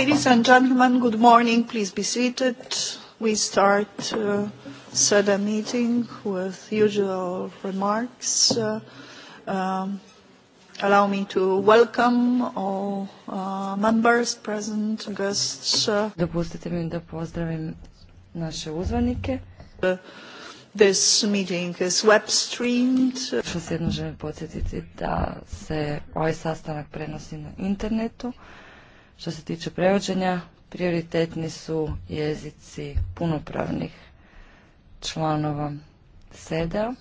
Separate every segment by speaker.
Speaker 1: Ladies and gentlemen, good morning. Please be seated. We start uh, meeting with usual remarks. Uh, um, allow me to welcome all uh, members present,
Speaker 2: guests. Uh. Dopustite mi da pozdravim naše uzvanike. This meeting is web streamed. Što se jedno želim podsjetiti da se ovaj sastanak prenosi na internetu. Što se tiče prevođenja, prioritetni su jezici punopravnih članova SEDA.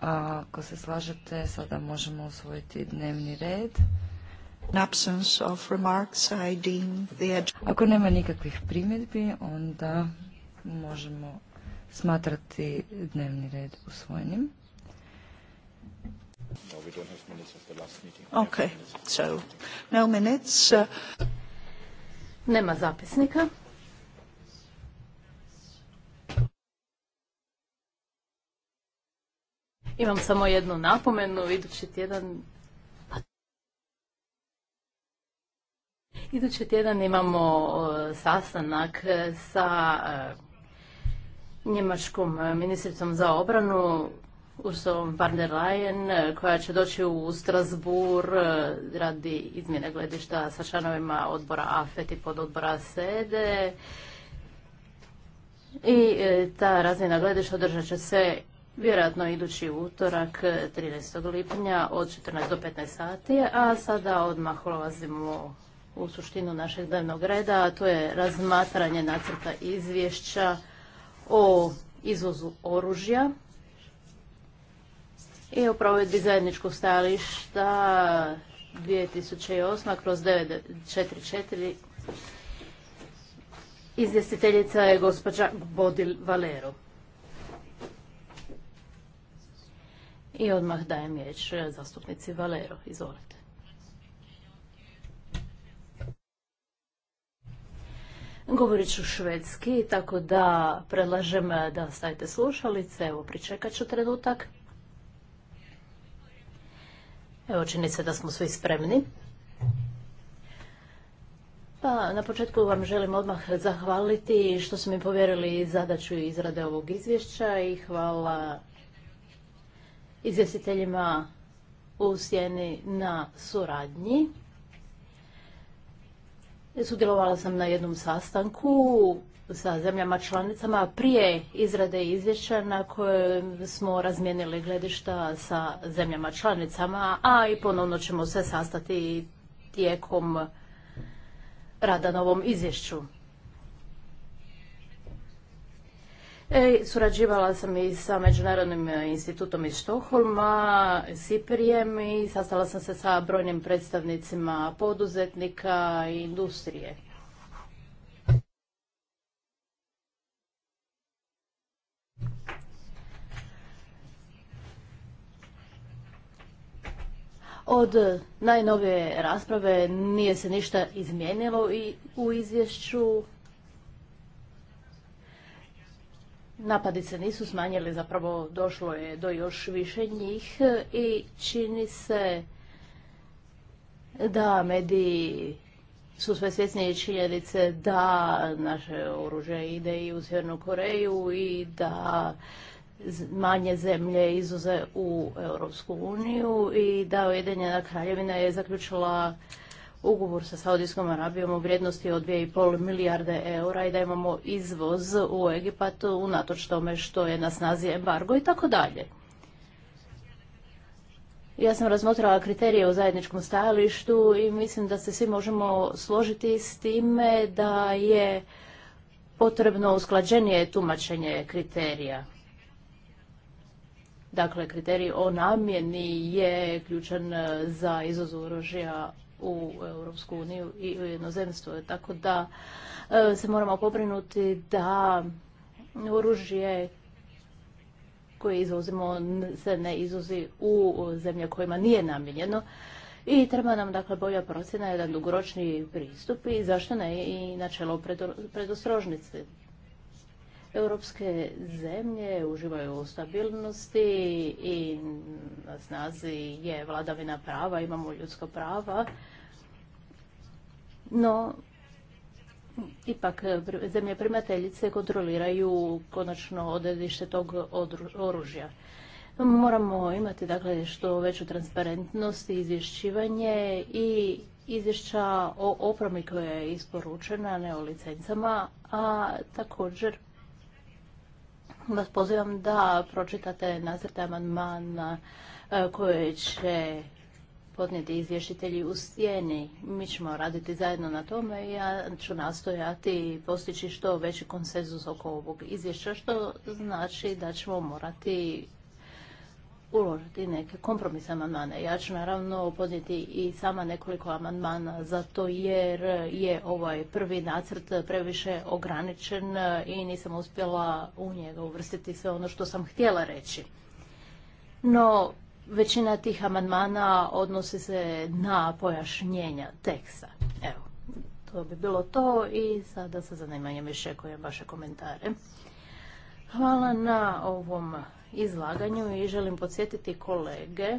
Speaker 2: A ako se slažete, sada možemo usvojiti dnevni red. Ako nema nikakvih primjedbi, onda možemo smatrati dnevni red usvojenim. No, we don't have minutes of the last meeting. Okay, so no
Speaker 1: minutes. Uh, Nema zapisnika.
Speaker 3: Imam samo jednu napomenu, idući tjedan Idući tjedan imamo sastanak e, sa e, njemačkom ministricom za obranu Ursulom van der Leyen eh, koja će doći u Strasbur eh, radi izmjene gledišta sa članovima odbora AFET i pod odbora SEDE. I eh, ta razmjena gledišta održat će se vjerojatno idući utorak 13. lipnja od 14 do 15 sati, a sada odmah ulazimo u suštinu našeg dnevnog reda, a to je razmatranje nacrta izvješća o izvozu oružja i o provedbi zajedničkog stajališta 2008 kroz 944 izvjestiteljica je gospođa Bodil Valero. I odmah dajem riječ zastupnici Valero. Izvolite. Govorit ću švedski, tako da predlažem da stavite slušalice. Evo, pričekat ću trenutak. Evo, čini se da smo svi spremni. Pa, na početku vam želim odmah zahvaliti što su mi povjerili zadaću izrade ovog izvješća i hvala izvjestiteljima u Sjeni na suradnji. Sudjelovala sam na jednom sastanku sa zemljama članicama prije izrade izvješća na koje smo razmijenili gledišta sa zemljama članicama, a i ponovno ćemo se sastati tijekom rada na ovom izvješću. E, surađivala sam i sa Međunarodnim institutom iz Štoholma Siprijem i sastala sam se sa brojnim predstavnicima poduzetnika i industrije. Od najnovije rasprave nije se ništa izmijenilo i u izvješću napadi se nisu smanjili, zapravo došlo je do još više njih i čini se da mediji su sve svjesnije činjenice da naše oružje ide i u Sjevernu Koreju i da manje zemlje izuze u Europsku uniju i da Ujedinjena kraljevina je zaključila ugovor sa Saudijskom Arabijom u vrijednosti od 2,5 milijarde eura i da imamo izvoz u Egipat unatoč tome što je na snazi embargo i tako dalje. Ja sam razmotrala kriterije o zajedničkom stajalištu i mislim da se svi možemo složiti s time da je potrebno usklađenije tumačenje kriterija. Dakle, kriterij o namjeni je ključan e, za izvoz oružja u Europsku uniju i u jednozemstvo. Tako da e, se moramo pobrinuti da oružje koje izvozimo se ne izvozi u zemlje kojima nije namijenjeno. I treba nam dakle bolja procjena, jedan dugoročni pristup i zašto ne i načelo predostrožnice. Europske zemlje uživaju u stabilnosti i na snazi je vladavina prava, imamo ljudska prava, no ipak zemlje primateljice kontroliraju konačno odredište tog oružja. Moramo imati dakle što veću transparentnost i izvješćivanje i izvješća o opremi koja je isporučena, ne o licencama, a također vas pozivam da pročitate nacrte amandmana e, koje će podnijeti izvješitelji u sjeni. Mi ćemo raditi zajedno na tome i ja ću nastojati postići što veći konsenzus oko ovog izvješća, što znači da ćemo morati uložiti neke kompromise amandmane. Ja ću naravno podnijeti i sama nekoliko amandmana zato jer je ovaj prvi nacrt previše ograničen e, i nisam uspjela u njega uvrstiti sve ono što sam htjela reći. No, većina tih amandmana odnosi se na pojašnjenja teksta. Evo, to bi bilo to i sada sa zanimanjem iščekujem vaše komentare. Hvala na ovom izlaganju i želim podsjetiti kolege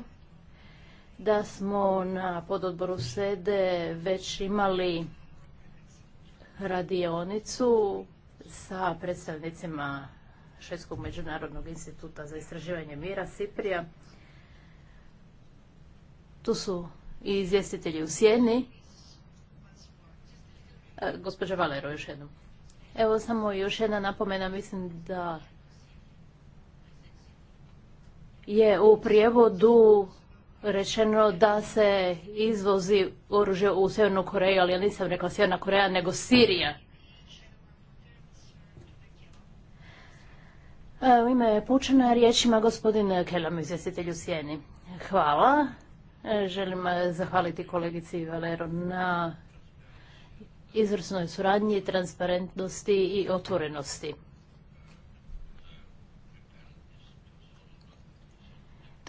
Speaker 3: da smo na pododboru sede već imali radionicu sa predstavnicima Švedskog međunarodnog instituta za istraživanje mira Siprija. Tu su i izvjestitelji u Sjeni. E, gospođa Valero, još jednom. Evo samo još jedna napomena, mislim da je u prijevodu rečeno da se izvozi oružje u Sjevernu Koreju, ali ja nisam rekla Sjeverna Koreja, nego Sirija. E, u ime pučena riječima gospodin Kelam, izvjestitelj u Sjeni. Hvala. E, želim e, zahvaliti kolegici Valero na izvrsnoj suradnji, transparentnosti i otvorenosti.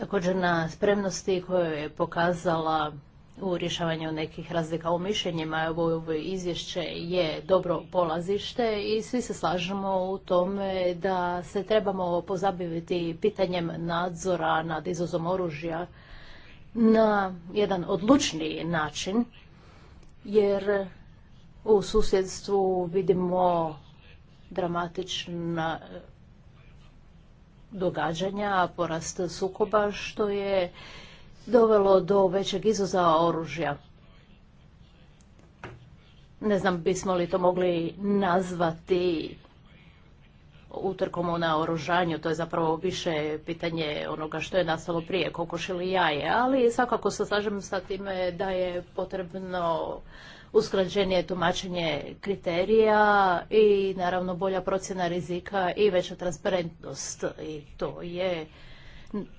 Speaker 3: također na spremnosti koju je pokazala u rješavanju nekih razlika u mišljenjima. Ovo izvješće je dobro polazište i svi se slažemo u tome da se trebamo pozabaviti pitanjem nadzora nad izvozom oružja na jedan odlučni način, jer u susjedstvu vidimo dramatična događanja, porast sukoba, što je dovelo do većeg izuza oružja. Ne znam bismo li to mogli nazvati utrkom na naoružanju, to je zapravo više pitanje onoga što je nastalo prije, kokoš ili jaje, ali svakako se slažem sa time da je potrebno usklađenije tumačenje kriterija i naravno bolja procjena rizika i veća transparentnost i to je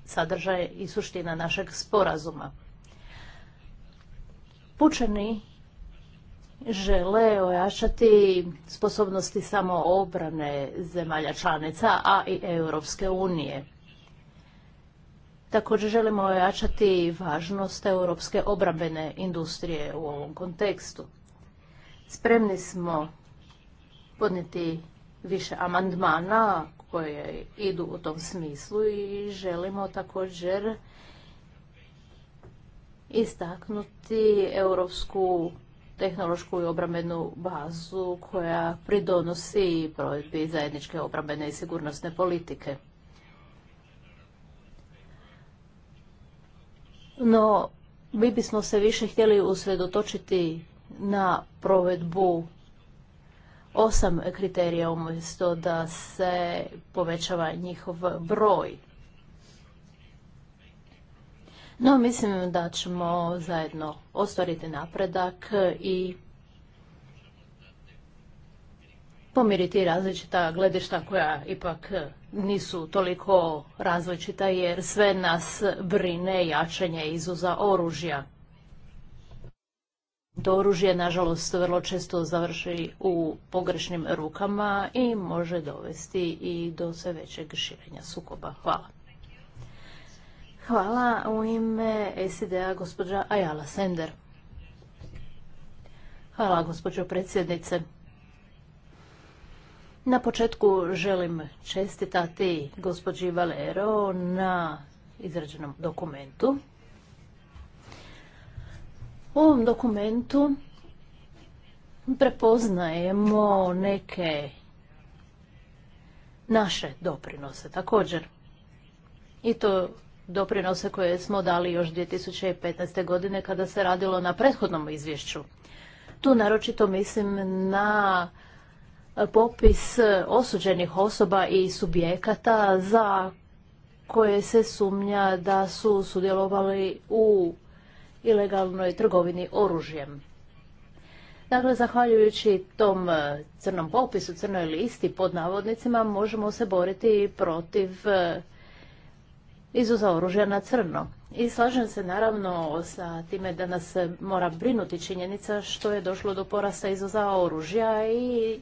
Speaker 3: sadržaj i suština našeg sporazuma. Pučani žele ojačati sposobnosti samoobrane zemalja članica, a i Europske unije. Također želimo ojačati važnost europske obrambene industrije u ovom kontekstu. Spremni smo podnijeti više amandmana koje idu u tom smislu i želimo također istaknuti europsku tehnološku i obrambenu bazu koja pridonosi provedbi zajedničke obrambene i sigurnosne politike. No, mi bismo se više htjeli usredotočiti na provedbu osam kriterija umjesto da se povećava njihov broj. No, mislim da ćemo zajedno ostvariti napredak i pomiriti različita gledišta koja ipak e, nisu toliko različita jer sve nas brine jačanje izuza oružja. To oružje, nažalost, vrlo često završi u pogrešnim rukama i može dovesti i do sve većeg širenja sukoba. Hvala. Hvala u ime SID-a gospođa Ajala Sender. Hvala gospođo predsjednice. Na početku želim čestitati gospođi Valero na izrađenom dokumentu. U ovom dokumentu prepoznajemo neke naše doprinose također. I to doprinose koje smo dali još 2015. godine kada se radilo na prethodnom izvješću. Tu naročito mislim na popis e, osuđenih osoba i subjekata za koje se sumnja da su sudjelovali u ilegalnoj trgovini oružjem. Dakle, zahvaljujući tom e, crnom popisu, crnoj listi pod navodnicima, možemo se boriti protiv e,
Speaker 2: izuza oružja
Speaker 3: na crno. I slažem se naravno sa time da nas mora brinuti činjenica što je došlo do porasta izuza oružja i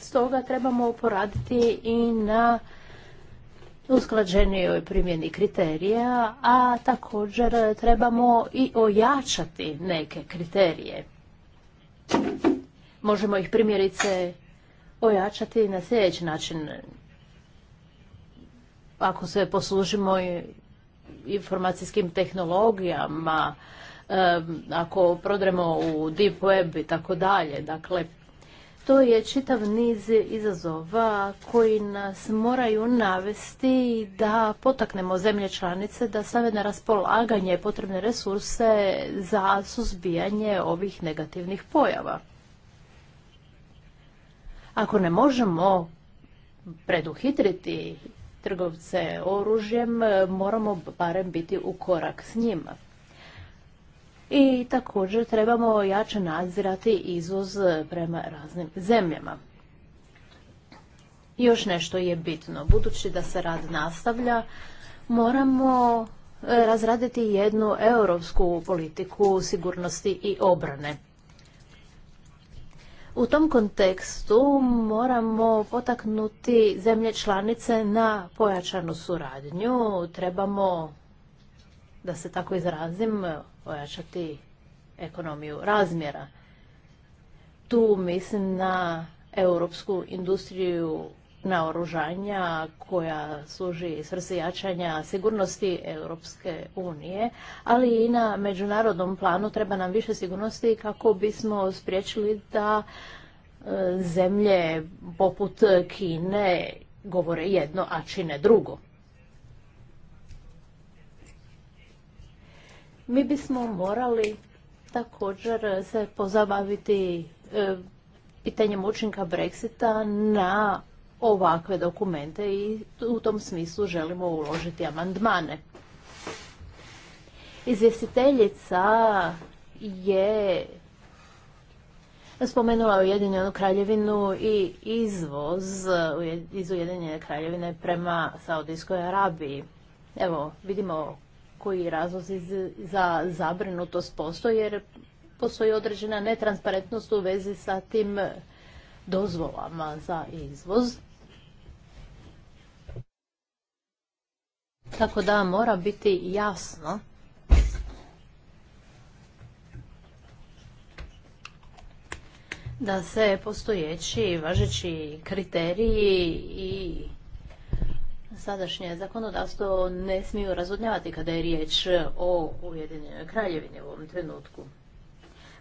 Speaker 3: Stoga trebamo poraditi i na usklađenijoj primjeni kriterija, a također trebamo i ojačati neke kriterije. Možemo ih primjerice ojačati na sljedeći način. Ako se poslužimo informacijskim tehnologijama, ako prodremo u deep web i tako dalje. Dakle, to je čitav niz izazova koji nas moraju navesti da potaknemo zemlje članice da stave na raspolaganje potrebne resurse za suzbijanje ovih negativnih pojava. Ako ne možemo preduhitriti trgovce oružjem, moramo barem biti u korak s njima i također trebamo jače nadzirati izvoz prema raznim zemljama. Još nešto je bitno. Budući da se rad nastavlja, moramo e, razraditi jednu europsku politiku sigurnosti i obrane. U tom kontekstu moramo potaknuti zemlje članice na pojačanu suradnju. Trebamo, da se tako izrazim, ojačati ekonomiju razmjera. Tu mislim na europsku industriju naoružanja koja služi svrsi jačanja sigurnosti Europske unije, ali i na međunarodnom planu treba nam više sigurnosti kako bismo spriječili da e, zemlje poput Kine govore jedno, a čine drugo. mi bismo morali također se pozabaviti e, pitanjem učinka Brexita na ovakve dokumente i u tom smislu želimo uložiti amandmane. Izvjestiteljica je spomenula Ujedinjenu kraljevinu i izvoz iz Ujedinjene kraljevine prema Saudijskoj Arabiji. Evo, vidimo koji razlozi za zabrinutost postoje jer postoji određena netransparentnost u vezi sa tim eh, dozvolama za izvoz. Tako da mora biti jasno da se postojeći važeći kriteriji i sadašnje zakonodavstvo ne smiju razudnjavati kada je riječ o Ujedinjenoj kraljevini u ovom trenutku.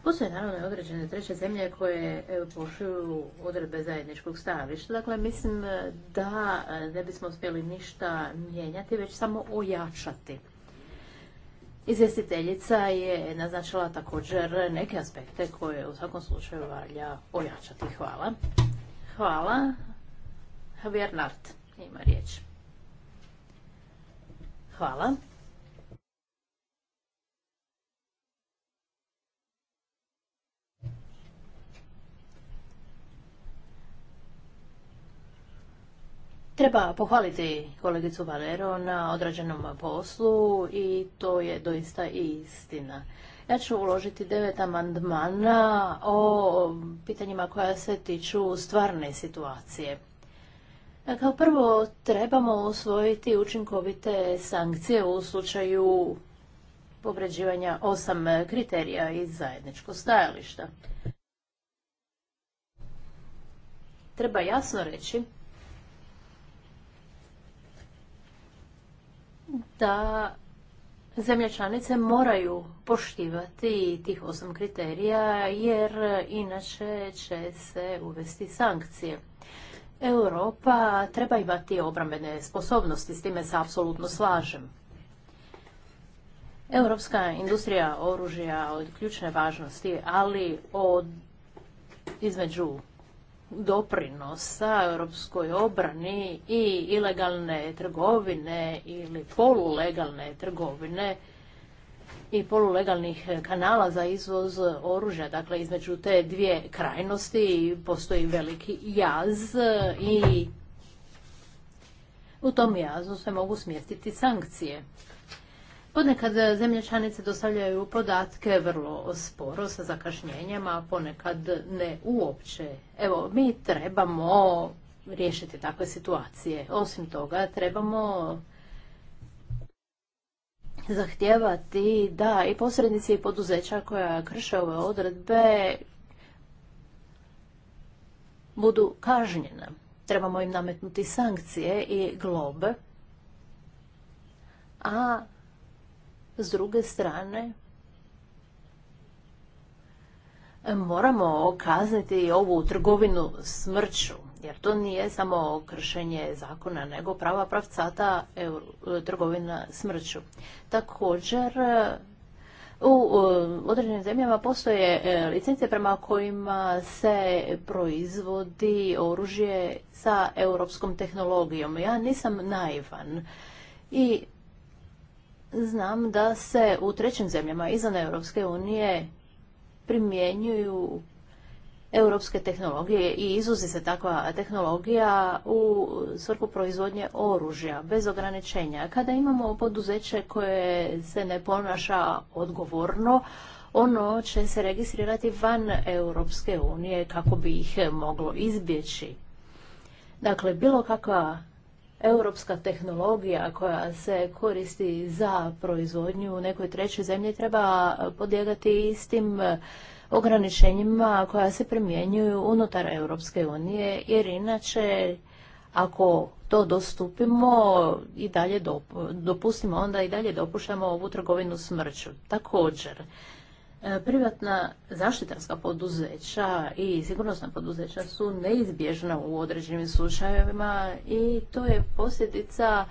Speaker 3: Postoje naravno određene treće zemlje koje pošuju odredbe zajedničkog stajališta. Dakle, mislim da ne bismo uspjeli ništa mijenjati, već samo ojačati. Izvjestiteljica je naznačila također neke aspekte koje u svakom slučaju valja ojačati. Hvala. Hvala. ima riječ. Hvala. Treba pohvaliti kolegicu Valero na odrađenom poslu i to je doista i istina. Ja ću uložiti devet amandmana o pitanjima koja se tiču stvarne situacije. Kao prvo trebamo osvojiti učinkovite sankcije u slučaju povređivanja osam kriterija iz zajedničkog stajališta. Treba jasno reći da zemlje članice moraju poštivati tih osam kriterija jer inače će se uvesti sankcije. Europa treba imati obrambene sposobnosti, s time se apsolutno slažem. Europska industrija oružja od ključne važnosti, ali od između doprinosa europskoj obrani i ilegalne trgovine ili polulegalne trgovine i polulegalnih e, kanala za izvoz e, oružja. Dakle, između te dvije krajnosti postoji veliki jaz e, i u tom jazu se mogu smjestiti sankcije. Ponekad zemlje članice dostavljaju podatke vrlo sporo sa zakašnjenjama, ponekad ne uopće. Evo, mi trebamo riješiti takve situacije. Osim toga, trebamo zahtijevati da i posrednici i poduzeća koja krše ove odredbe budu kažnjene. Trebamo im nametnuti sankcije i globe. A s druge strane moramo kazniti ovu trgovinu smrću. Jer to nije samo kršenje zakona, nego prava pravcata e, trgovina smrću. Također, e, u e, određenim zemljama postoje licence prema kojima se proizvodi oružje sa europskom tehnologijom. Ja nisam naivan i znam da se u trećim zemljama izvan Europske unije primjenjuju europske tehnologije i izuzi se takva tehnologija u svrhu proizvodnje oružja bez ograničenja. Kada imamo poduzeće koje se ne ponaša odgovorno, ono će se registrirati van Europske unije kako bi ih moglo izbjeći. Dakle, bilo kakva europska tehnologija koja se koristi za proizvodnju u nekoj trećoj zemlji treba podlijegati istim ograničenjima koja se primjenjuju unutar Europske unije, jer inače ako to dostupimo i dalje dopustimo, onda i dalje dopuštamo ovu trgovinu smrću. Također, E, privatna zaštitarska poduzeća i sigurnosna poduzeća su neizbježna u određenim slučajevima i to je posljedica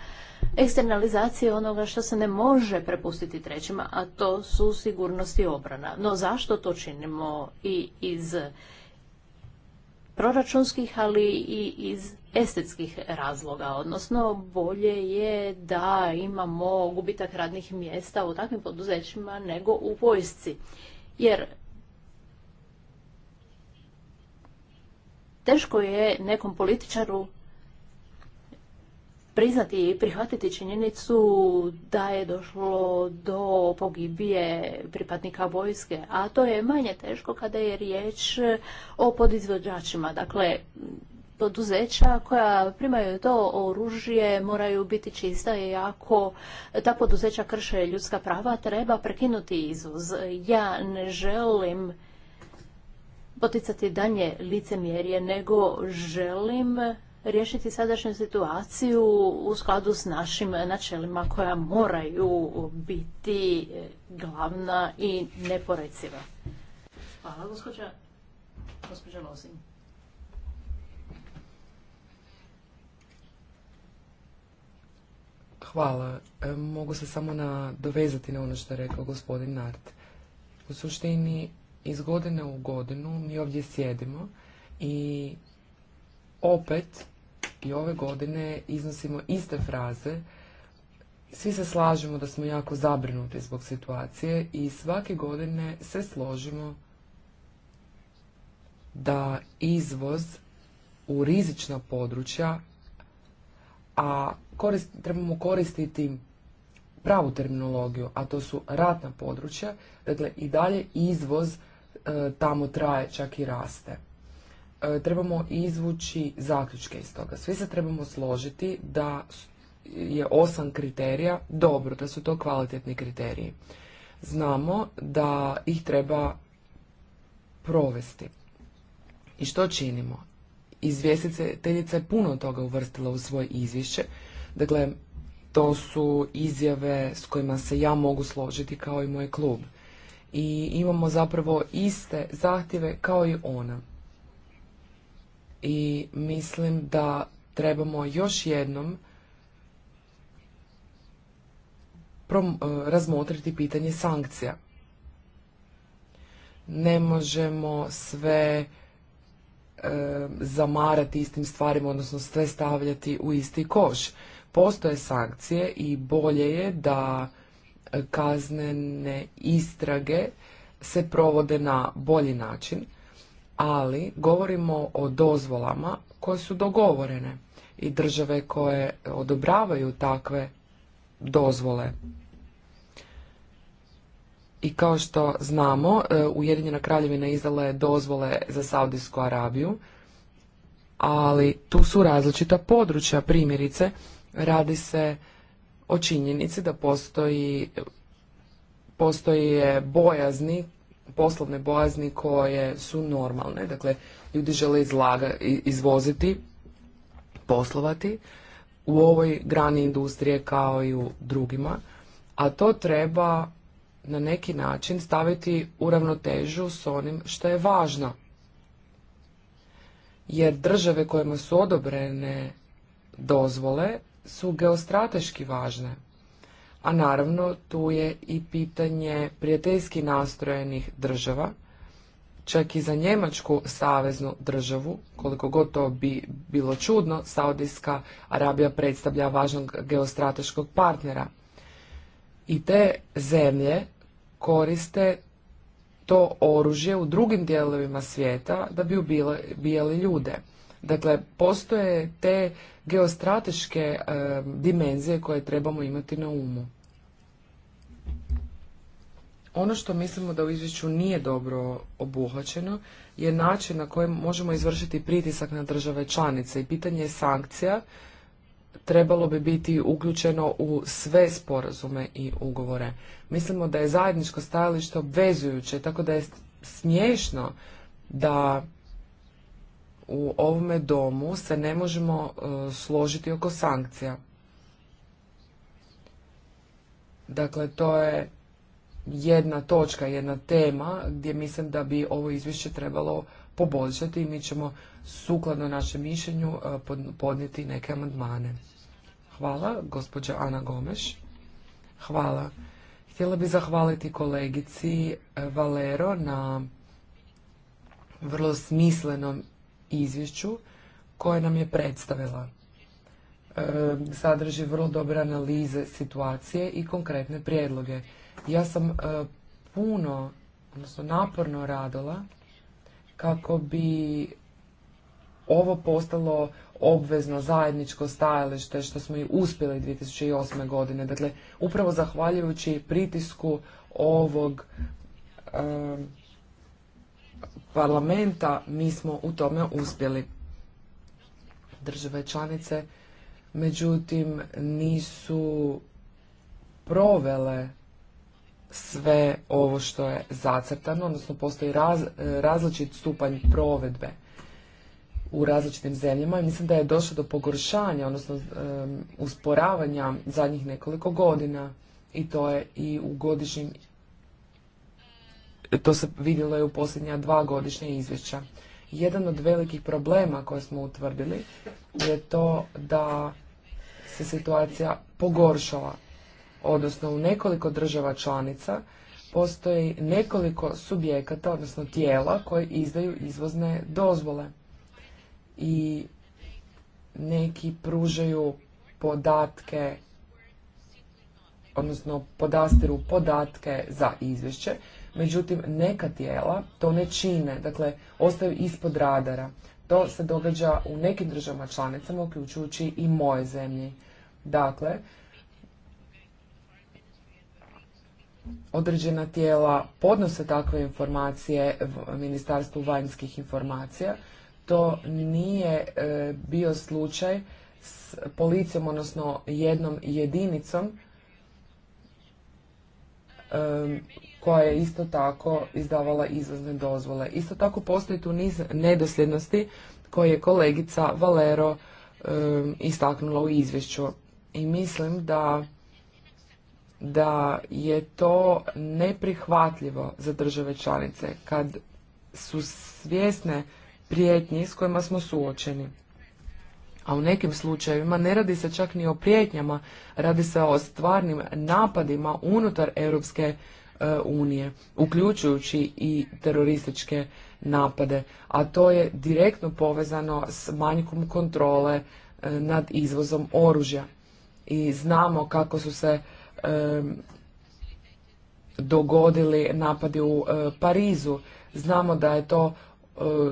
Speaker 3: eksternalizacije onoga što se ne može prepustiti trećima, a to su sigurnost i obrana. No zašto to činimo i iz proračunskih, ali i iz estetskih razloga, odnosno bolje je da imamo gubitak radnih mjesta u takvim poduzećima nego u vojsci. Jer teško je nekom političaru priznati i prihvatiti činjenicu da je došlo do pogibije pripadnika vojske, a to je manje teško kada je riječ o podizvođačima. Dakle, poduzeća koja primaju to oružje moraju biti čista i ako ta poduzeća krše ljudska prava treba prekinuti izvoz. Ja ne želim poticati danje licemjerje, nego želim riješiti sadašnju situaciju u skladu s našim načelima koja moraju biti glavna i neporeciva. Hvala, gospođa, gospođa
Speaker 4: Hvala. E, mogu se samo dovezati na ono što je rekao gospodin Nart. U suštini, iz godine u godinu mi ovdje sjedimo i opet i ove godine iznosimo iste fraze. Svi se slažemo da smo jako zabrinuti zbog situacije i svake godine se složimo da izvoz u rizična područja, a trebamo koristiti pravu terminologiju, a to su ratna područja, dakle i dalje izvoz e, tamo traje, čak i raste. E, trebamo izvući zaključke iz toga. Svi se trebamo složiti da je osam kriterija dobro, da su to kvalitetni kriteriji. Znamo da ih treba provesti. I što činimo? Izvjestiteljica je puno toga uvrstila u svoje izvješće, Dakle, to su izjave s kojima se ja mogu složiti kao i moj klub. I imamo zapravo iste zahtjeve kao i ona. I mislim da trebamo još jednom e, razmotriti pitanje sankcija. Ne možemo sve e, zamarati istim stvarima, odnosno sve stavljati u isti koš. Postoje sankcije i bolje je da kaznene istrage se provode na bolji način, ali govorimo o dozvolama koje su dogovorene i države koje odobravaju takve dozvole. I kao što znamo, e, Ujedinjena kraljevina izdala je dozvole za Saudijsku Arabiju, ali tu su različita područja, primjerice Radi se o činjenici da postoji postoje bojazni, poslovne bojazni koje su normalne. Dakle, ljudi žele izlaga, izvoziti, poslovati u ovoj grani industrije kao i u drugima, a to treba na neki način staviti u ravnotežu s onim što je važno. Jer države kojima su odobrene dozvole su geostrateški važne. A naravno tu je i pitanje prijateljski nastrojenih država, čak i za Njemačku saveznu državu, koliko god to bi bilo čudno, Saudijska Arabija predstavlja važnog geostrateškog partnera. I te zemlje koriste to oružje u drugim dijelovima svijeta da bi ubijali ljude. Dakle, postoje te geostrateške e, dimenzije koje trebamo imati na umu. Ono što mislimo da u izvješću nije dobro obuhvaćeno je način na koji možemo izvršiti pritisak na države članice i pitanje sankcija trebalo bi biti uključeno u sve sporazume i ugovore. Mislimo da je zajedničko stajalište obvezujuće, tako da je smiješno da u ovome domu se ne možemo e, složiti oko sankcija. Dakle, to je jedna točka, jedna tema gdje mislim da bi ovo izvješće trebalo poboljšati i mi ćemo sukladno našem mišljenju e, podnijeti neke amandmane. Hvala, gospođa Ana Gomeš. Hvala. Htjela bih zahvaliti kolegici e, Valero na vrlo smislenom izvješću koje nam je predstavila. E, sadrži vrlo dobre analize situacije i konkretne prijedloge. Ja sam e, puno, odnosno naporno radila kako bi ovo postalo obvezno zajedničko stajalište što smo i uspjeli 2008. godine. Dakle, upravo zahvaljujući pritisku ovog e, parlamenta mi smo u tome uspjeli. Države članice međutim nisu provele sve ovo što je zacrtano, odnosno postoji raz, različit stupanj provedbe u različitim zemljama i mislim da je došlo do pogoršanja, odnosno usporavanja zadnjih nekoliko godina i to je i u godišnjim to se vidjelo je u posljednja dva godišnja izvješća. Jedan od velikih problema koje smo utvrdili je to da se situacija pogoršala, odnosno u nekoliko država članica postoji nekoliko subjekata, odnosno tijela koji izdaju izvozne dozvole i neki pružaju podatke, odnosno podastiru podatke za izvješće, međutim neka tijela to ne čine, dakle ostaju ispod radara. To se događa u nekim državama članicama, uključujući i moje zemlji. Dakle, određena tijela podnose takve informacije Ministarstvu vanjskih informacija. To nije e, bio slučaj s policijom, odnosno jednom jedinicom koja je isto tako izdavala izvozne dozvole. Isto tako postoji tu niz nedosljednosti koje je kolegica Valero istaknula u izvješću. I mislim da da je to neprihvatljivo za države članice kad su svjesne prijetnji s kojima smo suočeni. A u nekim slučajevima ne radi se čak ni o prijetnjama, radi se o stvarnim napadima unutar Europske E, unije, uključujući i terorističke napade, a to je direktno povezano s manjkom kontrole e, nad izvozom oružja. I znamo kako su se e, dogodili napadi u Parizu. Znamo da je to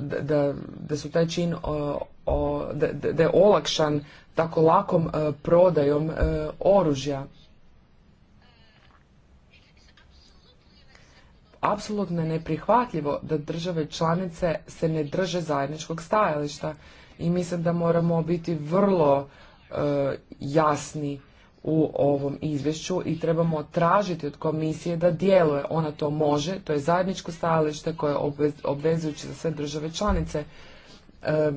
Speaker 4: da, da su taj čin da, da je olakšan tako lakom prodajom oružja. apsolutno je neprihvatljivo da države članice se ne drže zajedničkog stajališta i mislim da moramo biti vrlo e, jasni u ovom izvješću i trebamo tražiti od komisije da djeluje. Ona to može, to je zajedničko stajalište koje je obvezujuće za sve države članice. E,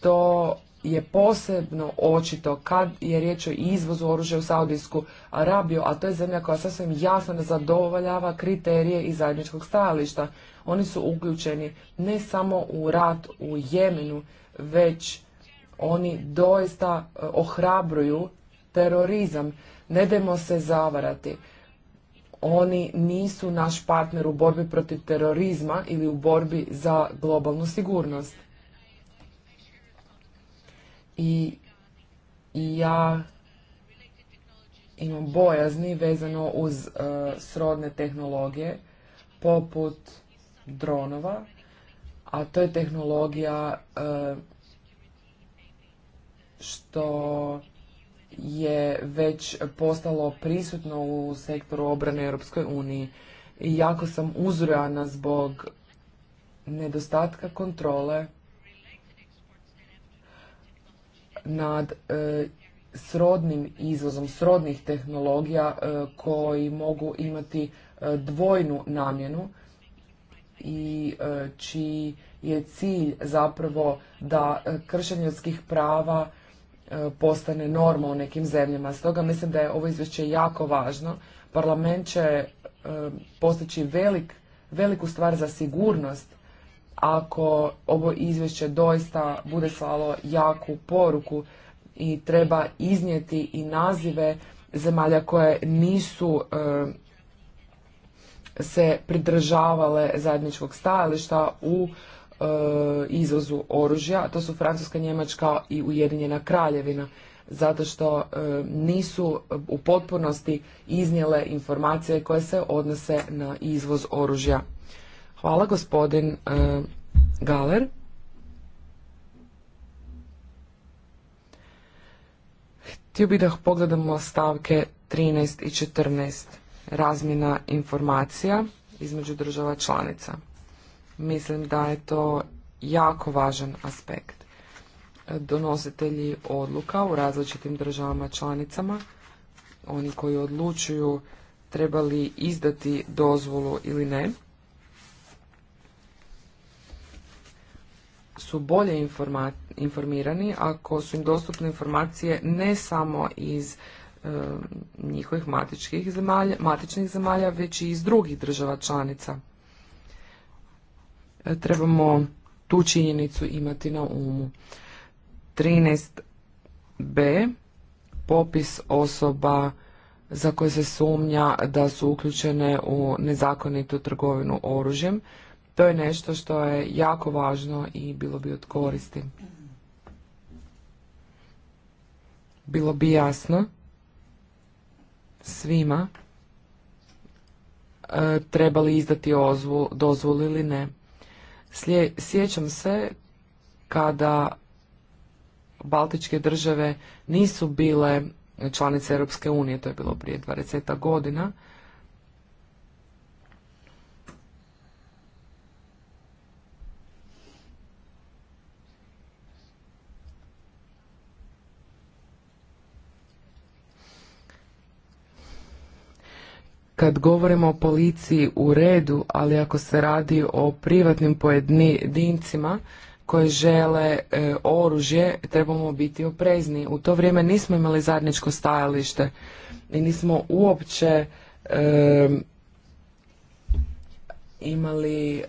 Speaker 4: to je posebno očito kad je riječ o izvozu oružja u Saudijsku Arabiju, a to je zemlja koja sasvim jasno ne zadovoljava kriterije i zajedničkog stajališta. Oni su uključeni ne samo u rat u Jemenu, već oni doista e, ohrabruju terorizam. Ne dajmo se zavarati. Oni nisu naš partner u borbi protiv terorizma ili u borbi za globalnu sigurnost i ja imam bojazni vezano uz e, srodne tehnologije poput dronova, a to je tehnologija e, što je već postalo prisutno u sektoru obrane Europskoj uniji. I jako sam uzrojana zbog nedostatka kontrole nad e, srodnim izvozom srodnih tehnologija e, koji mogu imati e, dvojnu namjenu i čiji je cilj zapravo da kršenje ljudskih prava postane norma u nekim zemljama. Stoga mislim da je ovo izvješće jako važno. Parlament će postići veliku stvar za sigurnost ako ovo izvješće doista bude slalo jaku poruku i treba iznijeti i nazive zemalja koje nisu eh, se pridržavale zajedničkog stajališta u eh, izvozu oružja, to su Francuska, Njemačka i Ujedinjena Kraljevina zato što eh, nisu u potpunosti iznijele informacije koje se odnose na izvoz oružja Hvala gospodin e, Galer. Htio bih da pogledamo stavke 13 i 14. Razmjena informacija između država članica. Mislim da je to jako važan aspekt. Donositelji odluka u različitim državama članicama, oni koji odlučuju treba li izdati dozvolu ili ne, su bolje informirani ako su im dostupne informacije ne samo iz e, njihovih zemalja, matičnih zemalja, već i iz drugih država članica. E, trebamo tu činjenicu imati na umu. 13b. Popis osoba za koje se sumnja da su uključene u nezakonitu trgovinu oružjem to je nešto što je jako važno i bilo bi od koristi. Bilo bi jasno svima e, trebali izdati ozvu, dozvolu ili ne. sjećam se kada Baltičke države nisu bile članice Europske unije, to je bilo prije 20 godina, kad govorimo o policiji u redu, ali ako se radi o privatnim pojedincima koji žele e, oružje, trebamo biti oprezni. U to vrijeme nismo imali zajedničko stajalište i nismo uopće e, imali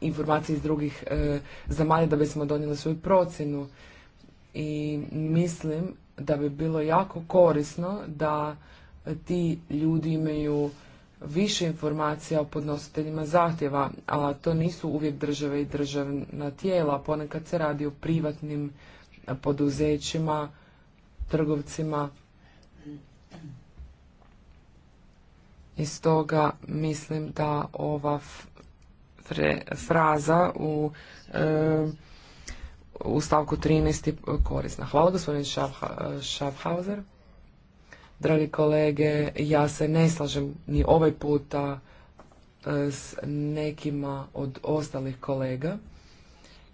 Speaker 4: informacije iz drugih e, zemalja da bismo donijeli svoju procjenu. I mislim da bi bilo jako korisno da ti ljudi imaju više informacija o podnositeljima zahtjeva, a to nisu uvijek države i državna tijela, ponekad se radi o privatnim poduzećima, trgovcima. I stoga mislim da ova fraza u, stavku 13 je korisna. Hvala gospodin Schaffhauser. Dragi kolege, ja se ne slažem ni ovaj puta e, s nekima od ostalih kolega.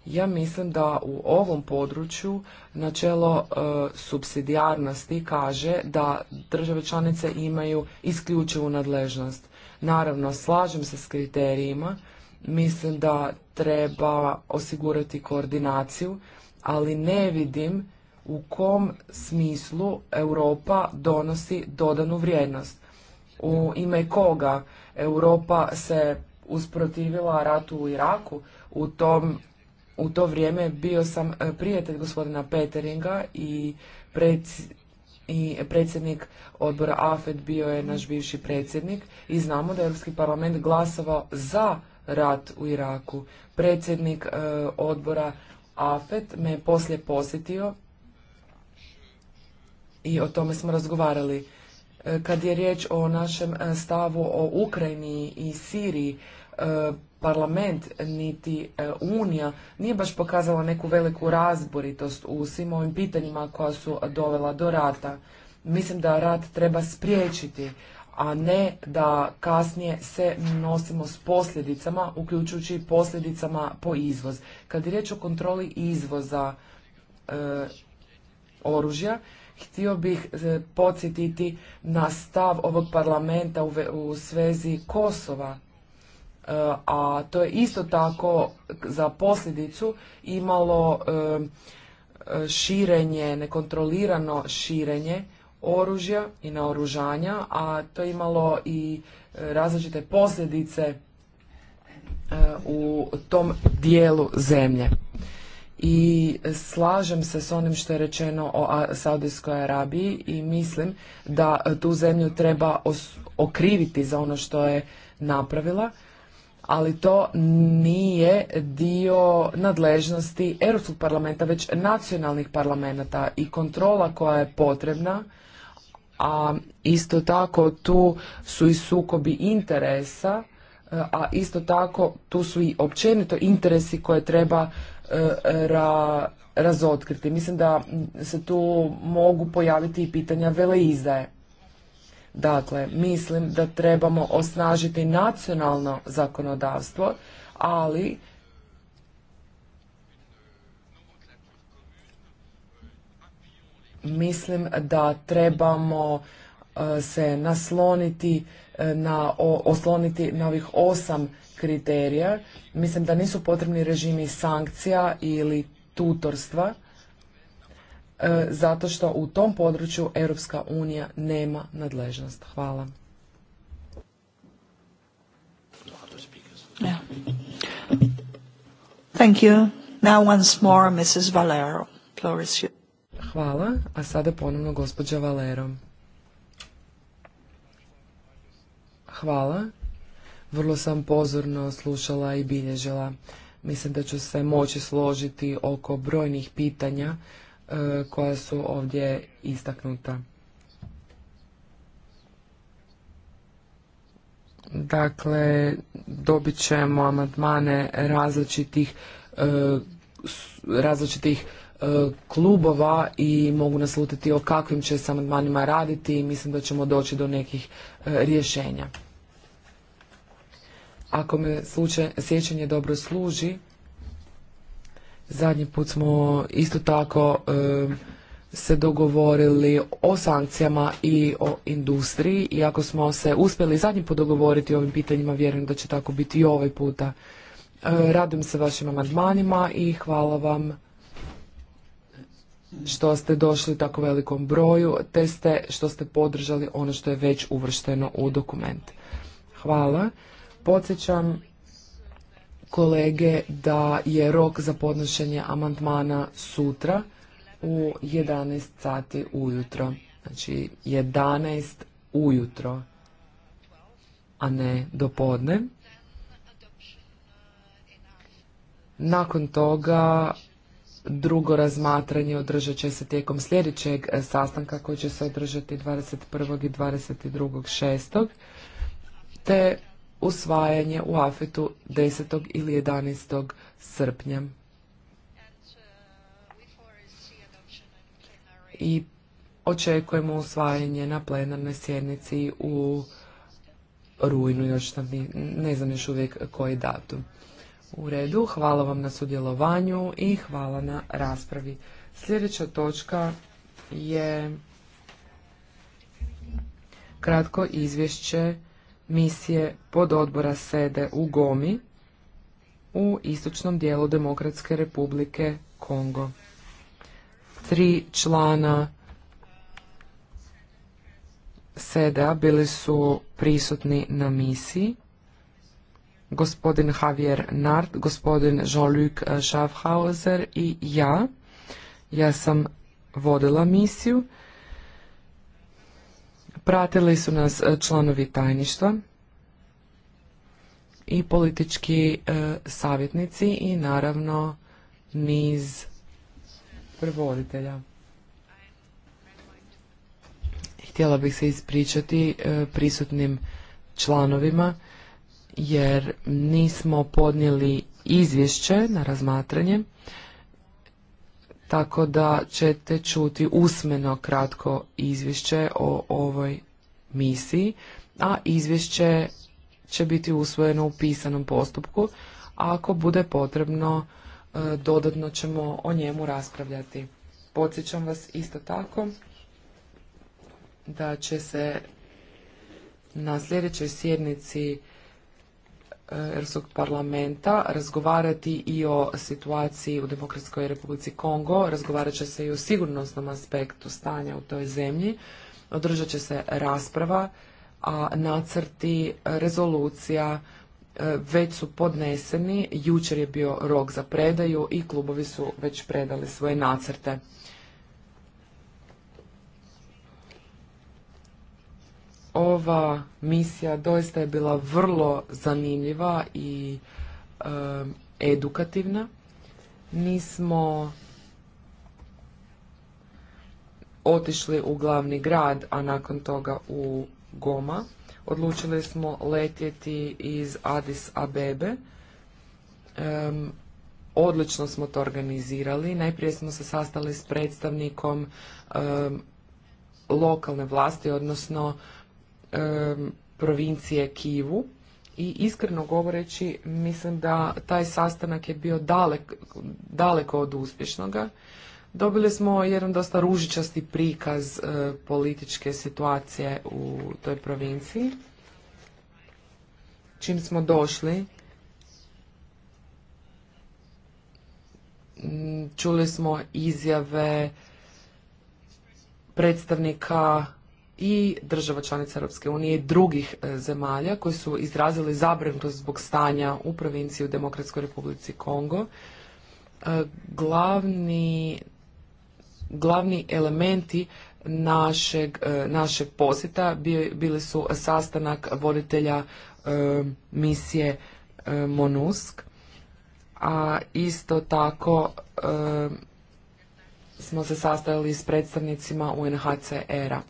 Speaker 4: Ja mislim da u ovom području načelo e, subsidijarnosti kaže da države članice imaju isključivu nadležnost. Naravno, slažem se s kriterijima, mislim da treba osigurati koordinaciju, ali ne vidim u kom smislu Europa donosi dodanu vrijednost. U ime koga Europa se usprotivila ratu u Iraku, u, tom, u to vrijeme bio sam e, prijatelj gospodina Peteringa i, i predsjednik odbora AFED bio je naš bivši predsjednik i znamo da je Europski parlament glasovao za rat u Iraku. Predsjednik e, odbora AFET me je poslije posjetio i o tome smo razgovarali. E, kad je riječ o našem e, stavu o Ukrajini i Siriji, e, parlament niti Unija nije baš pokazala neku veliku razboritost u svim ovim pitanjima koja su dovela do rata. Mislim da rat treba spriječiti, a ne da kasnije se nosimo s posljedicama, uključujući posljedicama po izvoz. Kad je riječ o kontroli izvoza oružja, Htio bih e, podsjetiti na stav ovog parlamenta u svezi Kosova, e, a to je isto tako za posljedicu imalo e, širenje, nekontrolirano širenje oružja i naoružanja, a to je imalo i različite posljedice u tom dijelu zemlje i slažem se s onim što je rečeno o Saudijskoj Arabiji i mislim da tu zemlju treba okriviti za ono što je napravila, ali to nije dio nadležnosti Europskog parlamenta, već nacionalnih parlamenta i kontrola koja je potrebna, a isto tako tu su i sukobi interesa E, a isto tako tu su i općenito interesi koje treba e, razotkriti. Mislim da se tu mogu pojaviti i pitanja veleizdaje. Dakle, mislim da trebamo osnažiti nacionalno zakonodavstvo, ali mislim da trebamo se nasloniti e, na, osloniti na ovih osam kriterija. Mislim da nisu potrebni režimi sankcija ili tutorstva, e, zato što u tom području Europska unija nema nadležnost. Hvala.
Speaker 1: Thank you. Now once more, Mrs. Valero. Hvala, a
Speaker 4: sada ponovno gospođa Valero. Hvala. Vrlo sam pozorno slušala i bilježila. Mislim da ću se moći složiti oko brojnih pitanja e, koja su ovdje istaknuta. Dakle, dobit ćemo amandmane različitih e, različitih e, klubova i mogu naslutiti o kakvim će se amandmanima raditi i mislim da ćemo doći do nekih rješenja. Ako me slučaj, sjećanje dobro služi, zadnji put smo isto tako se dogovorili o sankcijama i o industriji i ako smo se uspjeli zadnji put dogovoriti o ovim pitanjima, vjerujem da će tako biti i ovaj puta. E, radujem se vašim amandmanima i hvala vam što ste došli tako velikom broju, te ste što ste podržali ono što je već uvršteno u dokument. Hvala. Podsjećam kolege da je rok za podnošenje amandmana sutra u 11 sati ujutro. Znači 11 ujutro, a ne do podne. Nakon toga drugo razmatranje održat će se tijekom sljedećeg e, sastanka koji će se održati 21. i 22. šestog, te usvajanje u Afetu 10. ili 11. srpnja. I očekujemo usvajanje na plenarnoj sjednici u rujnu, još ne znam još uvijek koji datum. U redu, hvala vam na sudjelovanju i hvala na raspravi. Sljedeća točka je kratko izvješće misije pod odbora sede u Gomi u istočnom dijelu Demokratske republike Kongo. Tri člana seda bili su prisutni na misiji. Gospodin Javier Nart, gospodin Jean-Luc Schaffhauser i ja. Ja sam vodila misiju Pratili su nas e, članovi tajništva i politički e, savjetnici i naravno niz prevoditelja. Htjela bih se ispričati e, prisutnim članovima jer nismo podnijeli izvješće na razmatranje tako da ćete čuti usmeno kratko izvješće o ovoj misiji, a izvješće će biti usvojeno u pisanom postupku, a ako bude potrebno e, dodatno ćemo o njemu raspravljati. Podsjećam vas isto tako da će se na sljedećoj sjednici Europskog parlamenta razgovarati i o situaciji u Demokratskoj Republici Kongo, razgovarat će se i o sigurnosnom aspektu stanja u toj zemlji, održat će se rasprava, a nacrti rezolucija e, već su podneseni, jučer je bio rok za predaju i klubovi su već predali svoje nacrte. ova misija doista je bila vrlo zanimljiva i e, edukativna. Nismo otišli u glavni grad, a nakon toga u Goma. Odlučili smo letjeti iz Addis Abebe. E, odlično smo to organizirali. Najprije smo se sastali s predstavnikom lokalne vlasti, odnosno provincije Kivu i iskreno govoreći mislim da taj sastanak je bio dalek, daleko od uspješnoga. Dobili smo jedan dosta ružičasti prikaz e, političke situacije u toj provinciji. Čim smo došli, čuli smo izjave predstavnika i država članica Europske unije i drugih e, zemalja koji su izrazili zabrinutost zbog stanja u provinciji u Demokratskoj republici Kongo. E, glavni, glavni elementi našeg, e, naše posjeta bili su sastanak voditelja misije MONUSK, a isto tako smo se sastajali s predstavnicima UNHCR-a.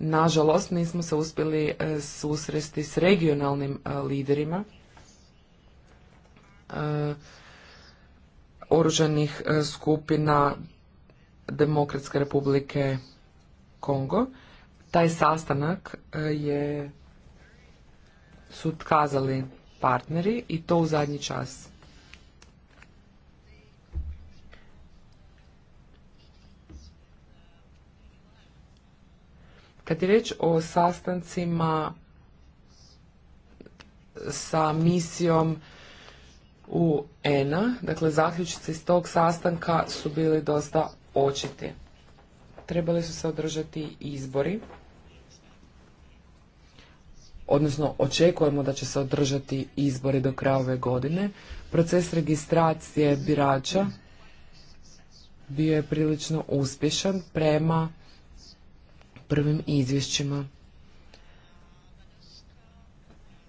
Speaker 4: Nažalost, nismo se uspjeli e, susresti s regionalnim e, liderima e, oružanih skupina Demokratske republike Kongo. Taj sastanak je su tkazali partneri i to u zadnji čas. Kad je riječ o sastancima sa misijom u ENA, dakle zaključci iz tog sastanka su bili dosta očiti. Trebali su se održati izbori, odnosno očekujemo da će se održati izbori do kraja ove godine. Proces registracije birača bio je prilično uspješan prema prvim izvješćima.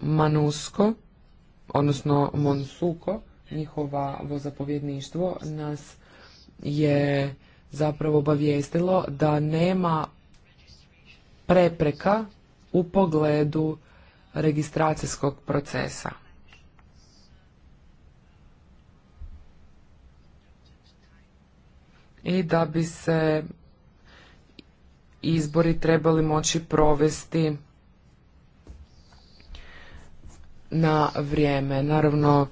Speaker 4: Manusko, odnosno Monsuko, njihova vozapovjedništvo, nas je zapravo obavijestilo da nema prepreka u pogledu registracijskog procesa. I da bi se izbori trebali moći provesti na vrijeme. Naravno,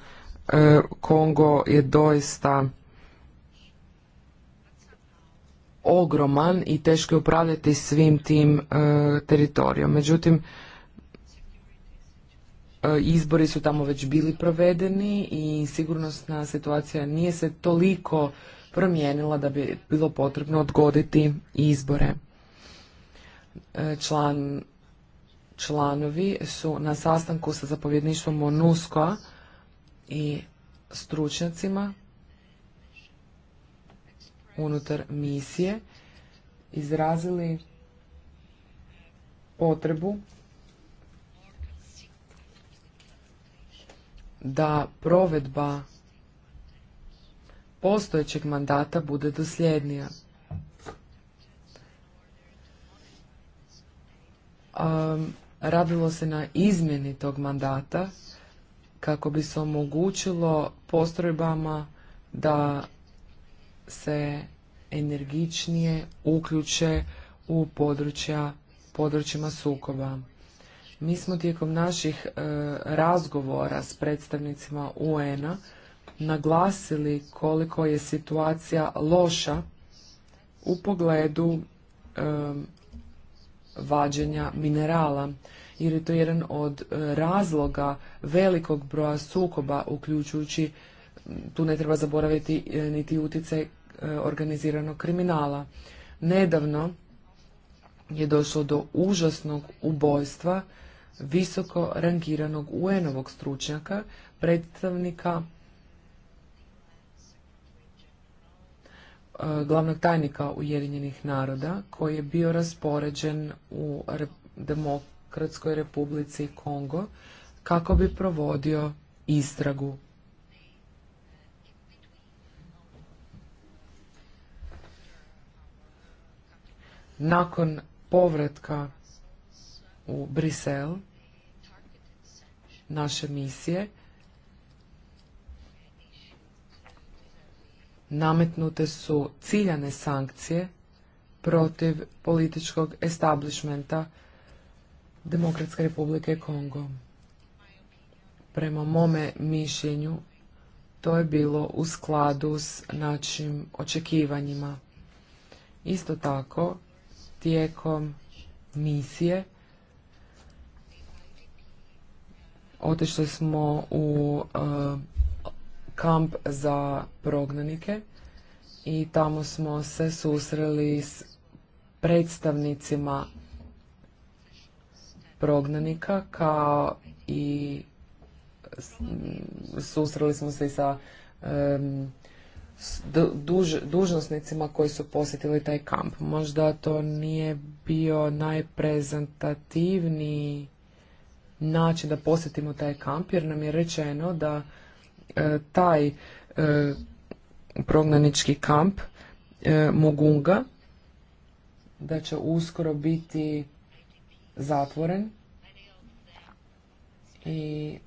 Speaker 4: e, Kongo je doista ogroman i teško je upravljati svim tim e, teritorijom. Međutim, e, izbori su tamo već bili provedeni i sigurnosna situacija nije se toliko promijenila da bi bilo potrebno odgoditi izbore. E, član, članovi su na sastanku sa zapovjedništvom monusco i stručnjacima unutar misije izrazili potrebu da provedba postojećeg mandata bude dosljednija. um, radilo se na izmjeni tog mandata kako bi se omogućilo postrojbama da se energičnije uključe u područja, područjima sukoba. Mi smo tijekom naših e, razgovora s predstavnicima UN-a naglasili koliko je situacija loša u pogledu vađenja minerala jer je to jedan od e, razloga velikog broja sukoba uključujući tu ne treba zaboraviti e, niti utjecaj e, organiziranog kriminala. Nedavno je došlo do užasnog ubojstva visoko rangiranog UN-ovog stručnjaka, predstavnika E, glavnog tajnika Ujedinjenih naroda koji je bio raspoređen u Demokratskoj republici Kongo kako bi provodio istragu. Nakon povratka u Brisel naše misije nametnute su ciljane sankcije protiv političkog establishmenta Demokratske republike Kongo. Prema mome mišljenju, to je bilo u skladu s našim očekivanjima. Isto tako, tijekom misije otišli smo u e, kamp za prognanike i tamo smo se susreli s predstavnicima prognanika kao i susreli smo se i sa dužnosnicima koji su posjetili taj kamp. Možda to nije bio najprezentativniji način da posjetimo taj kamp jer nam je rečeno da E, taj e, prognanički kamp e, Mogunga da će uskoro biti zatvoren i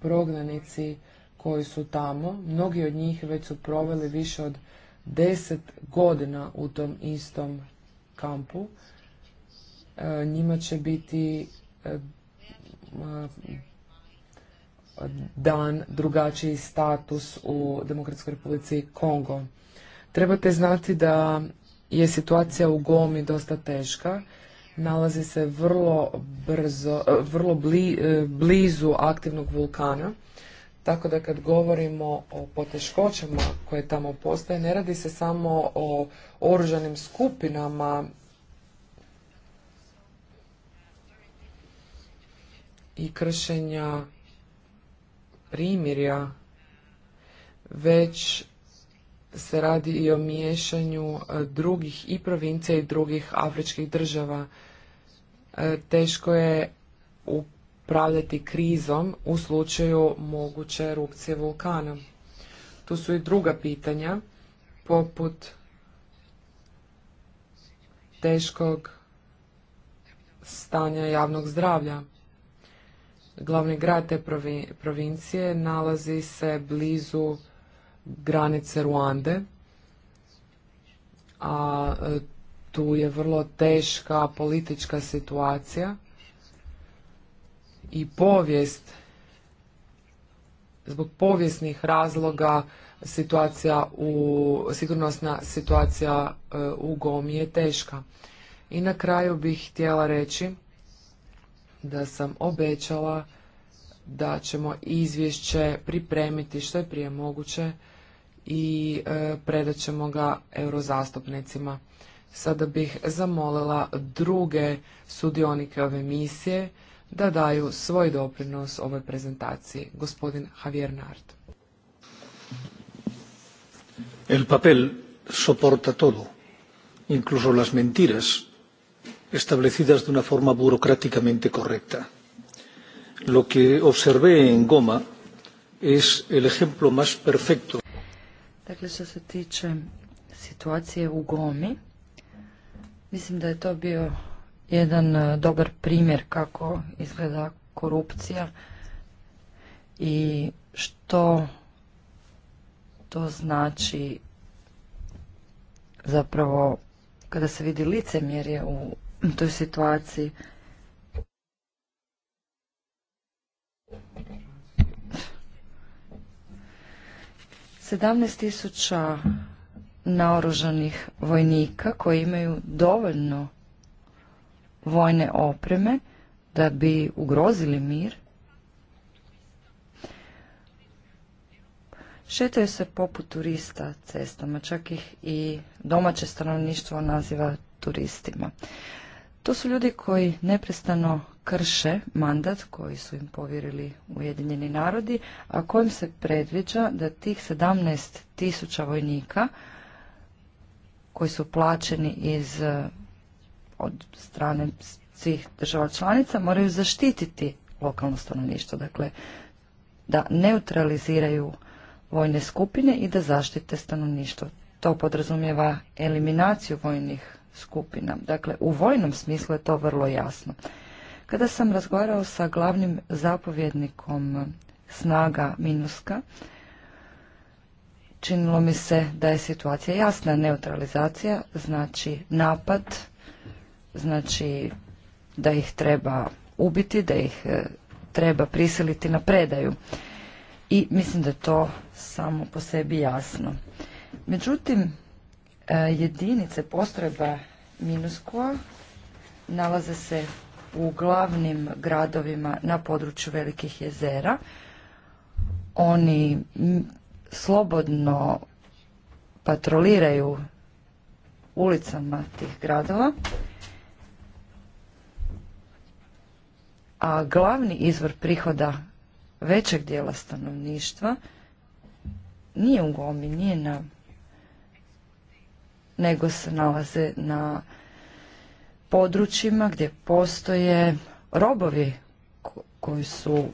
Speaker 4: prognanici koji su tamo, mnogi od njih već su proveli više od deset godina u tom istom kampu. Njima će biti dan drugačiji status u Demokratskoj republici Kongo. Trebate znati da je situacija u Gomi dosta teška. Nalazi se vrlo brzo, e, vrlo e, blizu aktivnog vulkana. Tako da kad govorimo o poteškoćama koje tamo postoje, ne radi se samo o oružanim skupinama i kršenja primirja, već se radi i o miješanju e, drugih i provincija i drugih afričkih država. E, teško je upravljati krizom u slučaju moguće erupcije vulkana. Tu su i druga pitanja, poput teškog stanja javnog zdravlja. Glavni grad te provincije nalazi se blizu granice Ruande, a e, tu je vrlo teška politička situacija i povijest, zbog povijesnih razloga situacija u, sigurnosna situacija e, u Gomi je teška. I na kraju bih htjela reći da sam obećala da ćemo izvješće pripremiti što je prije moguće i e, predat ćemo ga eurozastupnicima. Sada bih zamolila druge sudionike ove misije da daju svoj doprinos ovoj prezentaciji. Gospodin Javier Nard.
Speaker 1: El papel soporta todo, incluso las mentiras establecidas de una forma burocráticamente correcta. Lo que observé en Goma es el ejemplo más perfecto.
Speaker 2: Dakle, što se tiče situacije u Gomi, mislim da je to bio jedan e, dobar primjer kako izgleda korupcija i što to znači zapravo kada se vidi licemjerje u toj situaciji. Sedamnaest tisuća naoružanih vojnika koji imaju dovoljno vojne opreme da bi ugrozili mir. Šetaju se poput turista cestama, čak ih i domaće stanovništvo naziva turistima. To su ljudi koji neprestano krše mandat koji su im povjerili Ujedinjeni narodi, a kojim se predviđa da tih 17 tisuća vojnika koji su plaćeni iz e, od strane svih država članica moraju zaštititi lokalno stanovništvo. Dakle, da neutraliziraju vojne skupine i da zaštite stanovništvo. To podrazumijeva eliminaciju vojnih skupina. Dakle, u vojnom smislu je to vrlo jasno. Kada sam razgovarao sa glavnim zapovjednikom snaga Minuska, činilo mi se da je situacija jasna. Neutralizacija znači napad, znači da ih treba ubiti, da ih e, treba prisiliti na predaju. I mislim da je to samo po sebi jasno. Međutim, E, jedinice postrojba Minuskoa nalaze se u glavnim gradovima na području velikih jezera. Oni slobodno patroliraju ulicama tih gradova. A glavni izvor prihoda većeg dijela stanovništva nije u Gomi, nije na nego se nalaze na područjima gdje postoje robovi koji su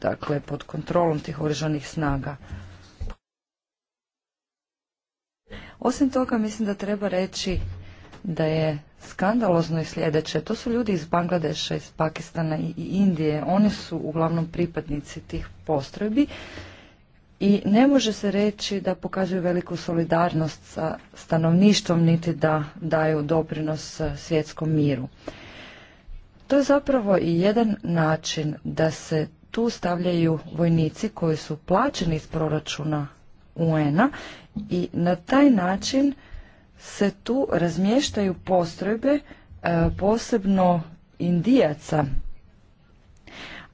Speaker 2: dakle pod kontrolom tih oružanih snaga. Osim toga mislim da treba reći da je skandalozno i sljedeće. To su ljudi iz Bangladeša, iz Pakistana i Indije. Oni su uglavnom pripadnici tih postrojbi i ne može se reći da pokazuju veliku solidarnost sa stanovništvom niti da daju doprinos e, svjetskom miru. To je zapravo i jedan način da se tu stavljaju vojnici koji su plaćeni iz proračuna UN-a i na taj način se tu razmještaju postrojbe e, posebno indijaca.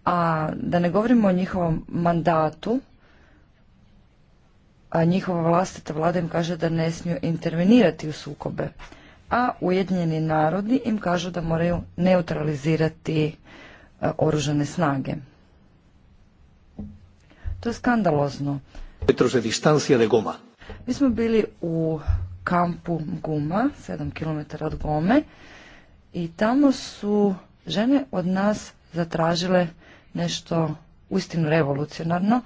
Speaker 2: A da ne govorimo o njihovom mandatu njihova vlastita vlada im kaže da ne smiju intervenirati u sukobe, a Ujedinjeni narodi im kažu da moraju neutralizirati e, oružane snage. To je skandalozno.
Speaker 1: de
Speaker 2: Mi smo bili u kampu Guma, 7 km od Gome, i tamo su žene od nas zatražile nešto uistinu revolucionarno,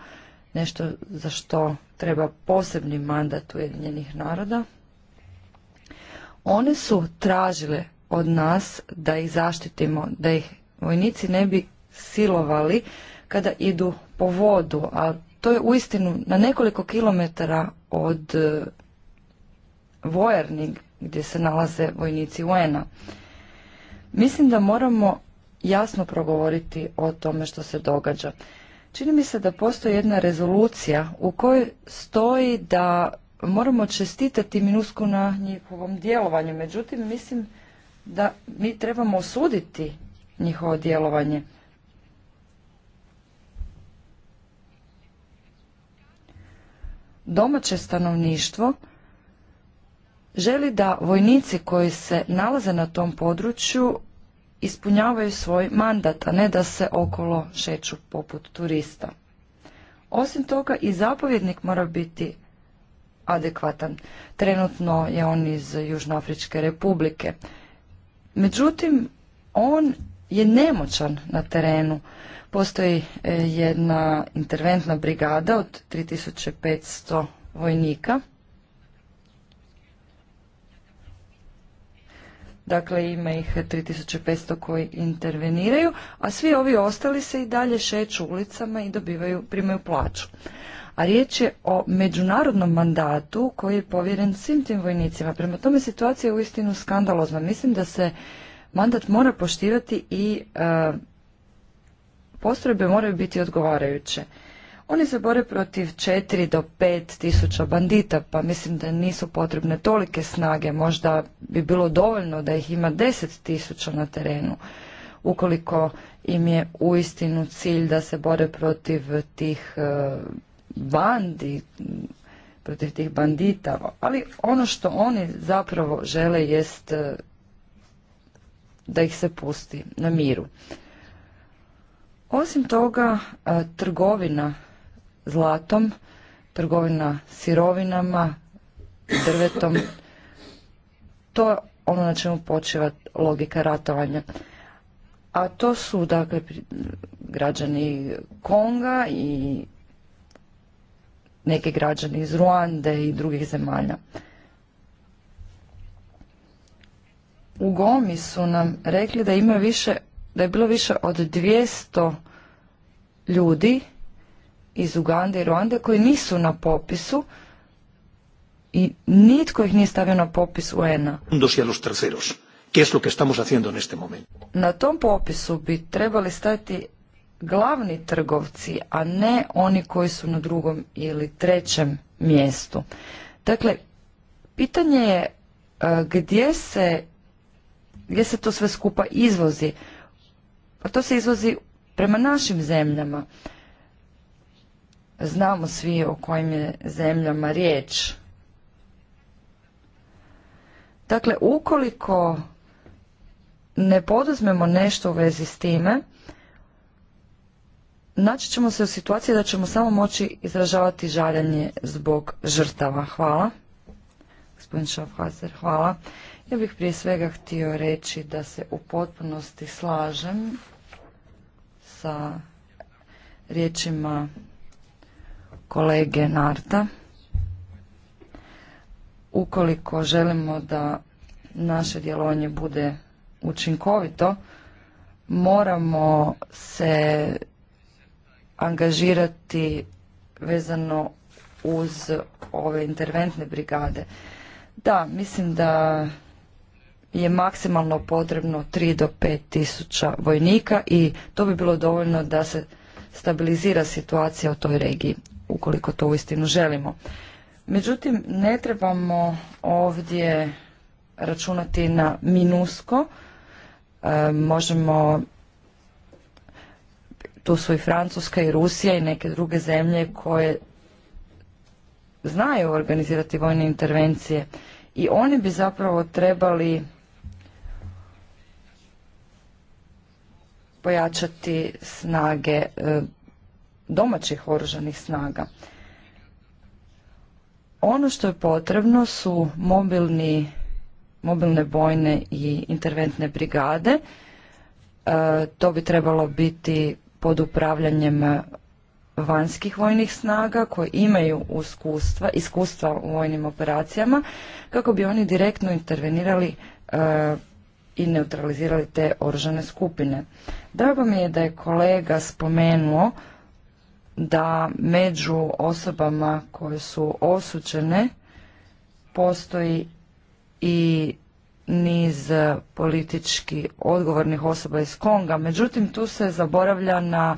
Speaker 2: nešto za što treba posebni mandat Ujedinjenih naroda. One su tražile od nas da ih zaštitimo, da ih vojnici ne bi silovali kada idu po vodu, a to je uistinu na nekoliko kilometara od e, vojarni gdje se nalaze vojnici un Mislim da moramo jasno progovoriti o tome što se događa. Čini mi se da postoji jedna rezolucija u kojoj stoji da moramo čestitati Minusku na njihovom djelovanju. Međutim, mislim da mi trebamo osuditi njihovo djelovanje. Domaće stanovništvo želi da vojnici koji se nalaze na tom području ispunjavaju svoj mandat, a ne da se okolo šeću poput turista. Osim toga i zapovjednik mora biti adekvatan. Trenutno je on iz Južnoafričke republike. Međutim, on je nemoćan na terenu. Postoji e, jedna interventna brigada od 3500 vojnika dakle ima ih 3500 koji interveniraju, a svi ovi ostali se i dalje šeću ulicama i dobivaju, primaju plaću. A riječ je o međunarodnom mandatu koji je povjeren svim tim vojnicima. Prema tome situacija je uistinu skandalozna. Mislim da se mandat mora poštivati i e, postrojbe moraju biti odgovarajuće. Oni se bore protiv četiri do pet tisuća bandita, pa mislim da nisu potrebne tolike snage. Možda bi bilo dovoljno da ih ima deset tisuća na terenu, ukoliko im je uistinu cilj da se bore protiv tih e, bandi, protiv tih bandita. Ali ono što oni zapravo žele jest e, da ih se pusti na miru. Osim toga, e, trgovina zlatom, trgovina sirovinama, drvetom. To je ono na čemu počeva logika ratovanja. A to su dakle građani Konga i neki građani iz Ruande i drugih zemalja. U Gomi su nam rekli da ima više, da je bilo više od 200 ljudi iz Ugande i Ruande koji nisu na popisu i nitko ih nije stavio na popis UN-a. Na tom popisu bi trebali stati glavni trgovci, a ne oni koji su na drugom ili trećem mjestu. Dakle, pitanje je e, gdje se, gdje se to sve skupa izvozi? Pa to se izvozi prema našim zemljama. Znamo svi o kojim je zemljama riječ. Dakle, ukoliko ne poduzmemo nešto u vezi s time, naći ćemo se u situaciji da ćemo samo moći izražavati žaljenje zbog žrtava. Hvala. Gospodin Šafhazer, hvala. Ja bih prije svega htio reći da se u potpunosti slažem sa riječima kolege Narta. Ukoliko želimo da naše djelovanje bude učinkovito, moramo se angažirati vezano uz ove interventne brigade. Da, mislim da je maksimalno potrebno 3 do 5 tisuća vojnika i to bi bilo dovoljno da se stabilizira situacija u toj regiji ukoliko to uistinu želimo. Međutim, ne trebamo ovdje računati na minusko. E, možemo, tu su i Francuska i Rusija i neke druge zemlje koje znaju organizirati vojne intervencije i oni bi zapravo trebali pojačati snage e, domaćih oružanih snaga. Ono što je potrebno su mobilni, mobilne bojne i interventne brigade. E, to bi trebalo biti pod upravljanjem vanjskih vojnih snaga koji imaju uskustva, iskustva u vojnim operacijama kako bi oni direktno intervenirali e, i neutralizirali te oružane skupine. Drago mi je da je kolega spomenuo da među osobama koje su osuđene postoji i niz politički odgovornih osoba iz Konga. Međutim, tu se zaboravlja na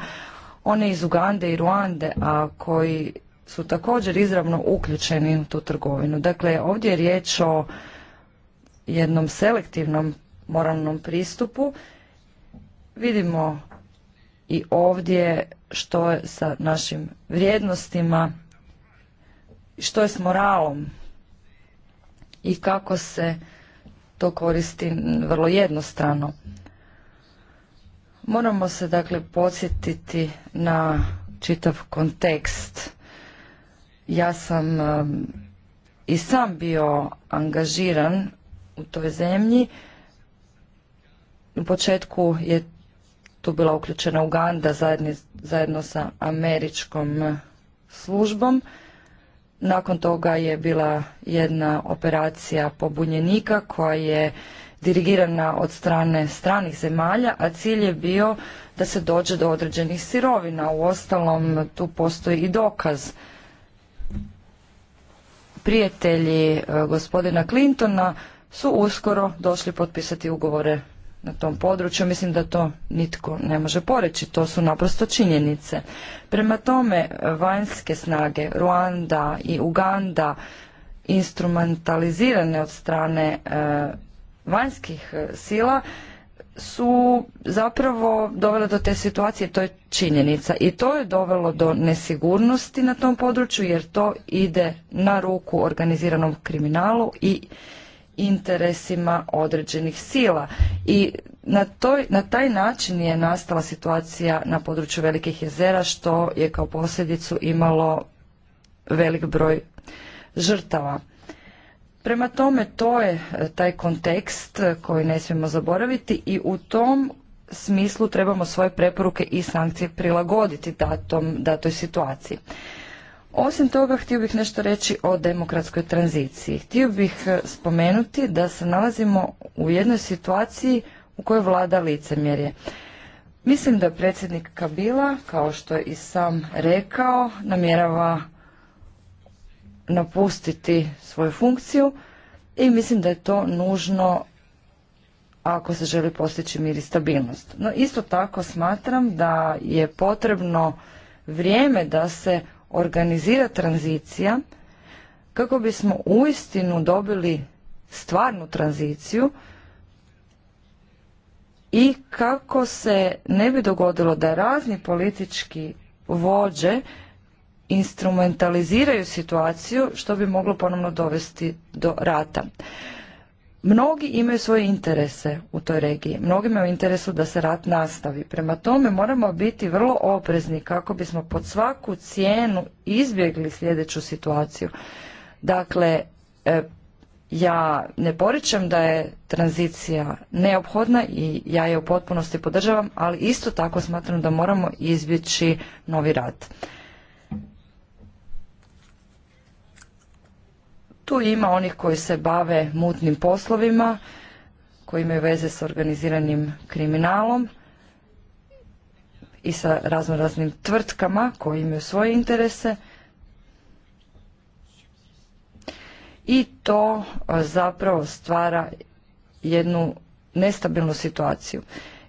Speaker 2: one iz Ugande i Ruande, a koji su također izravno uključeni u tu trgovinu. Dakle, ovdje je riječ o jednom selektivnom moralnom pristupu. Vidimo i ovdje što je sa našim vrijednostima, što je s moralom i kako se to koristi vrlo jednostrano. Moramo se dakle podsjetiti na čitav kontekst. Ja sam um, i sam bio angažiran u toj zemlji. U početku je tu bila uključena Uganda zajedni, zajedno sa američkom službom. Nakon toga je bila jedna operacija pobunjenika koja je dirigirana od strane stranih zemalja, a cilj je bio da se dođe do određenih sirovina. U ostalom tu postoji i dokaz. Prijatelji eh, gospodina Clintona su uskoro došli potpisati ugovore na tom području, mislim da to nitko ne može poreći, to su naprosto činjenice. Prema tome, vanjske snage Ruanda i Uganda instrumentalizirane od strane e, vanjskih e, sila su zapravo dovele do te situacije, to je činjenica. I to je dovelo do nesigurnosti na tom području jer to ide na ruku organiziranom kriminalu i interesima određenih sila i na, taj način je nastala situacija na području velikih jezera što je kao posljedicu imalo velik broj žrtava prema tome to je e, taj kontekst koji ne smijemo zaboraviti i u tom smislu trebamo svoje preporuke i sankcije prilagoditi datom, datoj situaciji osim toga, htio bih nešto reći o demokratskoj tranziciji. Htio bih e, spomenuti da se nalazimo u jednoj situaciji u kojoj vlada licemjerje. Mislim da predsjednik Kabila, kao što je i sam rekao, namjerava napustiti svoju funkciju i mislim da je to nužno ako se želi postići mir i stabilnost. No isto tako smatram da je potrebno vrijeme da se organizira tranzicija kako bismo uistinu dobili stvarnu tranziciju i kako se ne bi dogodilo da razni politički vođe instrumentaliziraju situaciju što bi moglo ponovno dovesti do rata. Mnogi imaju svoje interese u toj regiji. Mnogima je u interesu da se rat nastavi. Prema tome moramo biti vrlo oprezni kako bismo pod svaku cijenu izbjegli sljedeću situaciju. Dakle, e, ja ne poričem da je tranzicija neophodna i ja je u potpunosti podržavam, ali isto tako smatram da moramo izbjeći novi rat. Tu ima onih koji se bave mutnim poslovima, koji imaju veze sa organiziranim kriminalom i sa razno raznim tvrtkama koji imaju svoje interese. I to zapravo stvara jednu nestabilnu situaciju.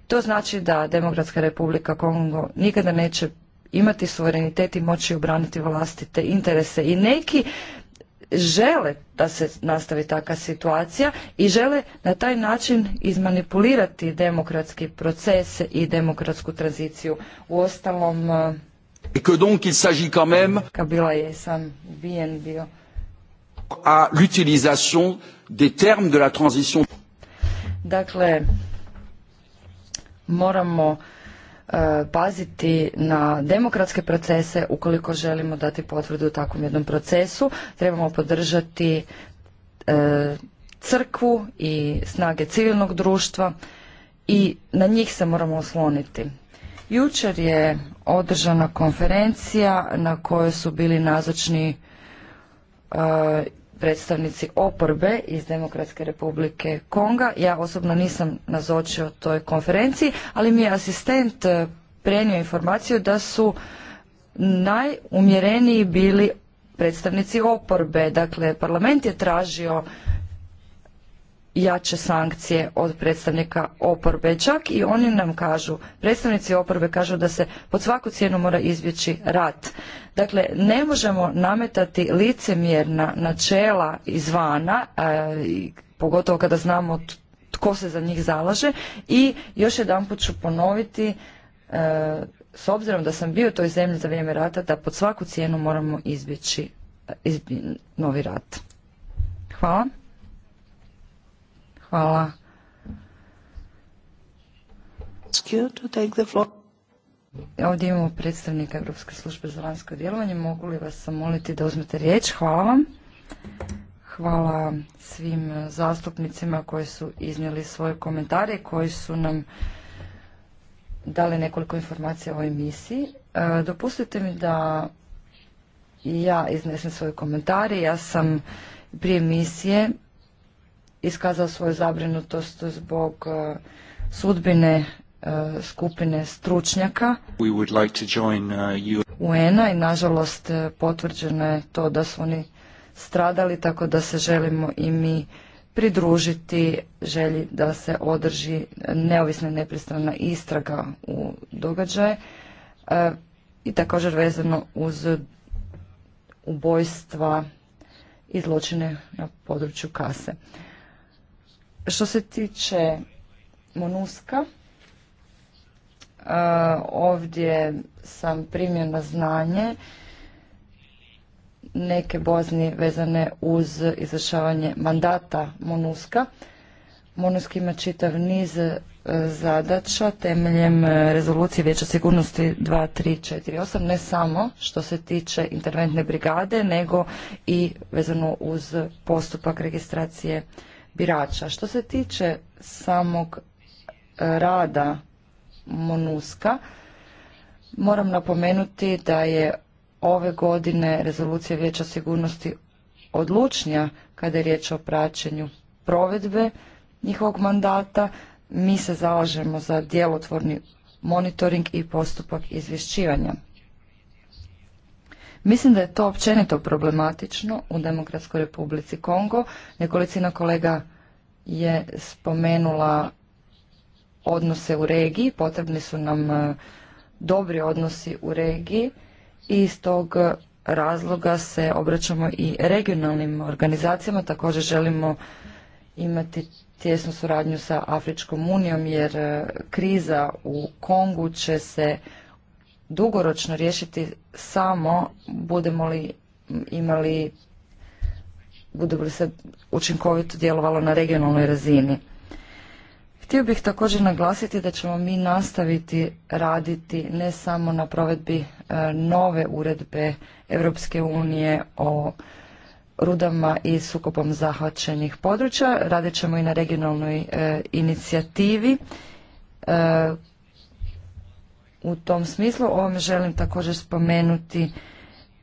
Speaker 2: To znači da Demokratska republika Kongo nikada neće imati suverenitet i moći obraniti vlastite interese. I neki žele da se nastavi takva situacija i žele na taj način izmanipulirati demokratski procese i demokratsku tranziciju. U ostalom, e, Kabila je sam vijen bio.
Speaker 1: A l'utilisation des termes de la transition.
Speaker 2: Dakle, moramo E, paziti na demokratske procese ukoliko želimo dati potvrdu takvom jednom procesu. Trebamo podržati e, crkvu i snage civilnog društva i na njih se moramo osloniti. Jučer je održana konferencija na kojoj su bili nazočni e, predstavnici oporbe iz Demokratske republike Konga. Ja osobno nisam nazočio toj konferenciji, ali mi je asistent eh, prenio informaciju da su najumjereniji bili predstavnici oporbe. Dakle, parlament je tražio jače sankcije od predstavnika oporbe. Čak i oni nam kažu, predstavnici oporbe kažu da se pod svaku cijenu mora izbjeći rat. Dakle, ne možemo nametati licemjerna načela izvana, e, pogotovo kada znamo tko se za njih zalaže i još jedanput ću ponoviti e, s obzirom da sam bio u toj zemlji za vrijeme rata da pod svaku cijenu moramo izbjeći e, novi rat. Hvala. Hvala. Ovdje imamo predstavnika Europske službe za vanjsko djelovanje. Mogu li vas moliti da uzmete riječ? Hvala vam. Hvala svim zastupnicima koji su iznijeli svoje komentare i koji su nam dali nekoliko informacija o ovoj misiji. E, dopustite mi da ja iznesem svoje komentare. Ja sam prije misije iskazao svoju zabrinutost zbog e, sudbine e, skupine stručnjaka uh, UN-a i nažalost e, potvrđeno je to da su oni stradali tako da se želimo i mi pridružiti želji da se održi neovisna i nepristrana istraga u događaje i također vezano uz ubojstva i zločine na području kase. Što se tiče Monuska, e, ovdje sam primio na znanje neke bozni vezane uz izvršavanje mandata Monuska. Monusk ima čitav niz e, zadaća temeljem e, rezolucije Vijeća sigurnosti 2348, ne samo što se tiče interventne brigade, nego i vezano uz postupak registracije birača. Što se tiče samog e, rada Monuska, moram napomenuti da je ove godine rezolucija Vijeća sigurnosti odlučnija kada je riječ o praćenju provedbe njihovog mandata. Mi se zalažemo za djelotvorni monitoring i postupak izvješćivanja. Mislim da je to općenito problematično u Demokratskoj republici Kongo. Nekolicina kolega je spomenula odnose u regiji, potrebni su nam e, dobri odnosi u regiji i iz tog razloga se obraćamo i regionalnim organizacijama. Također želimo imati tjesnu suradnju sa Afričkom unijom jer e, kriza u Kongu će se dugoročno riješiti samo budemo li imali bude li se učinkovito djelovalo na regionalnoj razini. Htio bih također naglasiti da ćemo mi nastaviti raditi ne samo na provedbi e, nove uredbe Europske unije o rudama i sukopom zahvaćenih područja, radit ćemo i na regionalnoj e, inicijativi e, u tom smislu. Ovome želim također spomenuti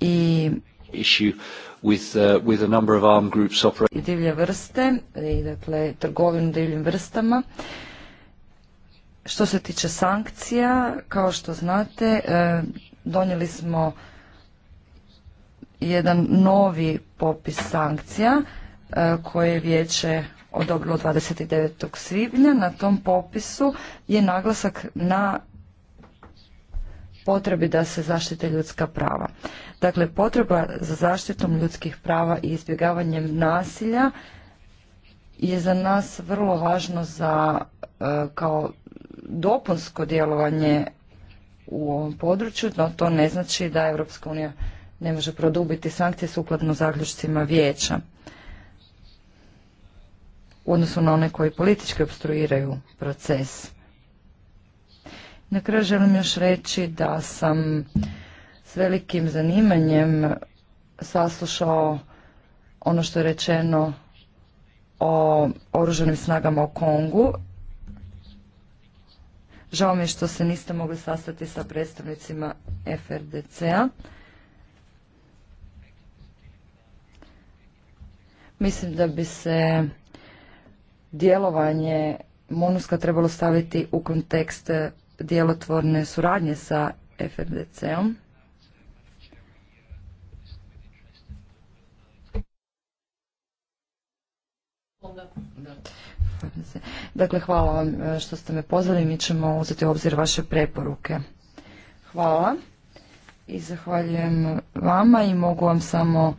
Speaker 2: i divlje vrste i dakle trgovinu divljim vrstama. Što se tiče sankcija, kao što znate, e, donijeli smo jedan novi popis sankcija e, koje je vijeće odobrilo 29. svibnja. Na tom popisu je naglasak na potrebi da se zaštite ljudska prava. Dakle, potreba za zaštitom ljudskih prava i izbjegavanjem nasilja je za nas vrlo važno za e, kao dopunsko djelovanje u ovom području, no to ne znači da Europska unija ne može produbiti sankcije sukladno zaključcima vijeća u odnosu na one koji politički obstruiraju proces. Na kraju želim još reći da sam s velikim zanimanjem saslušao ono što je rečeno o oruženim snagama u Kongu. Žao mi je što se niste mogli sastati sa predstavnicima FRDC-a. Mislim da bi se djelovanje MONUSKA trebalo staviti u kontekst djelotvorne suradnje sa FRDC-om. Dakle, hvala vam e, što ste me pozvali. Mi ćemo uzeti u obzir vaše preporuke. Hvala i zahvaljujem vama i mogu vam samo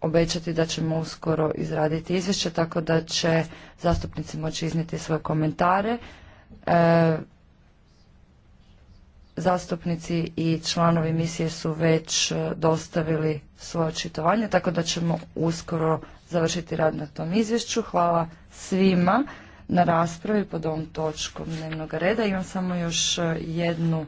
Speaker 2: obećati da ćemo uskoro izraditi izvješće, tako da će zastupnici moći iznijeti svoje komentare. E, zastupnici i članovi misije su već e, dostavili svoje očitovanje, tako da ćemo uskoro završiti rad na tom izvješću. Hvala svima na raspravi pod ovom točkom dnevnog reda. Imam samo još e, jednu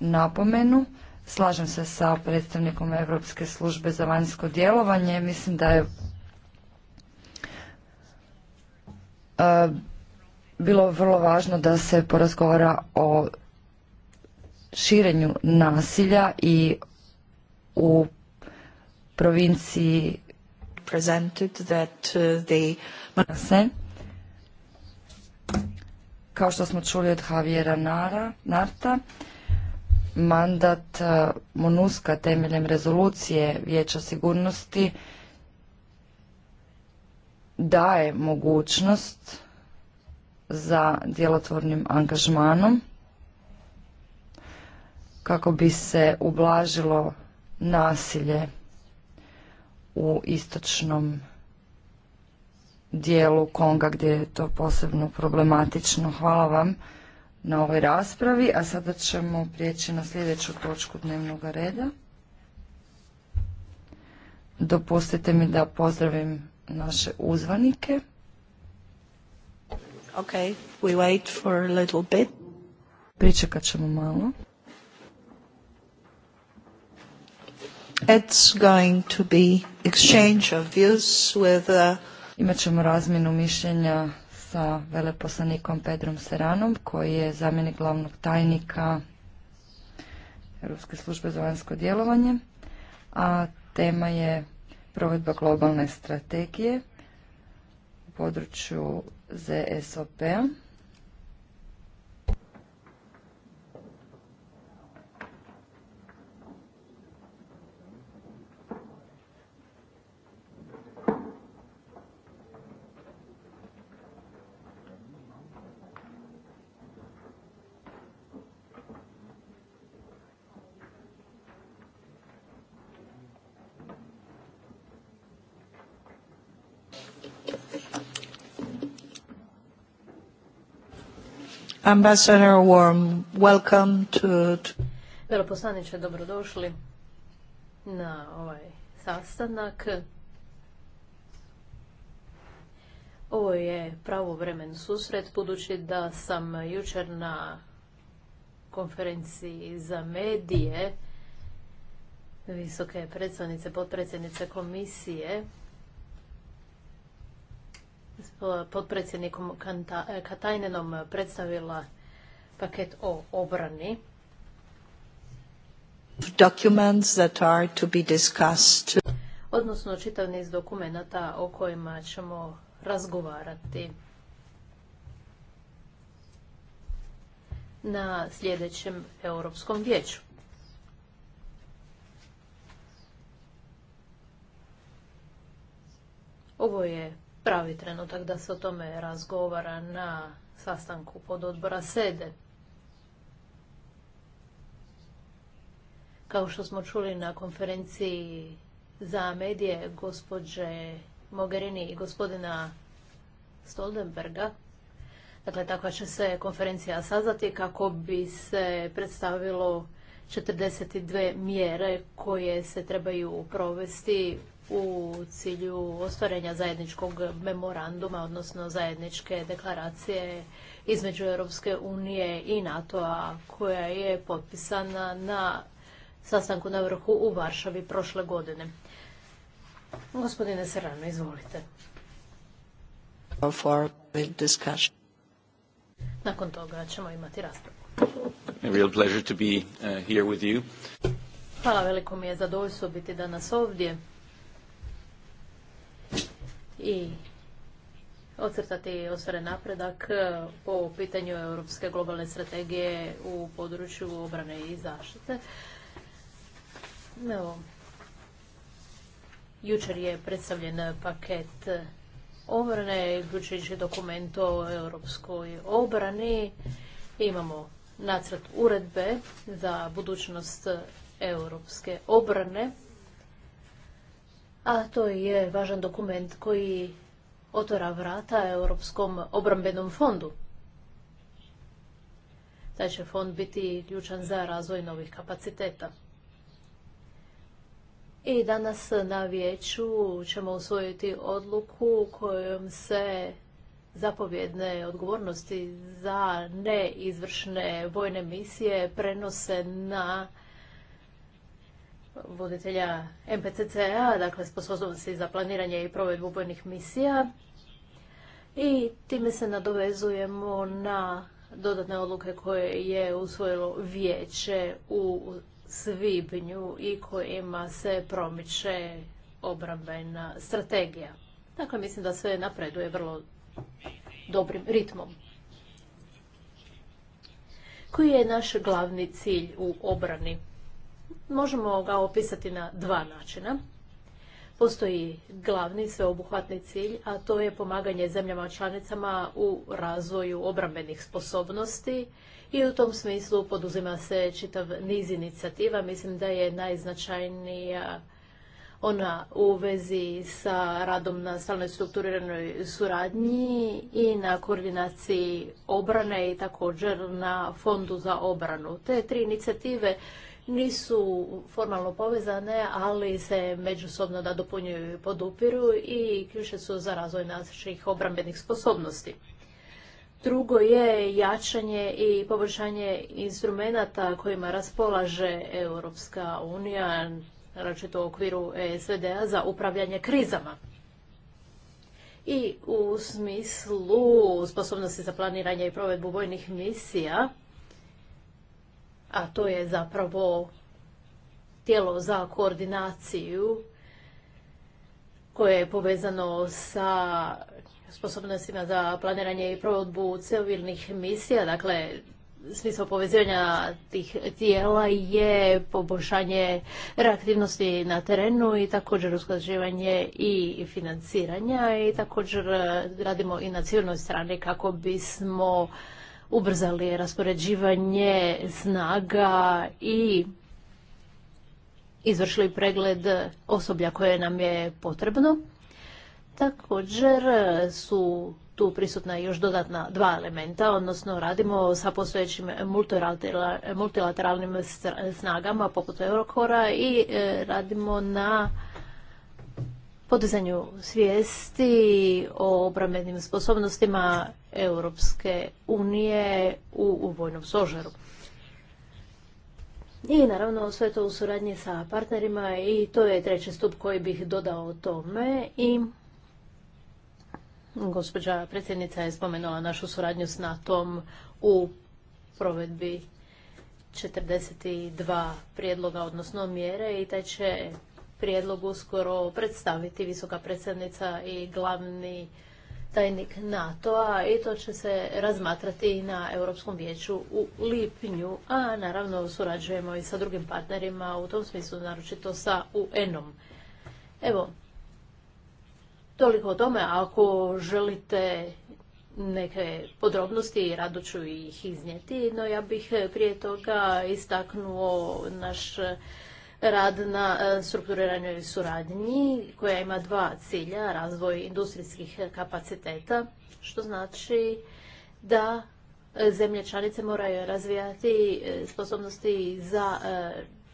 Speaker 2: napomenu. Slažem se sa predstavnikom Europske službe za vanjsko djelovanje. Mislim da je e, bilo vrlo važno da se porazgovara o širenju nasilja i u provinciji presented uh, Kao što smo čuli od Javiera Narta, mandat uh, MONUSKA temeljem rezolucije Vijeća sigurnosti daje mogućnost za djelotvornim angažmanom kako bi se ublažilo nasilje u istočnom dijelu Konga gdje je to posebno problematično. Hvala vam na ovoj raspravi, a sada ćemo prijeći na sljedeću točku dnevnog reda. Dopustite mi da pozdravim naše uzvanike.
Speaker 1: Okay, little
Speaker 2: Pričekat ćemo malo.
Speaker 1: It's going to
Speaker 2: be exchange of views with uh, Imat ćemo razminu mišljenja sa veleposlanikom Pedrom Seranom, koji je zamjenik glavnog tajnika Europske službe za vanjsko djelovanje, a tema je provedba globalne strategije u području ZSOP-a.
Speaker 1: Ambassador Warm, welcome to...
Speaker 3: dobrodošli na ovaj sastanak. Ovo je pravovremen susret, budući da sam jučer na konferenciji za medije visoke predstavnice, potpredsjednice komisije podpredsjednikom eh, Katajnenom predstavila paket o obrani. Odnosno čitav niz dokumenata o kojima ćemo razgovarati na sljedećem Europskom vijeću. Ovo je pravi trenutak da se o tome razgovara na sastanku pod odbora sede. Kao što smo čuli na konferenciji za medije gospođe Mogherini i gospodina Stoldenberga, dakle takva će se konferencija sazati kako bi se predstavilo 42 mjere koje se trebaju provesti u cilju ostvarenja zajedničkog memoranduma, odnosno zajedničke deklaracije između Europske unije i NATO-a koja je potpisana na sastanku na vrhu u Varšavi prošle godine. Gospodine Serrano, izvolite. Nakon toga ćemo imati raspravu. Uh, Hvala, veliko mi je zadovoljstvo biti danas ovdje i ocrtati ostvaren napredak e, po pitanju Europske globalne strategije u području obrane i zaštite. jučer je predstavljen paket obrane, uključujući dokument o europskoj obrani. Imamo nacrt uredbe za budućnost europske obrane a to je važan dokument koji otvara vrata Europskom obrambenom fondu. Taj će fond biti ključan za razvoj novih kapaciteta. I danas na vijeću ćemo usvojiti odluku kojom se zapovjedne odgovornosti za neizvršne vojne misije prenose na voditelja MPCC-a, dakle sposobnosti za planiranje i provedbu vojnih misija. I time se nadovezujemo na dodatne odluke koje je usvojilo vijeće u svibnju i kojima se promiče obrambena strategija. Dakle, mislim da sve napreduje vrlo dobrim ritmom. Koji je naš glavni cilj u obrani? Možemo ga opisati na dva načina. Postoji glavni sveobuhvatni cilj, a to je pomaganje zemljama članicama u razvoju obrambenih sposobnosti i u tom smislu poduzima se čitav niz inicijativa. Mislim da je najznačajnija ona u vezi sa radom na stalnoj strukturiranoj suradnji i na koordinaciji obrane i također na fondu za obranu. Te tri inicijative nisu formalno povezane, ali se međusobno nadopunjuju i podupiru i ključe su za razvoj naših obrambenih sposobnosti. Drugo je jačanje i poboljšanje instrumenata kojima raspolaže Europska unija, naročito u okviru e SVD-a za upravljanje krizama. I u smislu sposobnosti za planiranje i provedbu vojnih misija, a to je zapravo tijelo za koordinaciju koje je povezano sa sposobnostima za planiranje i provodbu civilnih misija. Dakle, smisao povezivanja tih tijela je poboljšanje reaktivnosti na terenu i također usklađivanje i financiranja i također radimo i na civilnoj strani kako bismo ubrzali raspoređivanje snaga i izvršili pregled osoblja koje nam je potrebno. Također su tu prisutna još dodatna dva elementa, odnosno radimo sa postojećim multilateralnim snagama poput Eurokora i e, radimo na podizanju svijesti o obrambenim sposobnostima Europske unije u, vojnom stožeru. I naravno sve to u suradnji sa partnerima i to je treći stup koji bih dodao tome i gospođa predsjednica je spomenula našu suradnju s NATO-om u provedbi 42 prijedloga, odnosno mjere i taj će prijedlog uskoro predstaviti visoka predsjednica i glavni tajnik NATO-a i to će se razmatrati na Europskom vijeću u lipnju, a naravno surađujemo i sa drugim partnerima u tom smislu, naročito sa UN-om. Evo, toliko o tome, ako želite neke podrobnosti, rado ću ih iznijeti, no ja bih prije toga istaknuo naš rad na e, strukturiranoj suradnji koja ima dva cilja, razvoj industrijskih kapaciteta, što znači da e, zemlje članice moraju razvijati e, sposobnosti za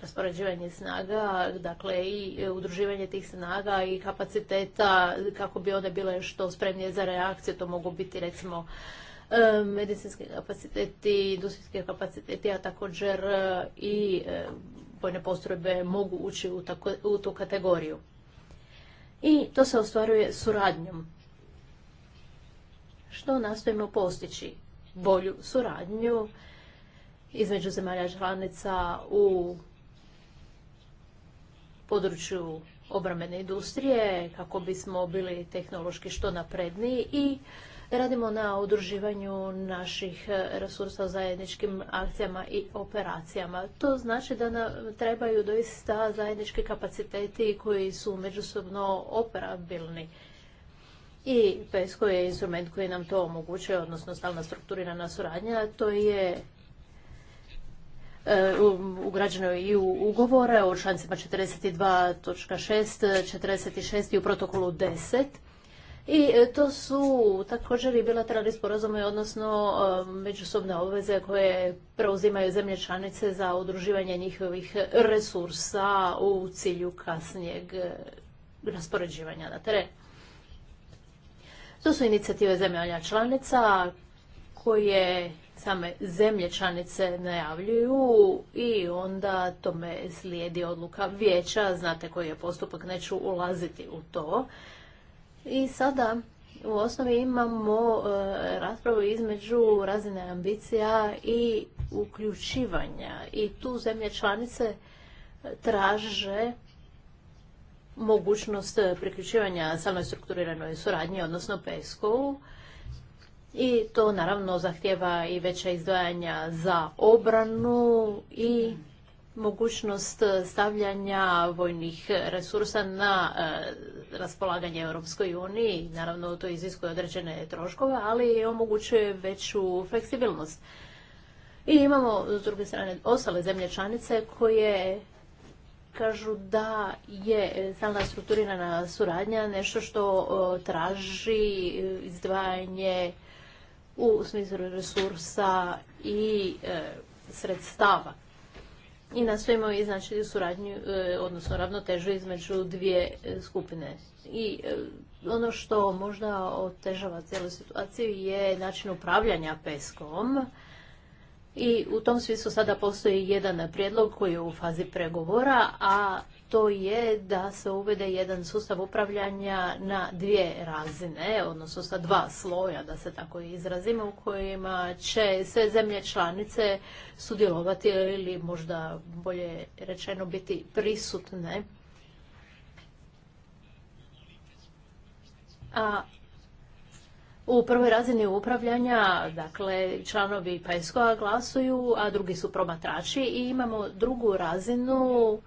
Speaker 3: raspoređivanje snaga, dakle i udruživanje tih snaga i kapaciteta kako bi one bile što spremnije za reakcije, to mogu biti recimo medicinske kapaciteti, industrijske kapaciteti, a također i vojne postrojbe mogu ući u, u tu kategoriju. I to se ostvaruje suradnjom. Što nastojimo postići? Bolju suradnju između zemalja članica u području obrambene industrije kako bismo bili tehnološki što napredniji i radimo na udruživanju naših e, resursa u zajedničkim akcijama i operacijama. To znači da nam trebaju doista zajednički kapaciteti koji su međusobno operabilni. I PESCO je instrument koji nam to omogućuje, odnosno stalna strukturirana suradnja. To je e, ugrađeno i u ugovore o člancima 42.6, 46 i u protokolu 10. I e, to su također i bilateralni sporazumi, odnosno e, međusobne obveze koje preuzimaju zemlje članice za udruživanje njihovih resursa u cilju kasnijeg e, raspoređivanja na teren. To su inicijative zemljanja članica koje same zemlje članice najavljuju i onda tome slijedi odluka vijeća. Znate koji je postupak, neću ulaziti u to. I sada u osnovi imamo e, raspravu između razine ambicija i uključivanja. I tu zemlje članice traže mogućnost priključivanja samoj strukturiranoj suradnji, odnosno PESCO-u. I to naravno zahtjeva i veća izdvajanja za obranu i mogućnost e, stavljanja vojnih resursa na e, raspolaganje Europskoj uniji. Naravno, to iziskuje određene troškove, ali omogućuje veću fleksibilnost. I imamo, s druge strane, ostale zemlje članice koje kažu da je stalna strukturirana suradnja nešto što traži izdvajanje u smislu resursa i e, sredstava i nastojimo znači suradnju, e, odnosno ravnotežu između dvije e, skupine. I e, ono što možda otežava cijelu situaciju je način upravljanja peskom. I u tom smislu sada postoji jedan prijedlog koji je u fazi pregovora, a to je da se uvede jedan sustav upravljanja na dvije razine, odnosno sa dva sloja, da se tako izrazimo, u kojima će sve zemlje članice sudjelovati ili možda bolje rečeno biti prisutne. A u prvoj razini upravljanja, dakle, članovi PESCO-a glasuju, a drugi su promatrači i imamo drugu razinu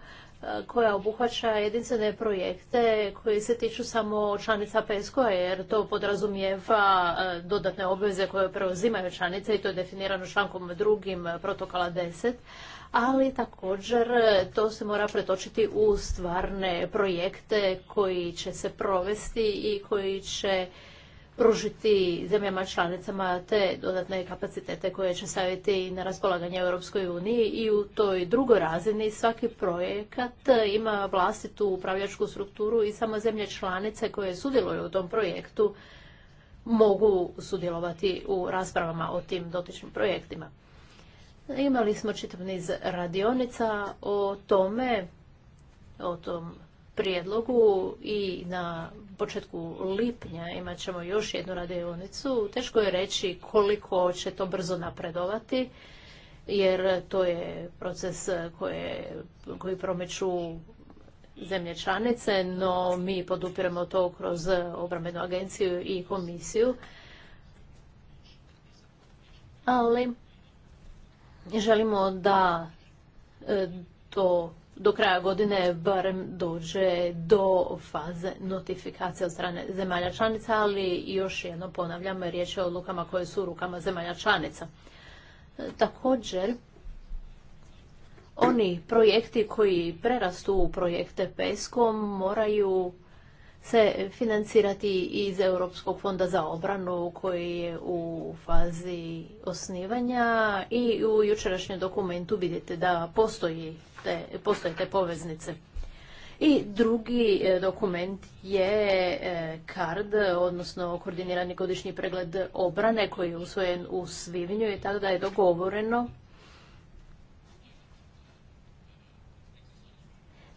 Speaker 3: koja obuhvaća jedinstvene projekte koji se tiču samo članica PESCO-a jer to podrazumijeva e, dodatne obveze koje preuzimaju članice i to je definirano člankom drugim protokola 10 ali također e, to se mora pretočiti u stvarne projekte koji će se provesti i koji će pružiti zemljama članicama te dodatne kapacitete koje će staviti na raspolaganje Europskoj uniji i u toj drugoj razini svaki projekat ima vlastitu upravljačku strukturu i samo zemlje članice koje sudjeluju u tom projektu mogu sudjelovati u raspravama o tim dotičnim projektima. Imali smo čitav niz radionica o tome, o tom prijedlogu i na početku lipnja imat ćemo još jednu radionicu. Teško je reći koliko će to brzo napredovati, jer to je proces koji promiču zemlje članice, no mi podupiramo to kroz obrambenu agenciju i komisiju. Ali želimo da e, to do kraja godine barem dođe do faze notifikacije od strane zemalja članica, ali još jedno ponavljam, riječ je o odlukama koje su u rukama zemalja članica. Također, oni projekti koji prerastu u projekte PESCO moraju se financirati iz Europskog fonda za obranu koji je u fazi osnivanja i u jučerašnjem dokumentu vidite da postoji te, postoje te poveznice. I drugi e, dokument je e, CARD, odnosno koordinirani godišnji pregled obrane koji je usvojen u svibnju i tada je dogovoreno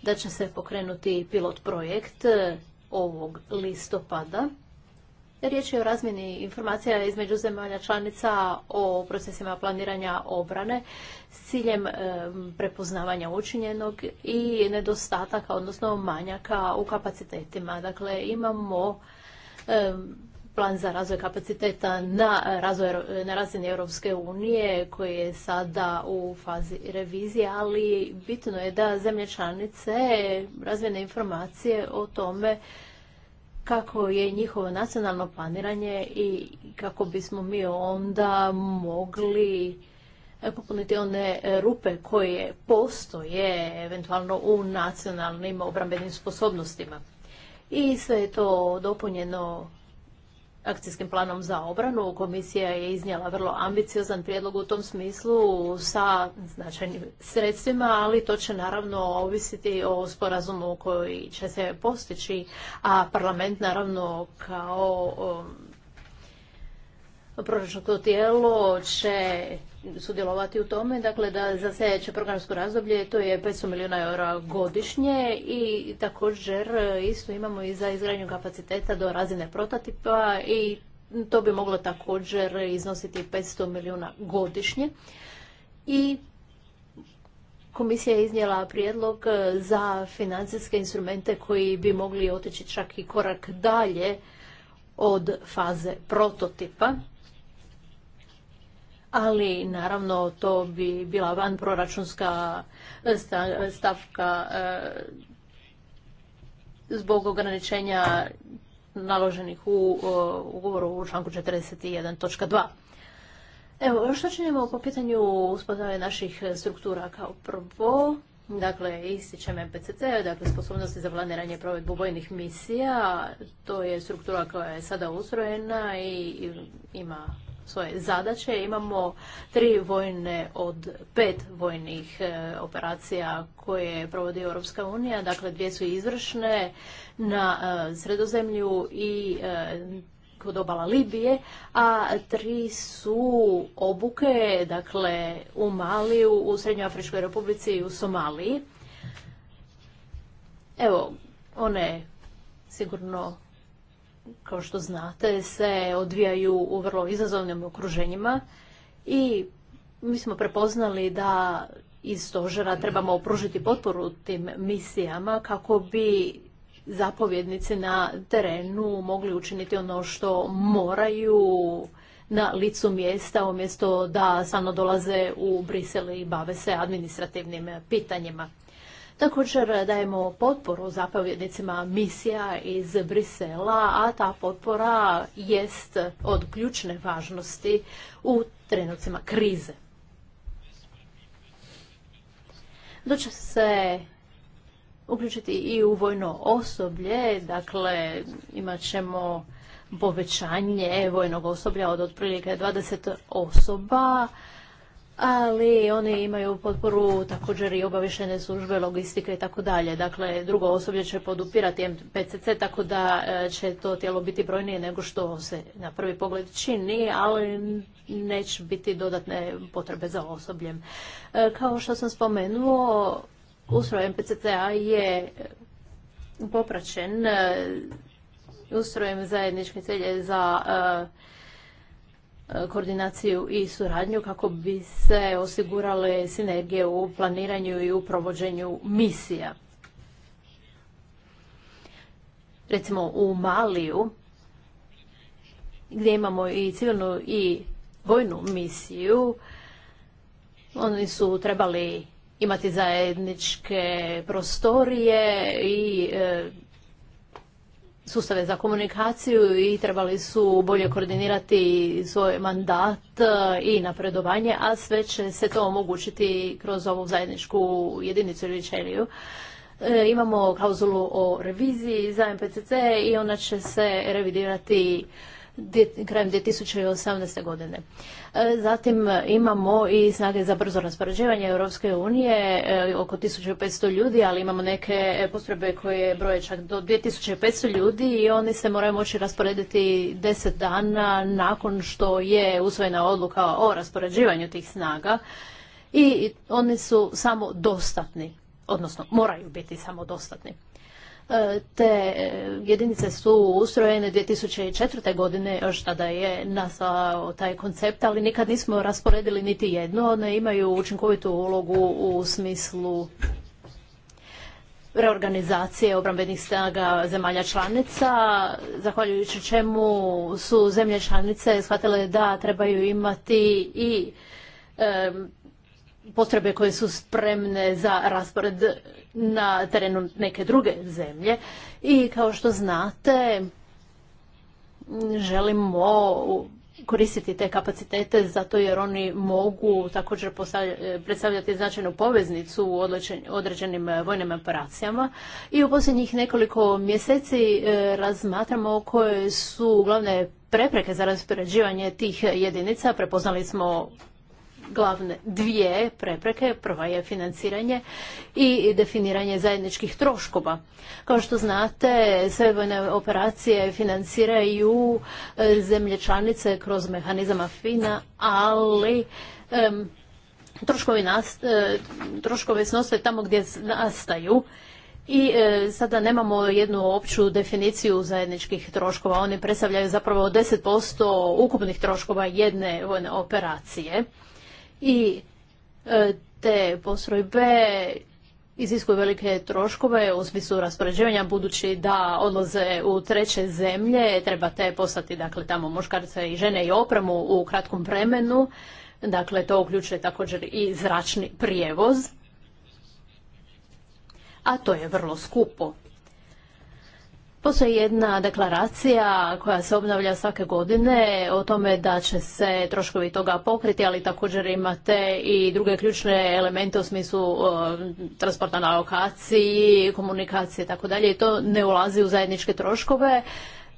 Speaker 3: da će se pokrenuti pilot projekt ovog listopada. Riječ je o razmjeni informacija između zemalja članica o procesima planiranja obrane s ciljem prepoznavanja učinjenog i nedostataka, odnosno manjaka u kapacitetima. Dakle, imamo plan za razvoj kapaciteta na, razvoj, na razini Europske unije koji je sada u fazi revizije, ali bitno je da zemlje članice razvijene informacije o tome kako je njihovo nacionalno planiranje i kako bismo mi onda mogli popuniti one rupe koje postoje eventualno u nacionalnim obrambenim sposobnostima. I sve je to dopunjeno akcijskim planom za obranu. Komisija je iznijela vrlo ambiciozan prijedlog u tom smislu sa značajnim sredstvima, ali to će naravno ovisiti o sporazumu koji će se postići, a parlament naravno kao um, proračunsko tijelo će sudjelovati u tome. Dakle, da za sljedeće programsko razdoblje to je 500 milijuna eura godišnje i također e, isto imamo i za izgradnju kapaciteta do razine prototipa i to bi moglo također iznositi 500 milijuna godišnje. I komisija je iznijela prijedlog e, za financijske instrumente koji bi mogli otići čak i korak dalje od faze prototipa ali naravno to bi bila van proračunska e, stavka e, zbog ograničenja naloženih u e, ugovoru u članku 41.2. Evo, što činimo po pitanju uspostave naših struktura kao prvo? Dakle, ističem MPCC, dakle, sposobnosti za planiranje i provedbu vojnih misija. To je struktura koja je sada ustrojena i ima svoje zadaće. Imamo tri vojne od pet vojnih e, operacija koje provodi Europska unija, dakle dvije su izvršne na e, sredozemlju i e, kod obala Libije, a tri su obuke, dakle u Maliju, u Srednjoafričkoj republici i u Somaliji. Evo, one sigurno kao što znate, se odvijaju u vrlo izazovnim okruženjima i mi smo prepoznali da iz stožera trebamo opružiti potporu tim misijama kako bi zapovjednici na terenu mogli učiniti ono što moraju na licu mjesta umjesto da samo dolaze u Brisel i bave se administrativnim pitanjima. Također dajemo potporu zapovjednicima misija iz Brisela, a ta potpora jest od ključne važnosti u trenucima krize. će se uključiti i u vojno osoblje, dakle imat ćemo povećanje vojnog osoblja od otprilike 20 osoba, ali oni imaju potporu također i obavještajne službe, logistike i tako dalje. Dakle, drugo osoblje će podupirati MPCC, tako da e, će to tijelo biti brojnije nego što se na prvi pogled čini, ali neće biti dodatne potrebe za osobljem. E, kao što sam spomenuo, ustroj MPCC-a je popraćen e, ustrojem zajedničke celje za E, koordinaciju i suradnju kako bi se osigurale sinergije u planiranju i u provođenju misija. Recimo u Maliju, gdje imamo i civilnu i vojnu misiju, oni su trebali imati zajedničke prostorije i e, sustave za komunikaciju i trebali su bolje koordinirati svoj mandat e, i napredovanje, a sve će se to omogućiti kroz ovu zajedničku jedinicu ili čeliju. E, imamo klauzulu o reviziji za MPCC i ona će se revidirati krajem 2018. godine. E, zatim imamo i snage za brzo raspoređivanje Europske unije, e, oko 1500 ljudi, ali imamo neke postrebe koje broje čak do 2500 ljudi i oni se moraju moći rasporediti 10 dana nakon što je usvojena odluka o raspoređivanju tih snaga i oni su samo dostatni, odnosno moraju biti samo dostatni. E, te jedinice su ustrojene 2004. godine, još tada je nastao taj koncept, ali nikad nismo rasporedili niti jedno. One imaju učinkovitu ulogu u smislu reorganizacije obrambenih snaga zemalja članica, zahvaljujući čemu su zemlje članice shvatile da trebaju imati i Potrebe koje su spremne za raspored na terenu neke druge zemlje. I kao što znate, želimo koristiti te kapacitete zato jer oni mogu također predstavljati značajnu poveznicu u određenim vojnim operacijama. I u posljednjih nekoliko mjeseci e, razmatramo koje su glavne prepreke za raspoređivanje tih jedinica. Prepoznali smo glavne dvije prepreke. Prva je financiranje i definiranje zajedničkih troškova. Kao što znate, sve vojne operacije financiraju e, zemlje članice kroz mehanizama FINA, ali troškovi, nas, e, troškovi snose tamo gdje nastaju. I e, sada nemamo jednu opću definiciju zajedničkih troškova. Oni predstavljaju zapravo 10% ukupnih troškova jedne vojne operacije i e, te postrojbe iziskuju velike troškove u smislu raspoređivanja budući da odlaze u treće zemlje, te poslati dakle, tamo muškarce i žene i opremu u kratkom vremenu, dakle to uključuje također i zračni prijevoz, a to je vrlo skupo. Postoji jedna deklaracija koja se obnavlja svake godine o tome da će se troškovi toga pokriti, ali također imate i druge ključne elemente u smislu e, transporta na lokaciji, komunikacije i tako dalje i to ne ulazi u zajedničke troškove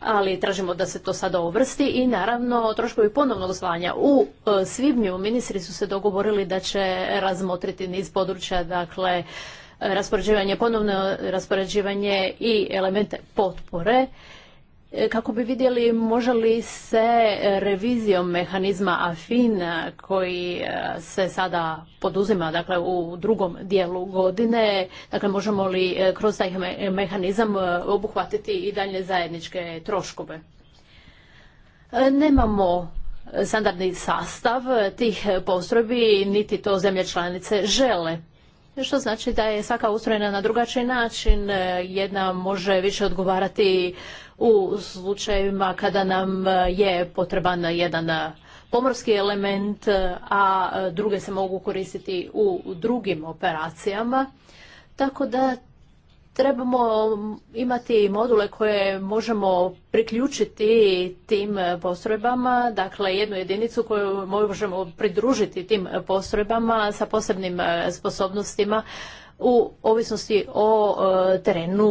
Speaker 3: ali tražimo da se to sada uvrsti i naravno troškovi ponovnog zvanja. U e, svibnju ministri su se dogovorili da će razmotriti niz područja, dakle raspoređivanje, ponovno raspoređivanje i elemente potpore e, kako bi vidjeli može li se revizijom mehanizma Afin e, koji e, se sada poduzima dakle, u drugom dijelu godine, dakle, možemo li kroz taj mehanizam obuhvatiti i dalje zajedničke troškove. Nemamo standardni sastav tih postrojbi, niti to zemlje članice žele što znači da je svaka ustrojena na drugačiji način. E, jedna može više odgovarati u slučajevima kada nam e, je potreban jedan e, pomorski element, a druge se mogu koristiti u drugim operacijama. Tako da trebamo imati module koje možemo priključiti tim postrojbama, dakle jednu jedinicu koju možemo pridružiti tim postrojbama sa posebnim e, sposobnostima u ovisnosti o e, terenu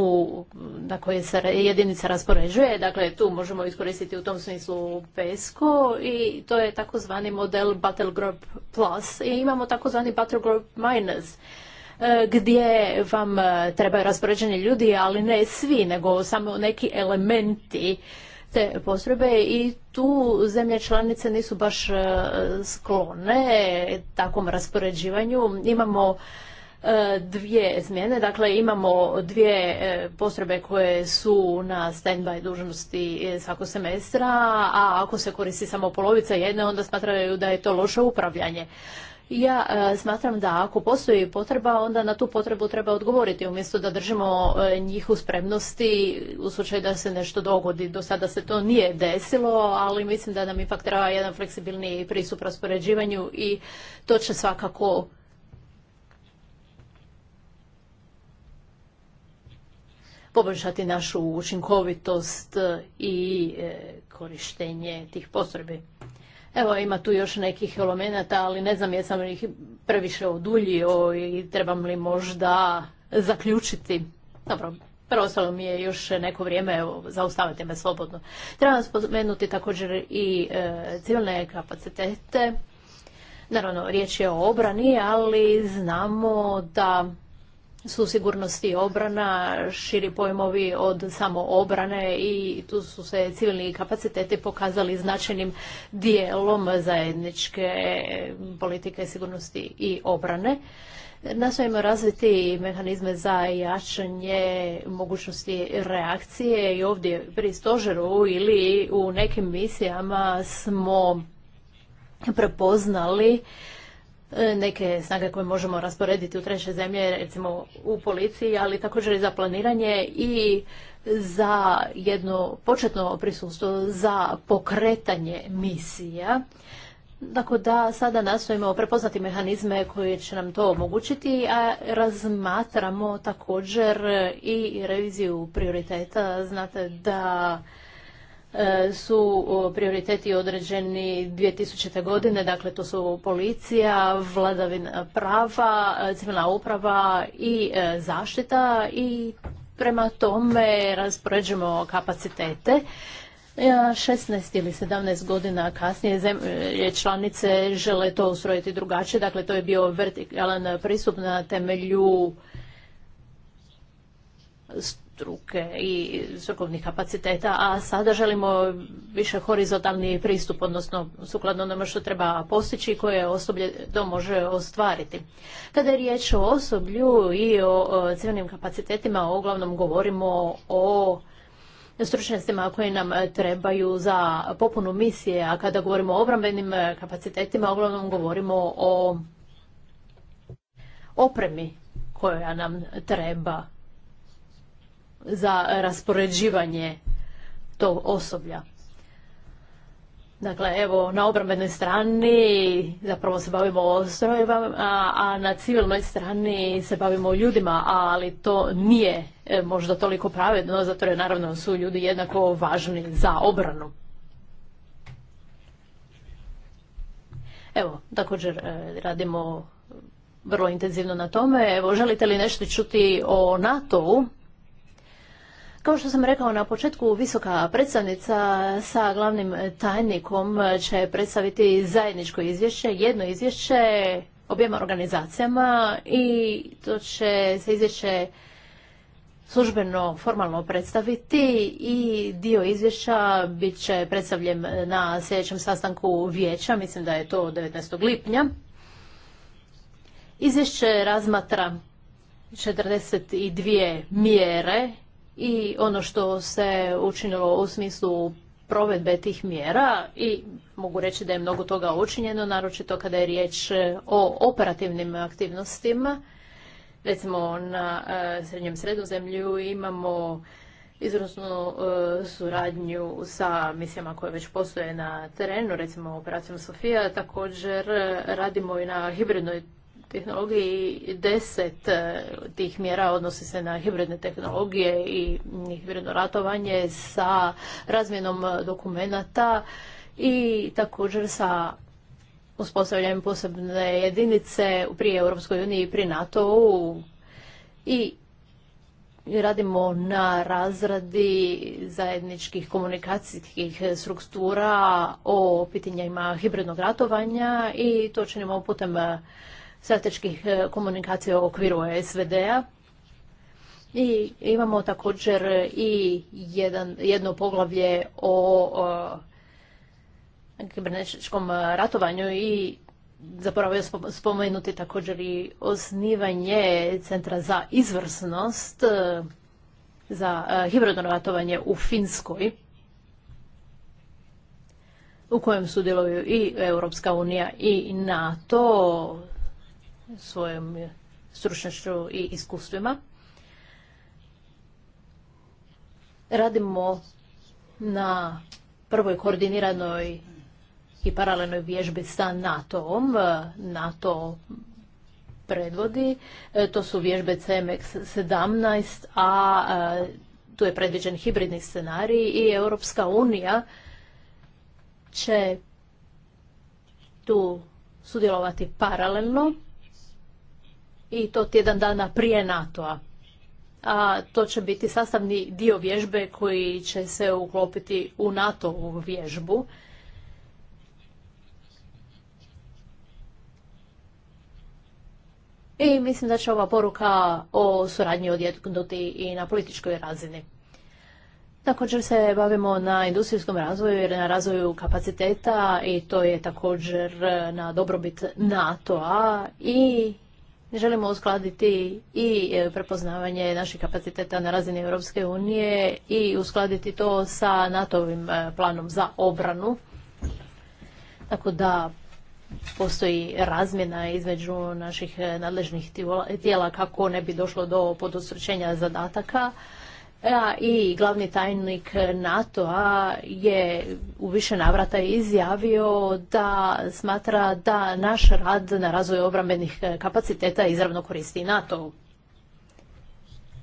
Speaker 3: na koje se jedinica raspoređuje. Dakle, tu možemo iskoristiti u tom smislu PESCO i to je takozvani model Group Plus i imamo takozvani Group Minus E, gdje vam e, trebaju raspoređeni ljudi, ali ne svi, nego samo neki elementi te postrojbe i tu zemlje članice nisu baš e, sklone takvom raspoređivanju. Imamo dvije zmjene, dakle imamo dvije postrojbe koje su na stand-by dužnosti svakog semestra, a ako se koristi samo polovica jedne, onda smatraju da je to loše upravljanje. Ja e, smatram da ako postoji potreba, onda na tu potrebu treba odgovoriti, umjesto da držimo e, njih u spremnosti u slučaju da se nešto dogodi. Do sada se to nije desilo, ali mislim da nam ipak treba jedan fleksibilni pristup raspoređivanju i to će svakako poboljšati našu učinkovitost i e, korištenje tih postrebi. Evo, ima tu još nekih elemenata, ali ne znam jesam li ih previše oduljio i trebam li možda zaključiti. Dobro, preostalo mi je još neko vrijeme, evo, zaustavite me slobodno. Trebam spomenuti također i e, civilne kapacitete. Naravno, riječ je o obrani, ali znamo da su sigurnosti i obrana, širi pojmovi od samo obrane i tu su se civilni kapaciteti pokazali značajnim dijelom zajedničke politike sigurnosti i obrane. Nastojimo razviti mehanizme za jačanje mogućnosti reakcije i ovdje pri stožeru ili u nekim misijama smo prepoznali E, neke snage koje možemo rasporediti u treće zemlje, recimo u policiji, ali također i za planiranje i za jedno početno prisustvo za pokretanje misija. Tako da sada nastojimo prepoznati mehanizme koje će nam to omogućiti, a razmatramo također i reviziju prioriteta. Znate da E, su prioriteti određeni 2000. godine, dakle to su policija, vladavina prava, e, civilna uprava i e, zaštita i prema tome raspoređujemo kapacitete. 16 ili 17 godina kasnije zemlje članice žele to ustrojiti drugačije, dakle to je bio vertikalan pristup na temelju struke i strukovnih kapaciteta, a sada želimo više horizontalni pristup, odnosno sukladno onome što treba postići i koje osoblje to može ostvariti. Kada je riječ o osoblju i o civilnim kapacitetima, uglavnom govorimo o stručnjacima koje nam trebaju za popunu misije, a kada govorimo o obrambenim kapacitetima, uglavnom govorimo o opremi koja nam treba za raspoređivanje tog osoblja. Dakle, evo, na obrambenoj strani zapravo se bavimo ostrojima, a, na civilnoj strani se bavimo ljudima, ali to nije e, možda toliko pravedno, zato je naravno su ljudi jednako važni za obranu. Evo, također e, radimo vrlo intenzivno na tome. Evo, želite li nešto čuti o NATO-u? Kao što sam rekao na početku, visoka predstavnica sa glavnim tajnikom će predstaviti zajedničko izvješće, jedno izvješće objema organizacijama i to će se izvješće službeno, formalno predstaviti i dio izvješća bit će predstavljen na sljedećem sastanku vijeća, mislim da je to 19. lipnja. Izvješće razmatra 42 mjere i ono što se učinilo u smislu provedbe tih mjera i mogu reći da je mnogo toga učinjeno, naročito kada je riječ e, o operativnim aktivnostima. Recimo na e, srednjem sredozemlju imamo izrosnu e, suradnju sa misijama koje već postoje na terenu, recimo operacijom Sofija. Također radimo i na hibridnoj tehnologiji deset e, tih mjera odnosi se na hibridne tehnologije i hibridno ratovanje sa razmjenom e, dokumenata i također sa uspostavljanjem posebne jedinice pri Europskoj uniji i pri NATO-u i radimo na razradi zajedničkih komunikacijskih struktura o pitanjima hibridnog ratovanja i to činimo putem e, strateških e, komunikacija u okviru SVD-a. I imamo također i jedan, jedno poglavlje o, o kibernetičkom ratovanju i zapravo spomenuti također i osnivanje Centra za izvrsnost e, za e, hibridno ratovanje u Finskoj u kojem sudjeluju i Europska unija i NATO svojom stručnošću i iskustvima. Radimo na prvoj koordiniranoj i paralelnoj vježbi sa NATO-om. NATO predvodi. E, to su vježbe CMX-17, a e, tu je predviđen hibridni scenarij i Europska unija će tu sudjelovati paralelno i to tjedan dana prije NATO-a. A to će biti sastavni dio vježbe koji će se uklopiti u nato u vježbu. I mislim da će ova poruka o suradnji odjednuti i na političkoj razini. Također se bavimo na industrijskom razvoju jer na razvoju kapaciteta i to je također na dobrobit NATO-a i Želimo uskladiti i e, prepoznavanje naših kapaciteta na razini Europske unije i uskladiti to sa NATO-ovim e, planom za obranu. Tako da postoji razmjena između naših e, nadležnih tijela kako ne bi došlo do podostručenja zadataka, i glavni tajnik NATO-a je u više navrata izjavio da smatra da naš rad na razvoju obrambenih kapaciteta izravno koristi NATO.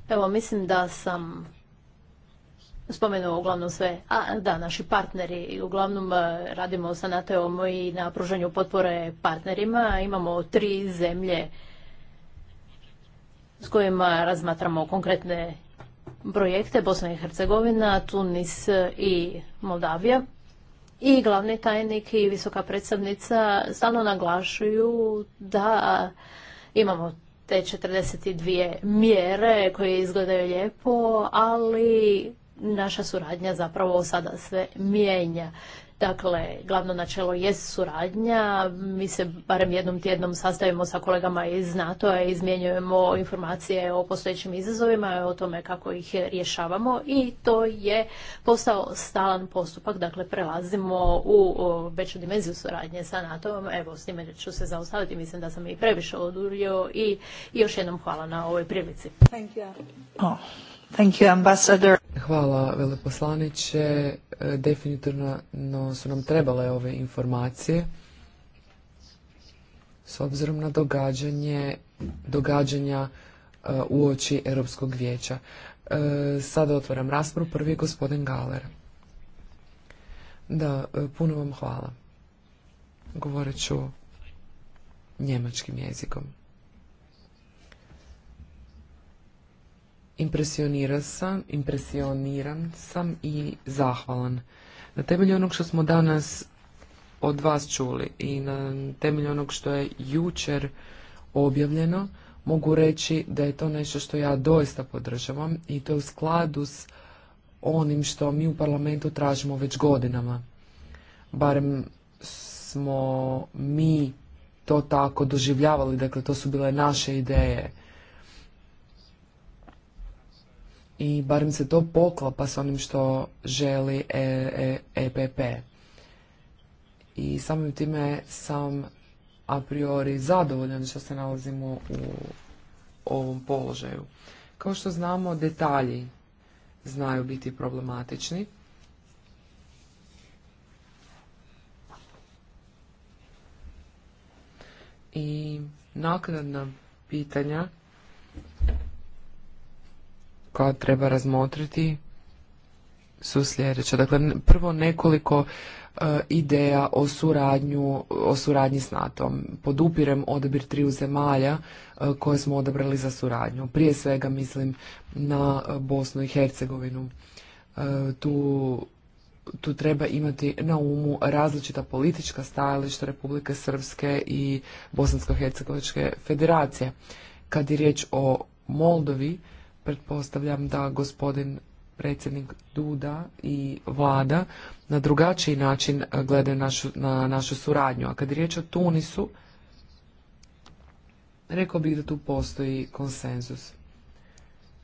Speaker 3: Evo, mislim da sam spomenuo uglavnom sve. A, da, naši partneri. Uglavnom eh, radimo sa NATO-om i na pružanju potpore partnerima. Imamo tri zemlje s kojima razmatramo konkretne projekte Bosna i Hercegovina, Tunis i Moldavija. I glavni tajnik i visoka predstavnica stalno naglašuju da imamo te 42 mjere koje izgledaju lijepo, ali naša suradnja zapravo sada sve mijenja. Dakle, glavno načelo je suradnja. Mi se barem jednom tjednom sastavimo sa kolegama iz NATO-a i izmjenjujemo informacije o postojećim izazovima, o tome kako ih rješavamo i to je postao stalan postupak. Dakle, prelazimo u veću dimenziju suradnje sa NATO-om. Evo, s time ću se zaustaviti. Mislim da sam i previše odurio i još jednom hvala na ovoj prilici.
Speaker 4: Oh, hvala, E, definitivno su nam trebale ove informacije s obzirom na događanje, događanja e, u oči Europskog vijeća. E, sada otvaram raspravu. Prvi je gospodin Galer. Da, puno vam hvala. Govorit ću njemačkim jezikom. impresionira sam, impresioniran sam i zahvalan. Na temelju onog što smo danas od vas čuli i na temelju onog što je jučer objavljeno, mogu reći da je to nešto što ja doista podržavam i to je u skladu s onim što mi u parlamentu tražimo već godinama. Barem smo mi to tako doživljavali, dakle to su bile naše ideje i barem se to poklapa s onim što želi EPP. E, e I samim time sam a priori zadovoljan što se nalazimo u ovom položaju. Kao što znamo, detalji znaju biti problematični. I naknadna pitanja koja treba razmotriti su sljedeće. Dakle, prvo nekoliko e, ideja o suradnju, o suradnji s NATO-om. Podupirem odabir triju zemalja e, koje smo odabrali za suradnju. Prije svega mislim na e, Bosnu i Hercegovinu. tu, tu treba imati na umu različita politička stajališta Republike Srpske i Bosansko-Hercegovičke federacije. Kad je riječ o Moldovi, pretpostavljam da gospodin predsjednik Duda i vlada na drugačiji način e, gledaju našu, na našu suradnju. A kad je riječ o Tunisu, rekao bih da tu postoji konsenzus.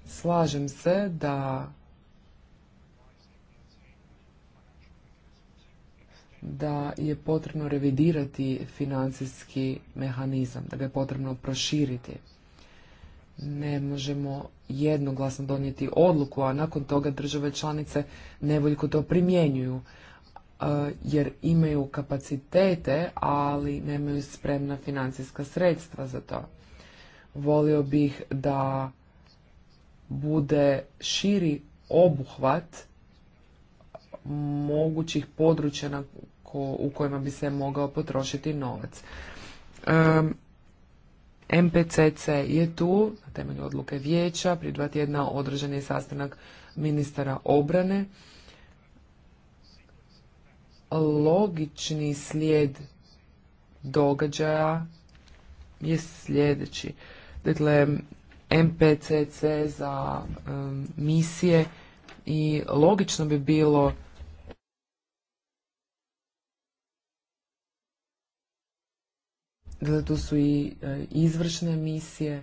Speaker 4: Slažem se da da je potrebno revidirati financijski mehanizam, da ga je potrebno proširiti ne možemo jednoglasno donijeti odluku, a nakon toga države članice nevoljko to primjenjuju e, jer imaju kapacitete, ali nemaju spremna financijska sredstva za to. Volio bih da bude širi obuhvat mogućih područja u kojima bi se mogao potrošiti novac. MPCC je tu, na temelju odluke vijeća, prije dva tjedna održan je sastanak ministara obrane. Logični slijed događaja je sljedeći. Dakle, MPCC za misije i logično bi bilo Dakle, tu su i e, izvršne misije,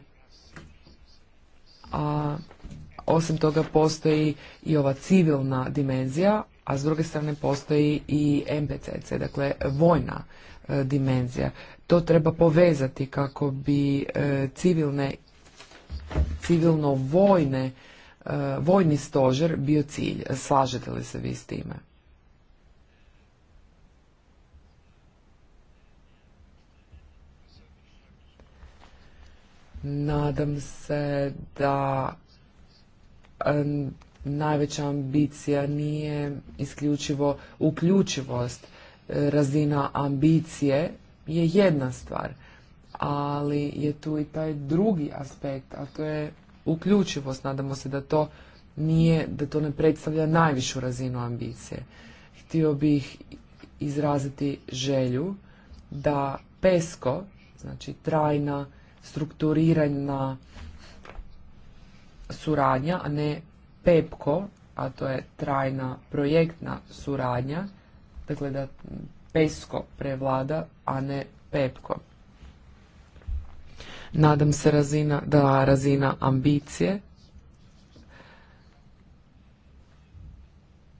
Speaker 4: a osim toga postoji i ova civilna dimenzija, a s druge strane postoji i MPCC, dakle vojna e, dimenzija. To treba povezati kako bi e, civilne, civilno-vojne, vojni stožer bio cilj. Slažete li se vi s time? Nadam se da najveća ambicija nije isključivo uključivost. Razina ambicije je jedna stvar, ali je tu i taj drugi aspekt, a to je uključivost. Nadamo se da to nije, da to ne predstavlja najvišu razinu ambicije. Htio bih izraziti želju da PESCO, znači trajna strukturirana suradnja, a ne PEPKO, a to je trajna projektna suradnja, dakle da PESKO prevlada, a ne PEPKO. Nadam se razina, da razina ambicije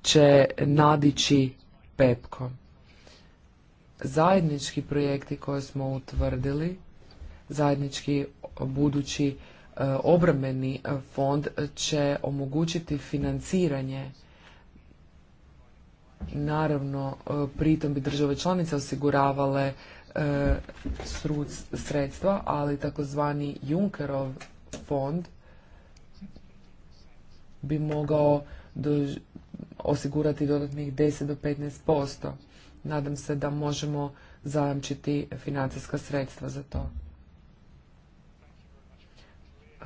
Speaker 4: će nadići PEPKO. Zajednički projekti koje smo utvrdili zajednički budući e, obrambeni fond će omogućiti financiranje naravno e, pritom bi države članice osiguravale e, sredstva, ali takozvani Junckerov fond bi mogao osigurati dodatnih 10 do 15%. Nadam se da možemo zajamčiti financijska sredstva za to.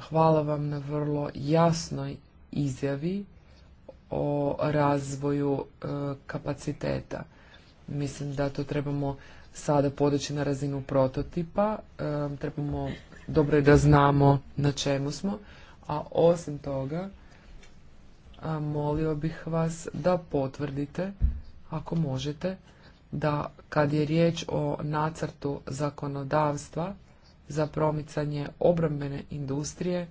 Speaker 4: Hvala vam na vrlo jasnoj izjavi o razvoju e, kapaciteta. Mislim da to trebamo sada podići na razinu prototipa, e, trebamo dobro da znamo na čemu smo, a osim toga molio bih vas da potvrdite, ako možete, da kad je riječ o nacrtu zakonodavstva, za promicanje obrambene industrije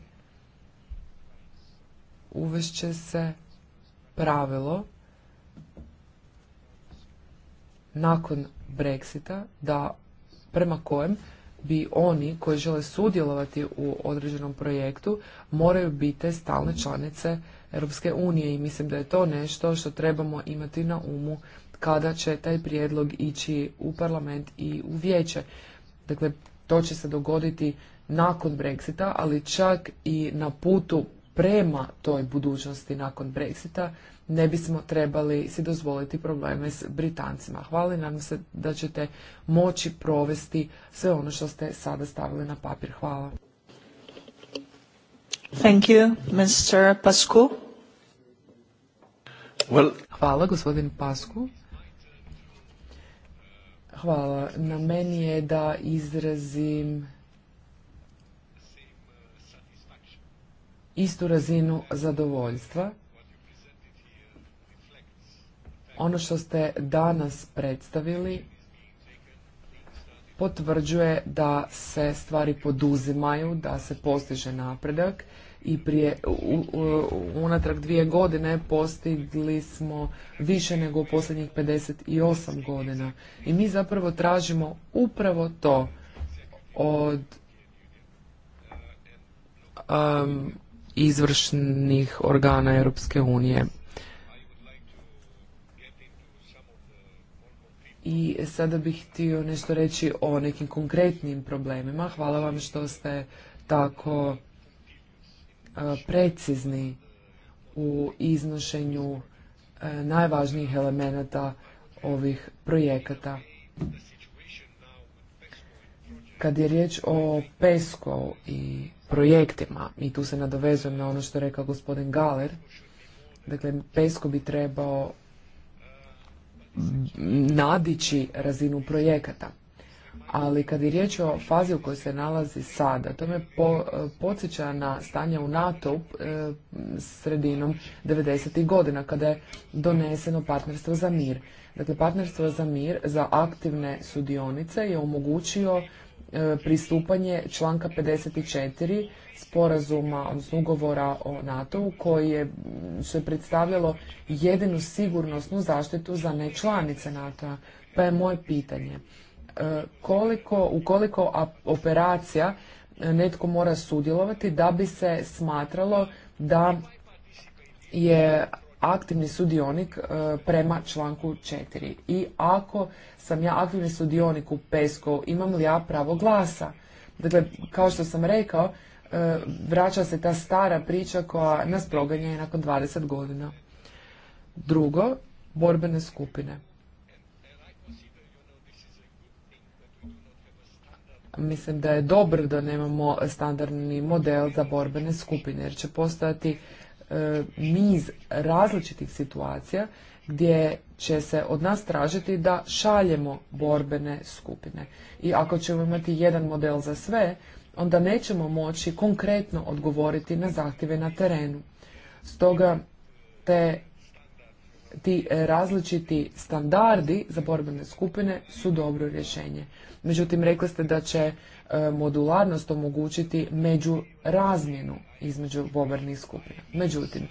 Speaker 4: uvešće se pravilo nakon Brexita da prema kojem bi oni koji žele sudjelovati u određenom projektu moraju biti stalne članice Europske unije i mislim da je to nešto što trebamo imati na umu kada će taj prijedlog ići u parlament i u vijeće. Dakle, to će se dogoditi nakon Brexita, ali čak i na putu prema toj budućnosti nakon Brexita ne bismo trebali si dozvoliti probleme s Britancima. Hvala nam se da ćete moći provesti sve ono što ste sada stavili na papir. Hvala. Thank you, Mr. Pascu. Hvala, gospodin Pasku. Hvala. Na meni je da izrazim istu razinu zadovoljstva. Ono što ste danas predstavili potvrđuje da se stvari poduzimaju, da se postiže napredak i prije unatrag dvije godine postigli smo više nego u posljednjih 58 godina. I mi zapravo tražimo upravo to od um, izvršnih organa Europske unije. I sada bih htio nešto reći o nekim konkretnim problemima. Hvala vam što ste tako E, precizni u iznošenju e, najvažnijih elemenata ovih projekata. Kad je riječ o PESCO i projektima, i tu se nadovezujem na ono što je rekao gospodin Galer, dakle PESCO bi trebao nadići razinu projekata ali kad je riječ o fazi u kojoj se nalazi sada, to me e, podsjeća na stanje u NATO e, sredinom 90. godina kada je doneseno partnerstvo za mir. Dakle, partnerstvo za mir za aktivne sudionice je omogućio e, pristupanje članka 54 sporazuma, odnosno ugovora o NATO-u koji je se predstavljalo jedinu sigurnosnu zaštitu za nečlanice NATO-a. Pa je moje pitanje E, koliko, u koliko operacija e, netko mora sudjelovati da bi se smatralo da je aktivni sudionik e, prema članku 4. I ako sam ja aktivni sudionik u PESCO, imam li ja pravo glasa? Dakle, kao što sam rekao, vraća se ta stara priča koja nas proganja nakon 20 godina. Drugo, borbene skupine. Mislim da je dobro da nemamo standardni model za borbene skupine jer će postojati miz e, niz različitih situacija gdje će se od nas tražiti da šaljemo borbene skupine. I ako ćemo imati jedan model za sve, onda nećemo moći konkretno odgovoriti na zahtjeve na terenu. Stoga te ti različiti standardi za borbene skupine su dobro rješenje. Međutim, rekli ste da će e, modularnost omogućiti među razmjenu između borbenih skupina. Međutim,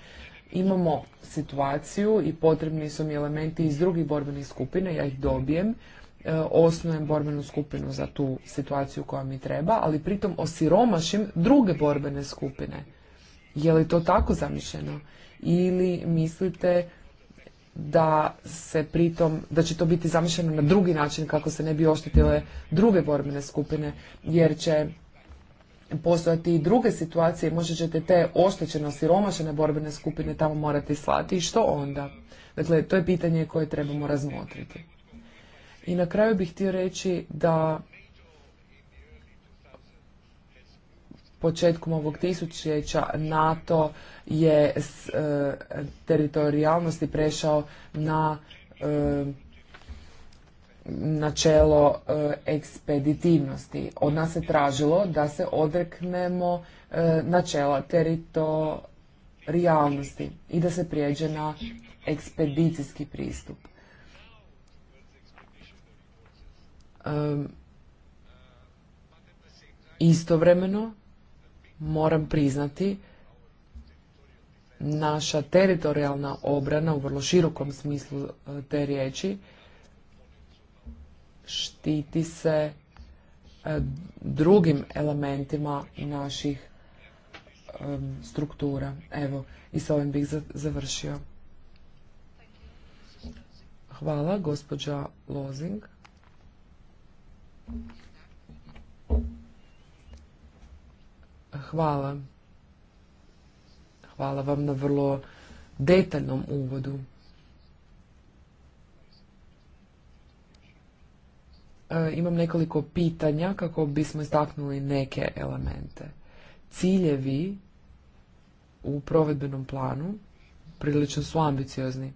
Speaker 4: imamo situaciju i potrebni su mi elementi iz drugih borbenih skupina, ja ih dobijem, e, osnujem borbenu skupinu za tu situaciju koja mi treba, ali pritom osiromašim druge borbene skupine. Je li to tako zamišljeno? Ili mislite da se pritom, da će to biti zamišljeno na drugi način kako se ne bi oštetile druge borbene skupine, jer će postojati i druge situacije, možda ćete te oštećeno siromašene borbene skupine tamo morati slati i što onda? Dakle, to je pitanje koje trebamo razmotriti. I na kraju bih htio reći da početkom ovog tisućljeća NATO je s e, teritorijalnosti prešao na e, načelo e, ekspeditivnosti. Od nas se tražilo da se odreknemo načela teritorijalnosti i da se prijeđe na ekspedicijski pristup. Istovremeno moram priznati, naša teritorijalna obrana u vrlo širokom smislu e, te riječi štiti se e, drugim elementima naših struktura. Evo, i s ovim bih završio. Hvala, gospođa Lozing. Hvala. Hvala vam na vrlo detaljnom uvodu. E, imam nekoliko pitanja kako bismo istaknuli neke elemente. Ciljevi u provedbenom planu prilično su ambiciozni.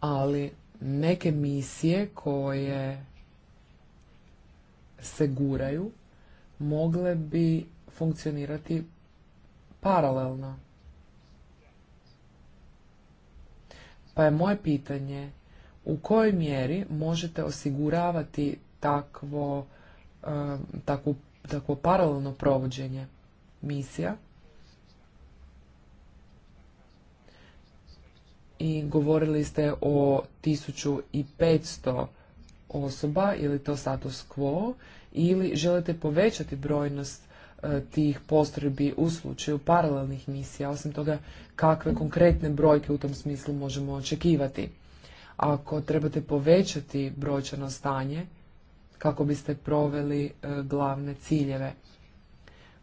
Speaker 4: Ali neke misije koje se guraju mogle bi funkcionirati paralelno. Pa je moje pitanje u kojoj mjeri možete osiguravati takvo, paralelno provođenje misija i govorili ste o 1500 osoba ili to status quo ili želite povećati brojnost e, tih postrojbi u slučaju paralelnih misija, osim toga kakve konkretne brojke u tom smislu možemo očekivati. Ako trebate povećati brojčano stanje kako biste proveli e, glavne ciljeve.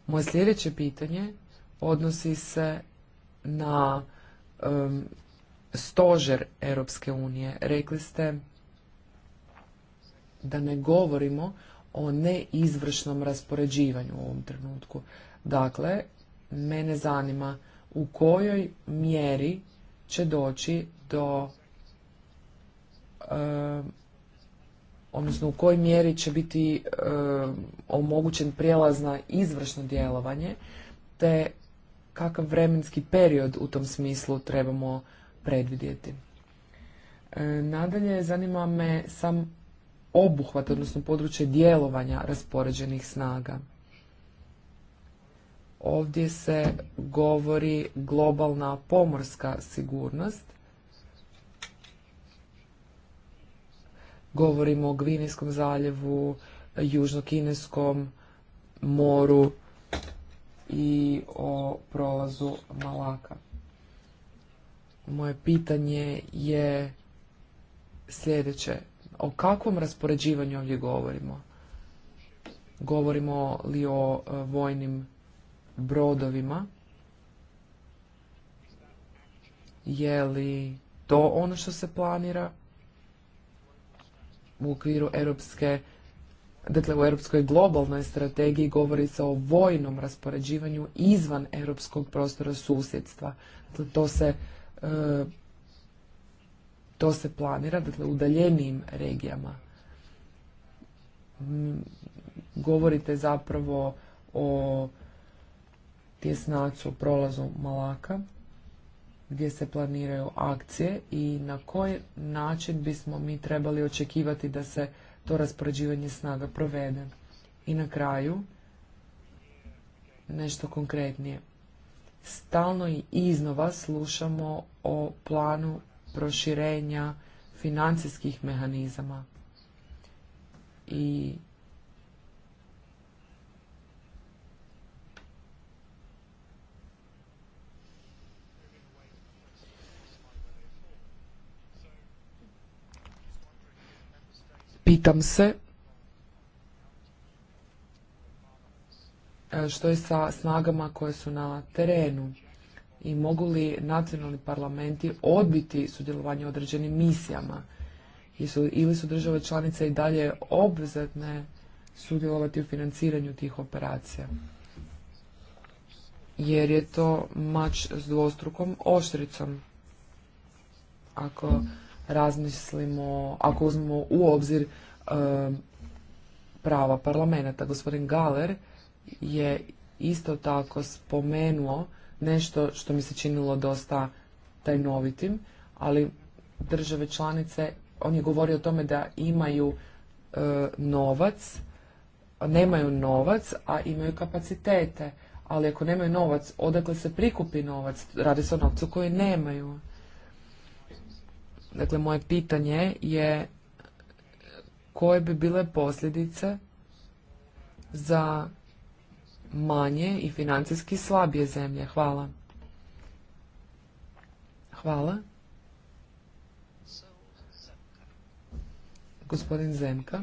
Speaker 4: Moje sljedeće pitanje odnosi se na stožer Europske unije. Rekli ste da ne govorimo o neizvršnom raspoređivanju u ovom trenutku. Dakle, mene zanima u kojoj mjeri će doći do odnosno u kojoj mjeri će biti omogućen prijelaz na izvršno djelovanje te kakav vremenski period u tom smislu trebamo predvidjeti. E, nadalje zanima me sam obuhvat, odnosno područje djelovanja raspoređenih snaga. Ovdje se govori globalna pomorska sigurnost. Govorimo o Gvinijskom zaljevu, Južno-Kineskom moru i o prolazu Malaka. Moje pitanje je sljedeće. O kakvom raspoređivanju ovdje govorimo? Govorimo li o e, vojnim brodovima? Je li to ono što se planira u okviru europske Dakle, u europskoj globalnoj strategiji govori se o vojnom raspoređivanju izvan europskog prostora susjedstva. Dakle, to se e, to se planira, dakle, udaljenijim regijama. Mm, govorite zapravo o tjesnacu, prolazu Malaka, gdje se planiraju akcije i na koji način bismo mi trebali očekivati da se to raspoređivanje snaga provede. I na kraju, nešto konkretnije. Stalno i iznova slušamo o planu proširenja financijskih mehanizama i pitam se e, što je sa snagama koje su na terenu i mogu li nacionalni parlamenti odbiti sudjelovanje u određenim misijama ili su države članice i dalje obvezatne sudjelovati u financiranju tih operacija jer je to mač s dvostrukom oštricom ako razmislimo ako uzmemo u obzir eh, prava parlamenta gospodin Galer je isto tako spomenuo nešto što mi se činilo dosta tajnovitim, ali države članice, on je govorio o tome da imaju e, novac, nemaju novac, a imaju kapacitete. Ali ako nemaju novac, odakle se prikupi novac? Radi se o novcu koje nemaju. Dakle, moje pitanje je koje bi bile posljedice za manje i financijski slabije zemlje. Hvala. Hvala. Gospodin Zemka.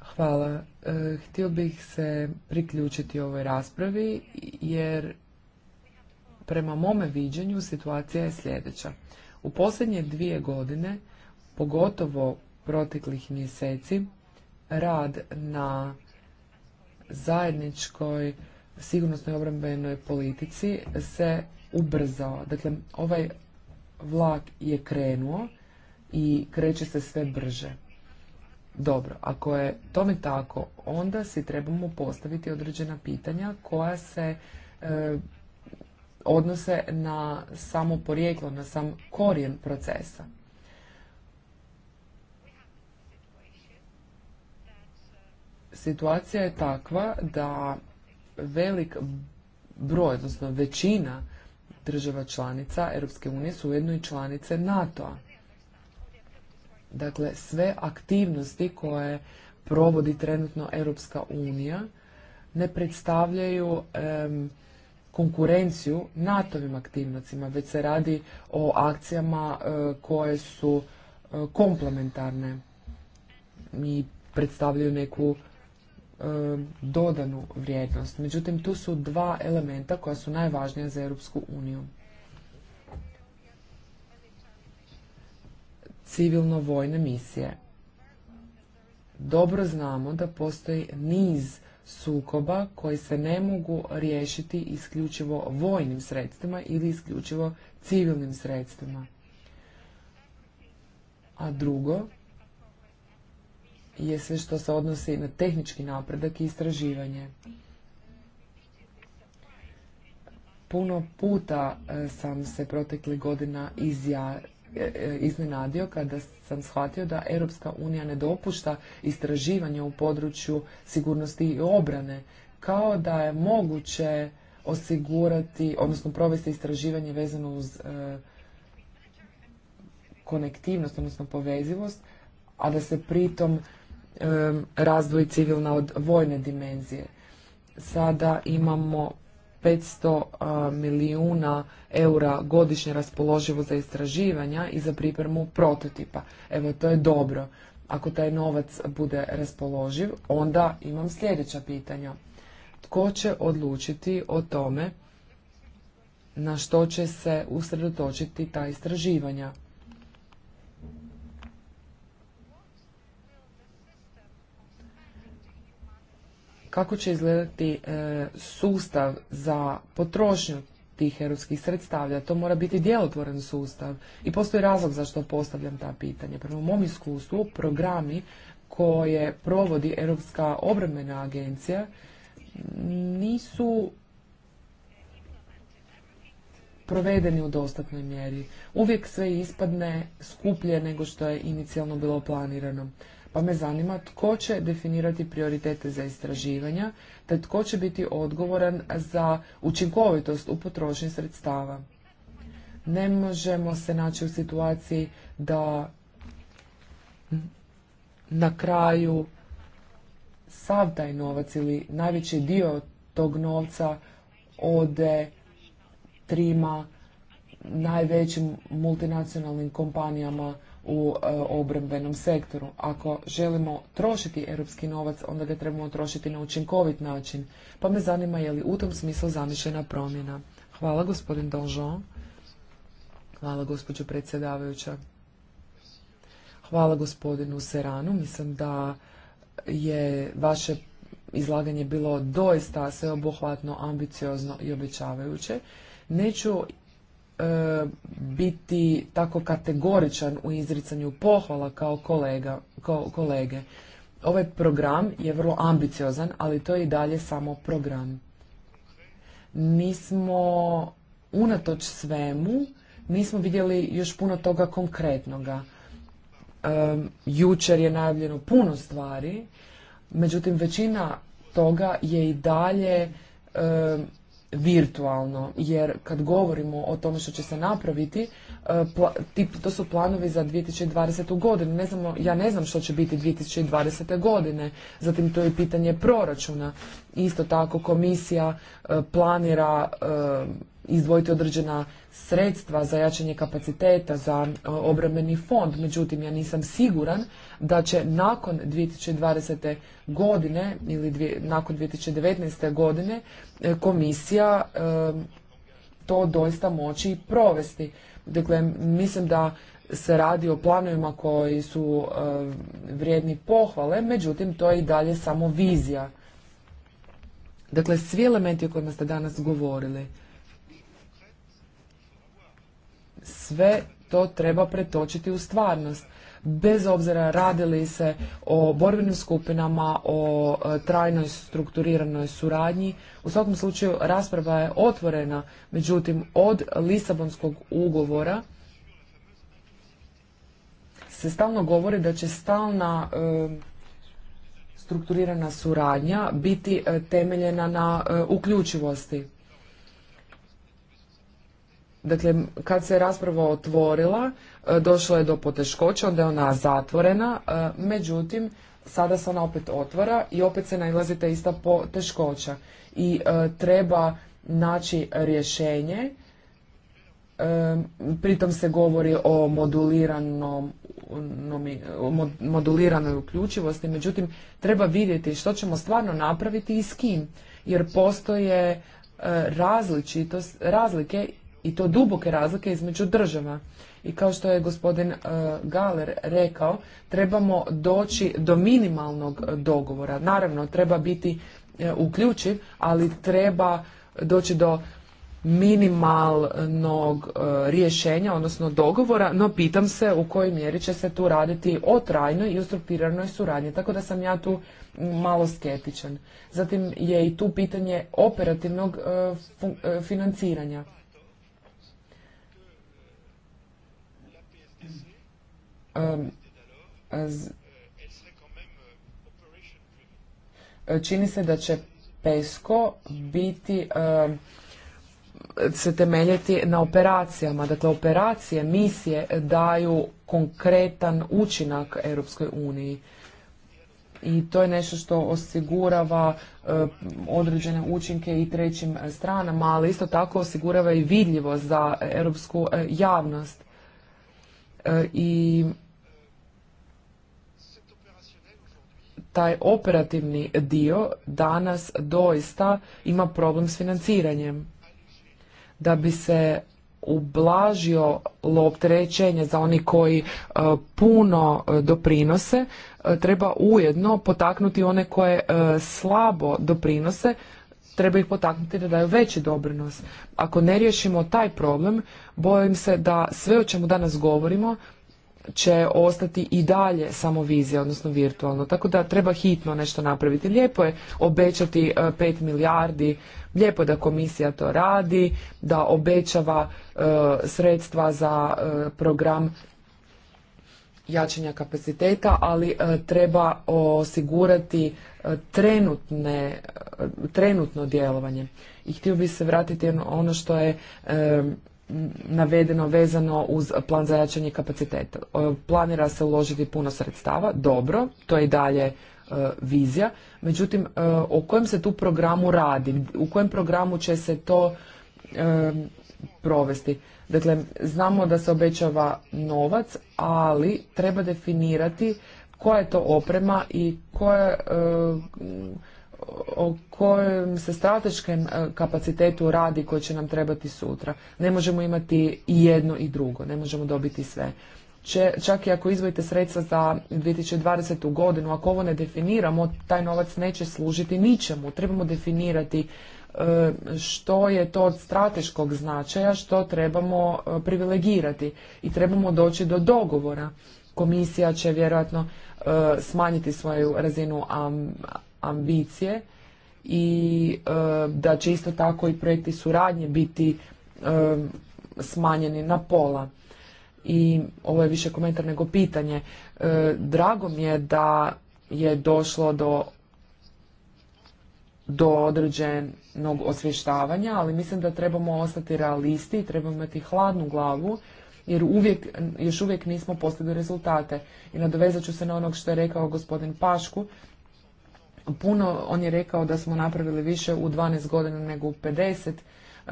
Speaker 4: Hvala. E, htio bih se priključiti ovoj raspravi jer prema mome viđenju situacija je sljedeća. U posljednje dvije godine, pogotovo proteklih mjeseci, rad na zajedničkoj sigurnosnoj obrambenoj politici se ubrzao. Dakle, ovaj vlak je krenuo i kreće se sve brže. Dobro, ako je tome tako, onda si trebamo postaviti određena pitanja koja se e, odnose na samo porijeklo, na sam korijen procesa. situacija je takva da velik broj, odnosno većina država članica Europske unije su ujedno i članice NATO-a. Dakle, sve aktivnosti koje provodi trenutno Europska unija ne predstavljaju konkurenciju NATO-vim aktivnostima, već se radi o akcijama e, koje su e, komplementarne i predstavljaju neku Um, dodanu vrijednost. Međutim, tu su dva elementa koja su najvažnija za Europsku uniju. Civilno-vojne misije. Dobro znamo da postoji niz sukoba koji se ne mogu riješiti isključivo vojnim sredstvima ili isključivo civilnim sredstvima. A drugo, je sve što se odnosi na tehnički napredak i istraživanje. Puno puta e, sam se protekli godina e, e, iznenadio kada sam shvatio da Europska unija ne dopušta istraživanje u području sigurnosti i obrane, kao da je moguće osigurati, odnosno provesti istraživanje vezano uz konektivnost, odnosno povezivost, a da se pritom razvoj civilna od vojne dimenzije. Sada imamo 500 milijuna eura godišnje raspoloživo za istraživanja i za pripremu prototipa. Evo, to je dobro. Ako taj novac bude raspoloživ, onda imam sljedeća pitanja. Tko će odlučiti o tome na što će se usredotočiti ta istraživanja? kako će izgledati e, sustav za potrošnju tih europskih sredstavlja. To mora biti djelotvoren sustav i postoji razlog zašto postavljam ta pitanja. Prema mom iskustvu, programi koje provodi Europska obrambena agencija nisu provedeni u dostatnoj mjeri. Uvijek sve ispadne skuplje nego što je inicijalno bilo planirano. Pa me zanima tko će definirati prioritete za istraživanja, te tko će biti odgovoran za učinkovitost u potrošnji sredstava. Ne možemo se naći u situaciji da na kraju sav taj novac ili najveći dio tog novca ode trima najvećim multinacionalnim kompanijama u e, obrambenom sektoru. Ako želimo trošiti europski novac, onda ga trebamo trošiti na učinkovit način. Pa me zanima je li u tom smislu zamišljena promjena. Hvala gospodin Donjon. Hvala gospođo predsjedavajuća. Hvala gospodinu Seranu. Mislim da je vaše izlaganje bilo doista sveobuhvatno, ambiciozno i obećavajuće. Neću E, biti tako kategoričan u izricanju pohvala kao, kolege. Ovaj program je vrlo ambiciozan, ali to je i dalje samo program. Nismo, unatoč svemu, nismo vidjeli još puno toga konkretnoga. E, jučer je najavljeno puno stvari, međutim većina toga je i dalje e, virtualno, jer kad govorimo o tome što će se napraviti, e, to su planovi za 2020. godinu. Ne znamo, ja ne znam što će biti 2020. godine, zatim to je pitanje proračuna. Isto tako komisija e, planira e, izdvojiti određena sredstva za jačanje kapaciteta, za obrambeni fond, međutim ja nisam siguran da će nakon 2020. godine ili dvije, nakon 2019. godine e, komisija e, to doista moći i provesti. Dakle, mislim da se radi o planovima koji su e, vrijedni pohvale, međutim to je i dalje samo vizija. Dakle, svi elementi o kojima ste danas govorili, sve to treba pretočiti u stvarnost bez obzira radili se o borbenim skupinama, o e, trajnoj strukturiranoj suradnji. U svakom slučaju rasprava je otvorena, međutim od Lisabonskog ugovora se stalno govori da će stalna e, strukturirana suradnja biti e, temeljena na uključivosti. Dakle, kad se rasprava otvorila, e, došlo je do poteškoća, onda je ona zatvorena, e, međutim, sada se ona opet otvara i opet se nailazi ta ista poteškoća. I e, treba naći rješenje, pritom se govori o moduliranom moduliranoj uključivosti, međutim treba vidjeti što ćemo stvarno napraviti i s kim, jer postoje različitost, razlike i to duboke razlike između država. I kao što je gospodin e, Galer rekao, trebamo doći do minimalnog dogovora. Naravno, treba biti e, uključiv, ali treba doći do minimalnog e, rješenja, odnosno dogovora, no pitam se u kojoj mjeri će se tu raditi o trajnoj i ustrupiranoj suradnji, tako da sam ja tu malo skeptičan. Zatim je i tu pitanje operativnog financiranja. čini se da će PESCO biti se temeljiti na operacijama. Dakle, operacije, misije daju konkretan učinak Europskoj uniji. I to je nešto što osigurava određene učinke i trećim stranama, ali isto tako osigurava i vidljivost za europsku javnost. I taj operativni dio danas doista ima problem s financiranjem. Da bi se ublažio opterećenje za oni koji e, puno e, doprinose, e, treba ujedno potaknuti one koje slabo doprinose, treba ih potaknuti da daju veći doprinos. Ako ne riješimo taj problem, bojim se da sve o čemu danas govorimo će ostati i dalje samo vizija, odnosno virtualno. Tako da treba hitno nešto napraviti. Lijepo je obećati 5 e, milijardi, lijepo je da komisija to radi, da obećava e, sredstva za e, program jačanja kapaciteta, ali treba osigurati trenutno djelovanje. I htio bih se vratiti na ono što je navedeno vezano uz plan za jačanje kapaciteta. Planira se uložiti puno sredstava, dobro, to je i dalje e, vizija. Međutim, e, o kojem se tu programu radi, u kojem programu će se to e, provesti. Dakle, znamo da se obećava novac, ali treba definirati koja je to oprema i koja, o kojem se strateškem e, kapacitetu radi koji će nam trebati sutra. Ne možemo imati i jedno i drugo, ne možemo dobiti sve. čak i ako izvojite sredstva za 2020. godinu, ako ovo ne definiramo, taj novac neće služiti ničemu. Trebamo definirati e, što je to od strateškog značaja, što trebamo e, privilegirati i trebamo doći do dogovora. Komisija će vjerojatno smanjiti svoju razinu ambicije i e, da će isto tako i projekti suradnje biti e, smanjeni na pola. I ovo je više komentar nego pitanje. E, drago mi je da je došlo do do određenog osvještavanja, ali mislim da trebamo ostati realisti i trebamo imati hladnu glavu jer uvijek, još uvijek nismo postigli rezultate. I nadovezat ću se na onog što je rekao gospodin Pašku, puno, on je rekao da smo napravili više u 12 godina nego u 50.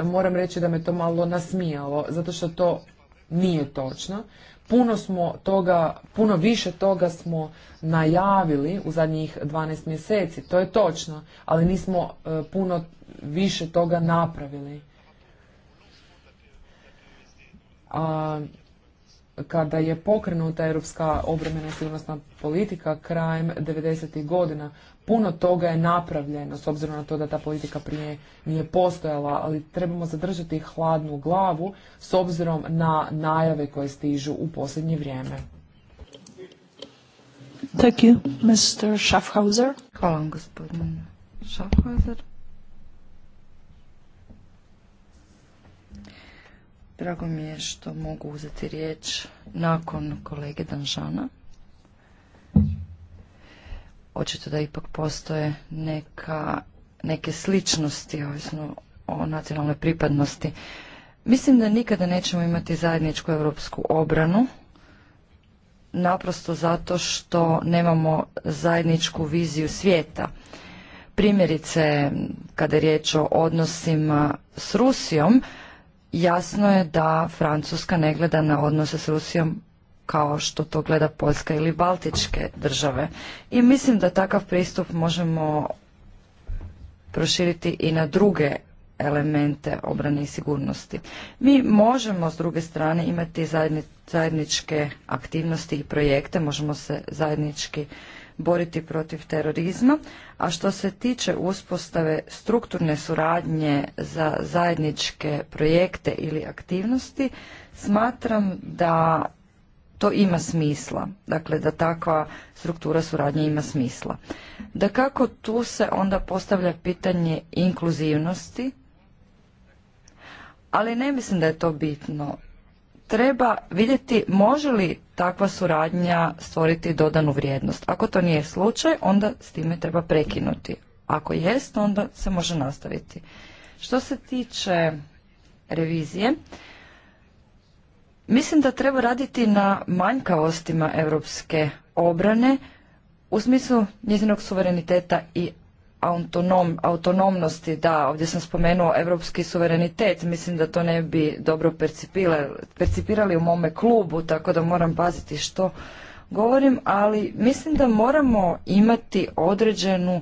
Speaker 4: Moram reći da me to malo nasmijalo, zato što to nije točno. Puno smo toga, puno više toga smo najavili u zadnjih 12 mjeseci, to je točno, ali nismo e, puno više toga napravili. A, kada je pokrenuta europska obrambena sigurnosna politika krajem 90. godina, puno toga je napravljeno s obzirom na to da ta politika prije nije postojala, ali trebamo zadržati hladnu glavu s obzirom na najave koje stižu u posljednje vrijeme.
Speaker 1: Thank you, Mr. Schaffhauser. Hvala
Speaker 2: vam, gospodin Schaffhauser. Drago mi je što mogu uzeti riječ nakon kolege Danžana očito da ipak postoje neka, neke sličnosti ovisno o nacionalnoj pripadnosti. Mislim da nikada nećemo imati zajedničku europsku obranu, naprosto zato što nemamo zajedničku viziju svijeta. Primjerice, kada je riječ o odnosima s Rusijom, jasno je da Francuska ne gleda na odnose s Rusijom kao što to gleda Poljska ili Baltičke države. I mislim da takav pristup možemo proširiti i na druge elemente obrane i sigurnosti. Mi možemo s druge strane imati zajedničke aktivnosti i projekte, možemo se zajednički boriti protiv terorizma, a što se tiče uspostave strukturne suradnje za zajedničke projekte ili aktivnosti, smatram da to ima smisla, dakle da takva struktura suradnje ima smisla. Da kako tu se onda postavlja pitanje inkluzivnosti, ali ne mislim da je to bitno. Treba vidjeti može li takva suradnja stvoriti dodanu vrijednost. Ako to nije slučaj, onda s time treba prekinuti. Ako jest, onda se može nastaviti. Što se tiče revizije, Mislim da treba raditi na manjkavostima europske obrane u smislu njezinog suvereniteta i autonom, autonomnosti. Da, ovdje sam spomenuo europski suverenitet. Mislim da to ne bi dobro percipirali u mome klubu, tako da moram paziti što govorim, ali mislim da moramo imati određenu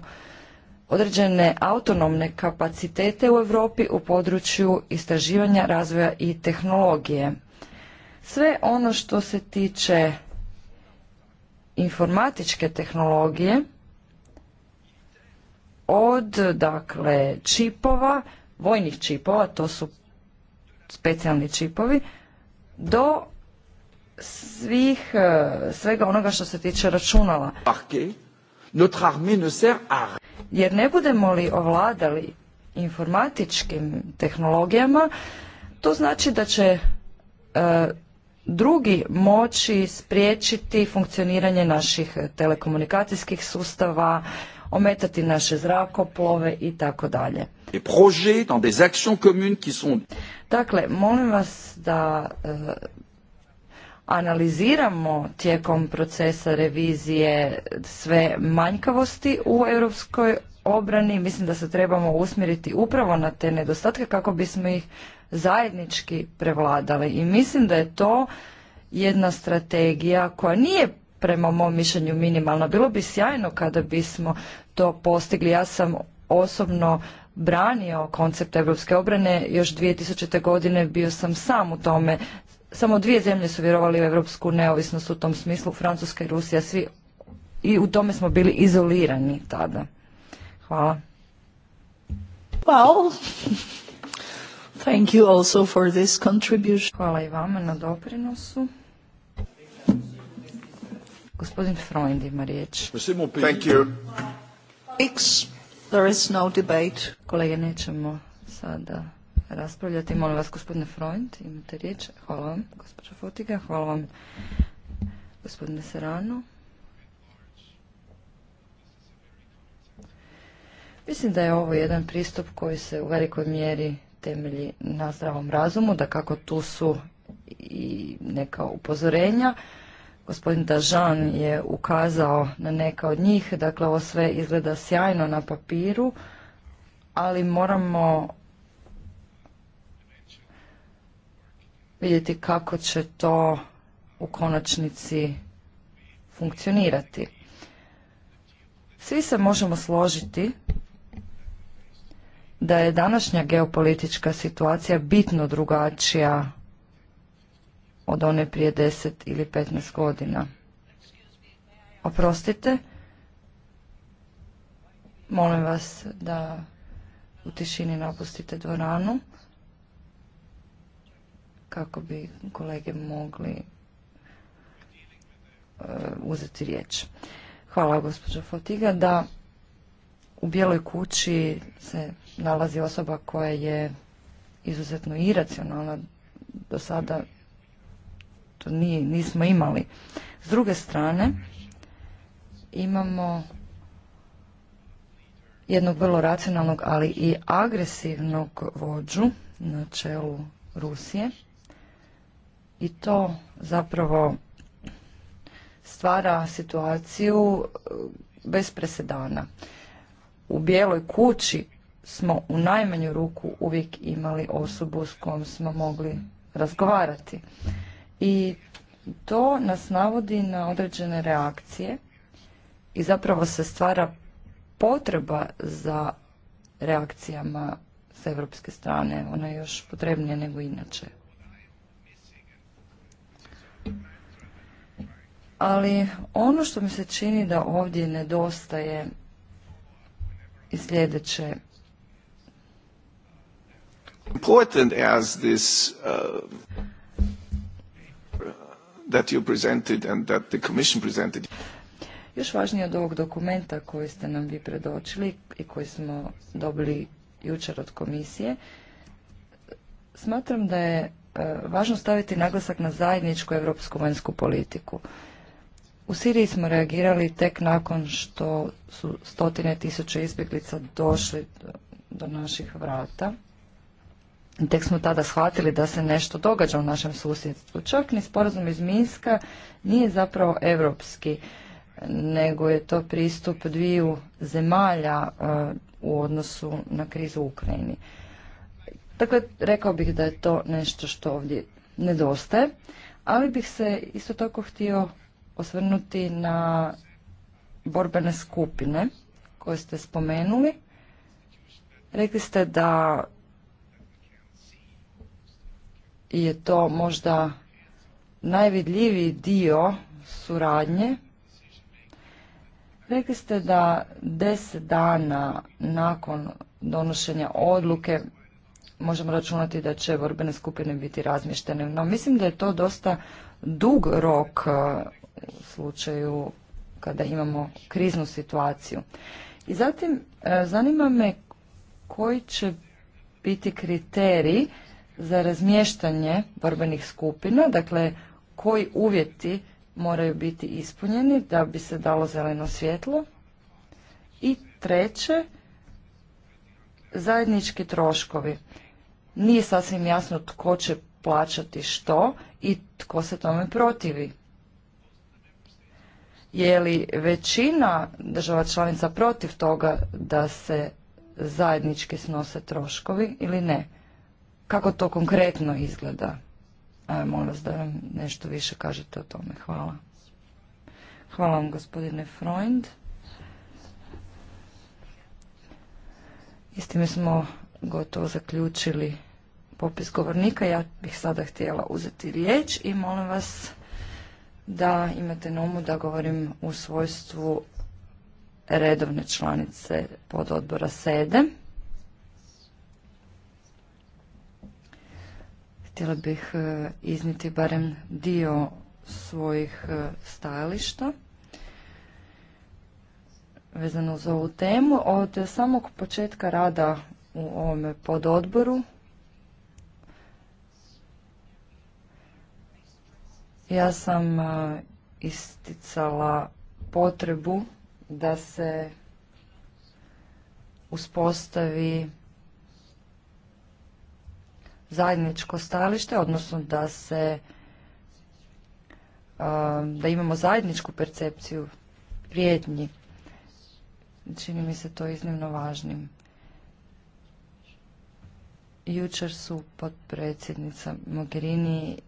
Speaker 2: određene autonomne kapacitete u Europi u području istraživanja, razvoja i tehnologije. Sve ono što se tiče informatičke tehnologije, od dakle čipova, vojnih čipova, to su specijalni čipovi, do svih, e, svega onoga što se tiče računala. Jer ne budemo li ovladali informatičkim tehnologijama, to znači da će e, drugi moći spriječiti funkcioniranje naših telekomunikacijskih sustava, ometati naše zrakoplove i tako dalje. Dakle, molim vas da eh, analiziramo tijekom procesa revizije sve manjkavosti u europskoj obrani. Mislim da se trebamo usmjeriti upravo na te nedostatke kako bismo ih zajednički prevladali I mislim da je to jedna strategija koja nije prema mom mišljenju minimalna. Bilo bi sjajno kada bismo to postigli. Ja sam osobno branio koncept europske obrane još 2000. godine bio sam sam u tome samo dvije zemlje su vjerovali u europsku neovisnost u tom smislu Francuska i Rusija svi i u tome smo bili izolirani tada hvala hvala Thank you also for this contribution. Hvala i vama na doprinosu. Gospodin Freund ima riječ. Thank you. There is no debate. Kolege, nećemo sada raspravljati. Molim vas, gospodine Freund, imate riječ. Hvala vam, gospođa Fotiga. Hvala vam, gospodine Serano. Mislim da je ovo jedan pristup koji se u velikoj mjeri temelji na zdravom razumu, da kako tu su i neka upozorenja. Gospodin Dažan je ukazao na neka od njih, dakle ovo sve izgleda sjajno na papiru, ali moramo vidjeti kako će to u konačnici funkcionirati. Svi se možemo složiti da je današnja geopolitička situacija bitno drugačija od one prije 10 ili 15 godina. Oprostite, molim vas da u tišini napustite dvoranu kako bi kolege mogli e, uzeti riječ. Hvala gospođo Fotiga. Da, u Bijeloj kući se nalazi osoba koja je izuzetno iracionalna. Do sada to nije, nismo imali. S druge strane, imamo jednog vrlo racionalnog, ali i agresivnog vođu na čelu Rusije. I to zapravo stvara situaciju eh, bez presedana u bijeloj kući smo u najmanju ruku uvijek imali osobu s kojom smo mogli razgovarati. I to nas navodi na određene reakcije i zapravo se stvara potreba za reakcijama s evropske strane. Ona je još potrebnija nego inače. Ali ono što mi se čini da ovdje nedostaje i sljedeće.
Speaker 1: Important as this uh, that you presented and that the commission presented.
Speaker 2: Još važnije od ovog dokumenta koji ste nam vi predočili i koji smo dobili jučer od komisije, smatram da je uh, važno staviti naglasak na zajedničku europsku vanjsku politiku. U Siriji smo reagirali tek nakon što su stotine tisuća izbjeglica došli do naših vrata. Tek smo tada shvatili da se nešto događa u našem susjedstvu. Čak ni sporazum iz Minska nije zapravo europski, nego je to pristup dviju zemalja e, u odnosu na krizu u Ukrajini. Dakle, rekao bih da je to nešto što ovdje nedostaje, ali bih se isto tako htio osvrnuti na borbene skupine koje ste spomenuli. Rekli ste da je to možda najvidljiviji dio suradnje. Rekli ste da deset dana nakon donošenja odluke možemo računati da će borbene skupine biti razmještene. No mislim da je to dosta dug rok u slučaju kada imamo kriznu situaciju. I zatim e, zanima me koji će biti kriterij za razmještanje borbenih skupina, dakle koji uvjeti moraju biti ispunjeni da bi se dalo zeleno svjetlo. I treće, zajednički troškovi. Nije sasvim jasno tko će plaćati što i tko se tome protivi je li većina država članica protiv toga da se zajednički snose troškovi ili ne? Kako to konkretno izgleda? E, molim vas da vam nešto više kažete o tome. Hvala. Hvala vam gospodine Freund. I s smo gotovo zaključili popis govornika. Ja bih sada htjela uzeti riječ i molim vas da imate na umu da govorim u svojstvu redovne članice pododbora SEDE. Htjela bih e, izniti barem dio svojih e, stajališta vezano za ovu temu. Od samog početka rada u ovome pododboru Ja sam e, isticala potrebu da se uspostavi zajedničko stajalište, odnosno da se e, da imamo zajedničku percepciju prijetnji. Čini mi se to iznimno važnim. Jučer su potpredsjednica Mogherini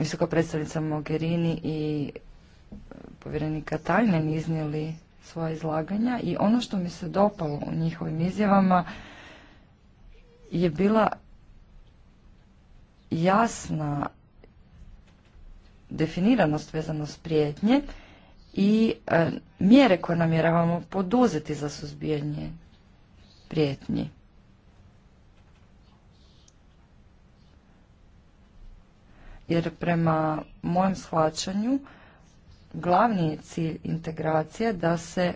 Speaker 2: visoka predstavnica Mogherini i e, povjerenika Tajnen iznijeli svoja izlaganja i ono što mi se dopalo u njihovim izjavama je bila jasna definiranost vezano s prijetnje i e, mjere koje namjeravamo poduzeti za suzbijanje prijetnji. jer prema mojem shvaćanju glavni je cilj integracije da se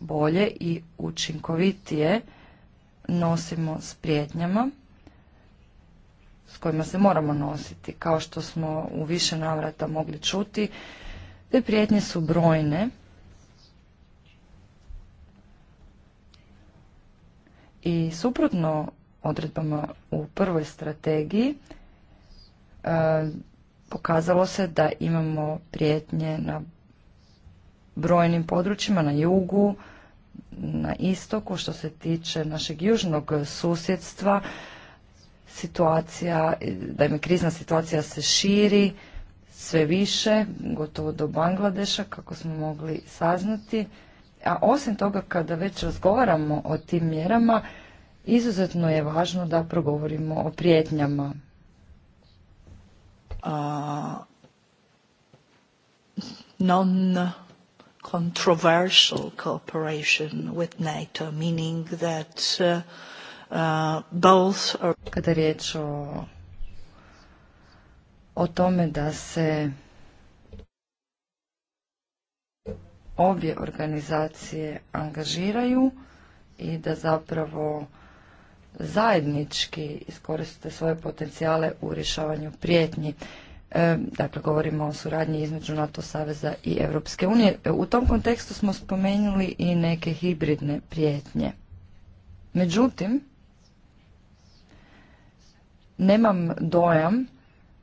Speaker 2: bolje i učinkovitije nosimo s prijetnjama s kojima se moramo nositi. Kao što smo u više navrata mogli čuti, te prijetnje su brojne i suprotno odredbama u prvoj strategiji E, pokazalo se da imamo prijetnje na brojnim područjima, na jugu, na istoku, što se tiče našeg južnog susjedstva, situacija, da krizna situacija se širi sve više, gotovo do Bangladeša, kako smo mogli saznati. A osim toga, kada već razgovaramo o tim mjerama, izuzetno je važno da progovorimo o prijetnjama uh,
Speaker 1: non-controversial cooperation with NATO, meaning that uh, uh, both are... Kada je
Speaker 2: riječ o, o tome da se obje organizacije angažiraju i da zapravo zajednički iskoriste svoje potencijale u rješavanju prijetnji. E, dakle, govorimo o suradnji između NATO saveza i Europske unije. E, u tom kontekstu smo spomenuli i neke hibridne prijetnje. Međutim, nemam dojam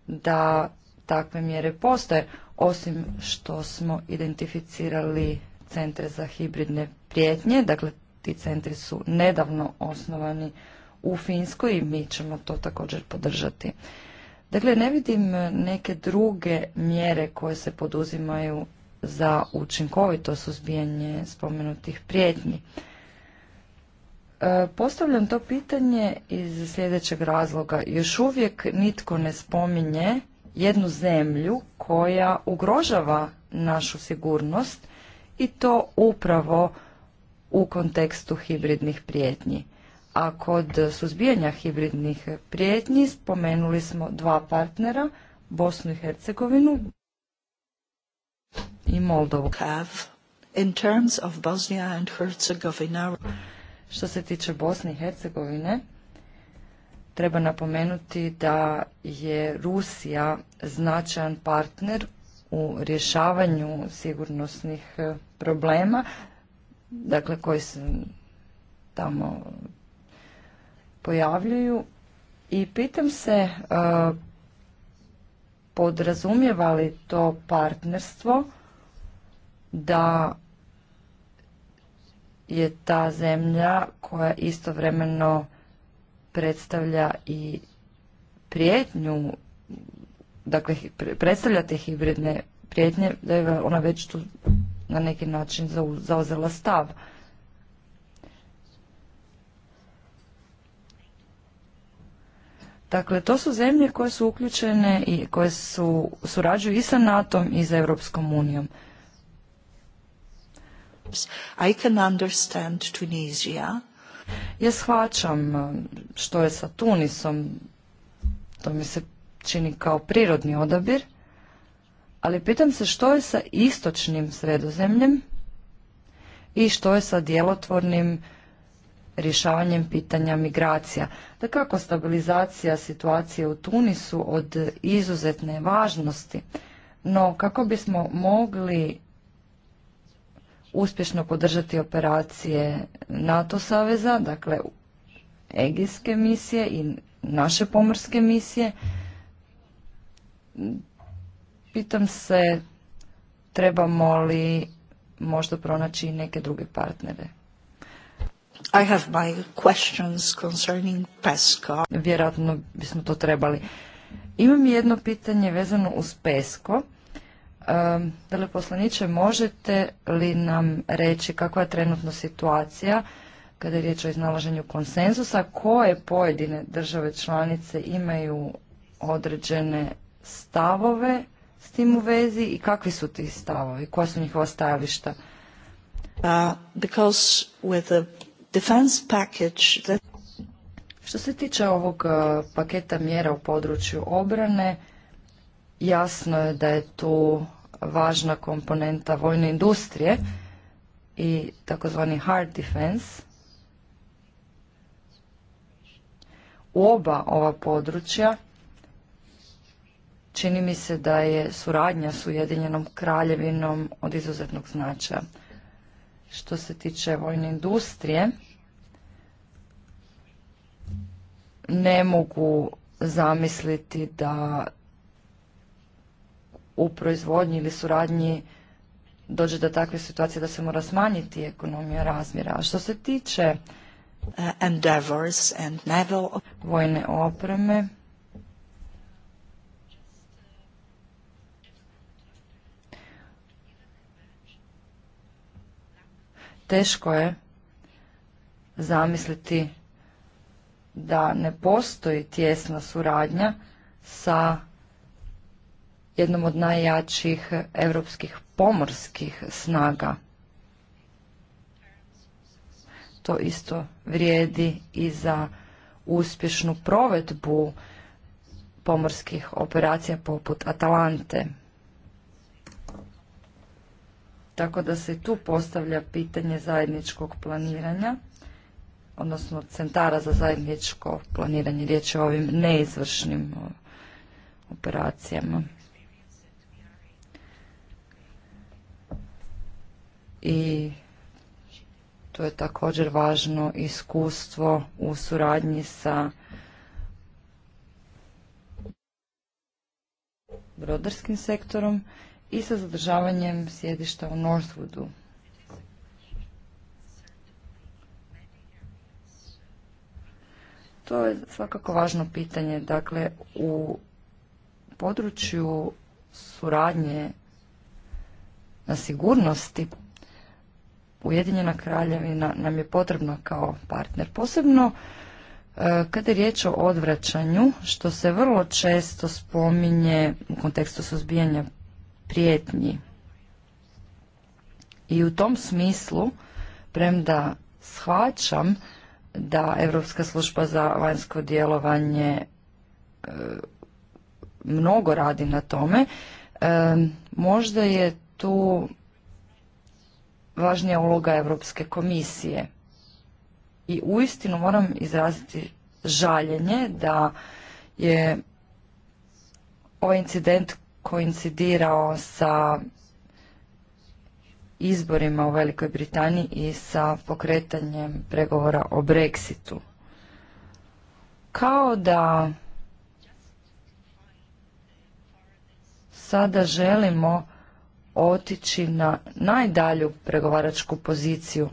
Speaker 2: da takve mjere postoje, osim što smo identificirali centre za hibridne prijetnje, dakle ti centri su nedavno osnovani u Finskoj i mi ćemo to također podržati. Dakle, ne vidim neke druge mjere koje se poduzimaju za učinkovito suzbijanje spomenutih prijetnji. E, postavljam to pitanje iz sljedećeg razloga. Još uvijek nitko ne spominje jednu zemlju koja ugrožava našu sigurnost i to upravo u kontekstu hibridnih prijetnji. A kod suzbijanja hibridnih prijetnji spomenuli smo dva partnera, Bosnu i Hercegovinu i Moldovu. In Što se tiče Bosne i Hercegovine, treba napomenuti da je Rusija značajan partner u rješavanju sigurnosnih problema, dakle koji se tamo pojavljuju i pitam se e, podrazumijeva li to partnerstvo da je ta zemlja koja istovremeno predstavlja i prijetnju, dakle predstavlja te hibridne prijetnje, da je ona već tu na neki način zauzela stav. Dakle, to su zemlje koje su uključene i koje su, surađuju i sa NATO-om i sa Europskom unijom. I can understand Tunisia. Ja shvaćam uh, što je sa Tunisom, to mi se čini kao prirodni odabir, ali pitam se što je sa istočnim sredozemljem i što je sa djelotvornim rješavanjem pitanja migracija. Da kako stabilizacija situacije u Tunisu od izuzetne važnosti, no kako bismo mogli uspješno podržati operacije NATO saveza, dakle egijske misije i naše pomorske misije, pitam se trebamo li možda pronaći i neke druge partnere. I have my questions concerning PESCO. Vjerojatno bismo to trebali. Imam jedno pitanje vezano uz PESCO. Um, možete li nam reći kakva je trenutno situacija kada je riječ o iznalaženju konsenzusa, koje pojedine države članice imaju određene stavove s tim u vezi i kakvi su ti stavovi, koja su njihova stajališta? Uh, because with the što se tiče ovog e, paketa mjera u području obrane, jasno je da je tu važna komponenta vojne industrije i takozvani hard defense. U oba ova područja čini mi se da je suradnja s Ujedinjenom kraljevinom od izuzetnog značaja što se tiče vojne industrije ne mogu zamisliti da u proizvodnji ili suradnji dođe do takve situacije da se mora smanjiti ekonomija razmjera. A što se tiče uh, vojne opreme, teško je zamisliti da ne postoji tjesna suradnja sa jednom od najjačih europskih pomorskih snaga. To isto vrijedi i za uspješnu provedbu pomorskih operacija poput Atalante. Tako da se tu postavlja pitanje zajedničkog planiranja, odnosno centara za zajedničko planiranje, riječ je o ovim neizvršnim operacijama. I to je također važno iskustvo u suradnji sa brodarskim sektorom i sa zadržavanjem sjedišta u Northwoodu. To je svakako važno pitanje. Dakle, u području suradnje na sigurnosti Ujedinjena kraljevina nam je potrebna kao partner. Posebno e, kada je riječ o odvraćanju, što se vrlo često spominje u kontekstu suzbijanja prijetnji. I u tom smislu, premda shvaćam da Europska služba za vanjsko djelovanje e, mnogo radi na tome, e, možda je tu važnija uloga Europske komisije. I uistinu moram izraziti žaljenje da je ovaj incident koincidirao sa izborima u Velikoj Britaniji i sa pokretanjem pregovora o Brexitu. Kao da sada želimo otići na najdalju pregovaračku poziciju.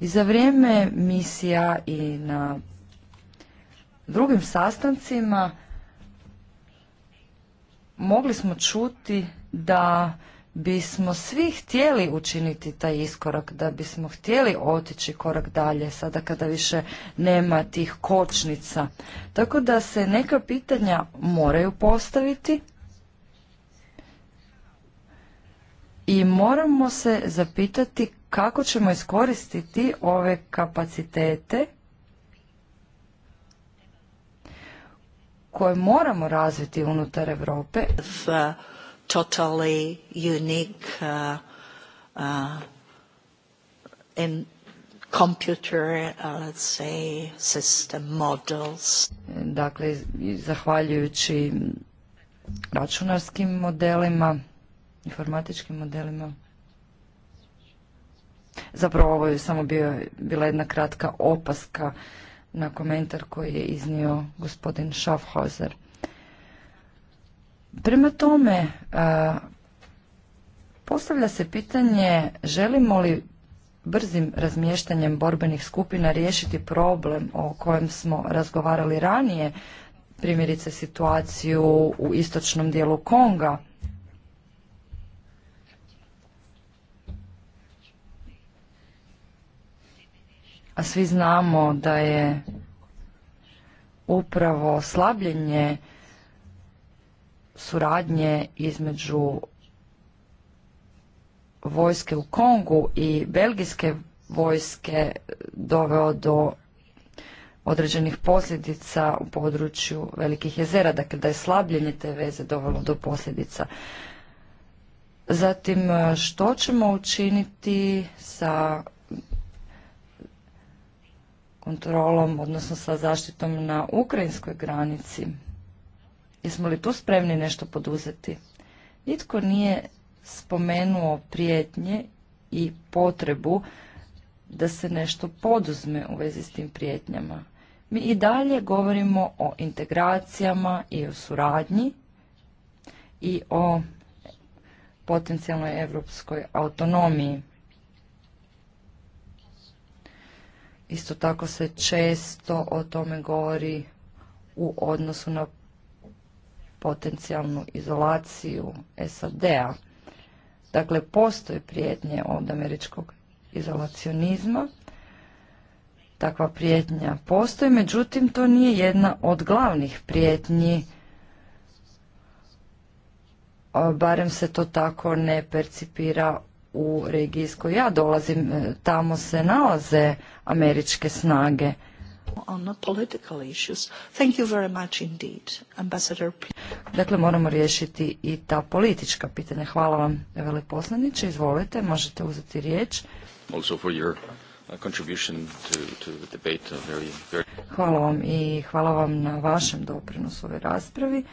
Speaker 2: I za vrijeme misija i na drugim sastancima mogli smo čuti da bismo svi htjeli učiniti taj iskorak, da bismo htjeli otići korak dalje, sada kada više nema tih kočnica. Tako da se neka pitanja moraju postaviti i moramo se zapitati kako ćemo iskoristiti ove kapacitete koje moramo razviti unutar Europe. Uh, totally unique uh,
Speaker 1: uh in uh,
Speaker 2: Dakle, zahvaljujući računarskim modelima, informatičkim modelima. Zapravo ovo je samo bila jedna kratka opaska na komentar koji je iznio gospodin Schaffhauser. Prema tome, postavlja se pitanje želimo li brzim razmještanjem borbenih skupina riješiti problem o kojem smo razgovarali ranije, primjerice situaciju u istočnom dijelu Konga, svi znamo da je upravo slabljenje suradnje između vojske u Kongu i belgijske vojske doveo do određenih posljedica u području velikih jezera, dakle da je slabljenje te veze dovelo do posljedica. Zatim, što ćemo učiniti sa kontrolom, odnosno sa zaštitom na ukrajinskoj granici? Jesmo li tu spremni nešto poduzeti? Nitko nije spomenuo prijetnje i potrebu da se nešto poduzme u vezi s tim prijetnjama. Mi i dalje govorimo o integracijama i o suradnji i o potencijalnoj europskoj autonomiji. Isto tako se često o tome govori u odnosu na potencijalnu izolaciju SAD-a. Dakle, postoje prijetnje od američkog izolacionizma. Takva prijetnja postoji, međutim, to nije jedna od glavnih prijetnji, barem se to tako ne percipira u regiji iz koje ja dolazim, e, tamo se nalaze američke snage. Dakle, moramo riješiti i ta politička pitanja. Hvala vam, veleposlaniče. Izvolite, možete uzeti riječ. Hvala vam i hvala vam na vašem doprinosu ove raspravi.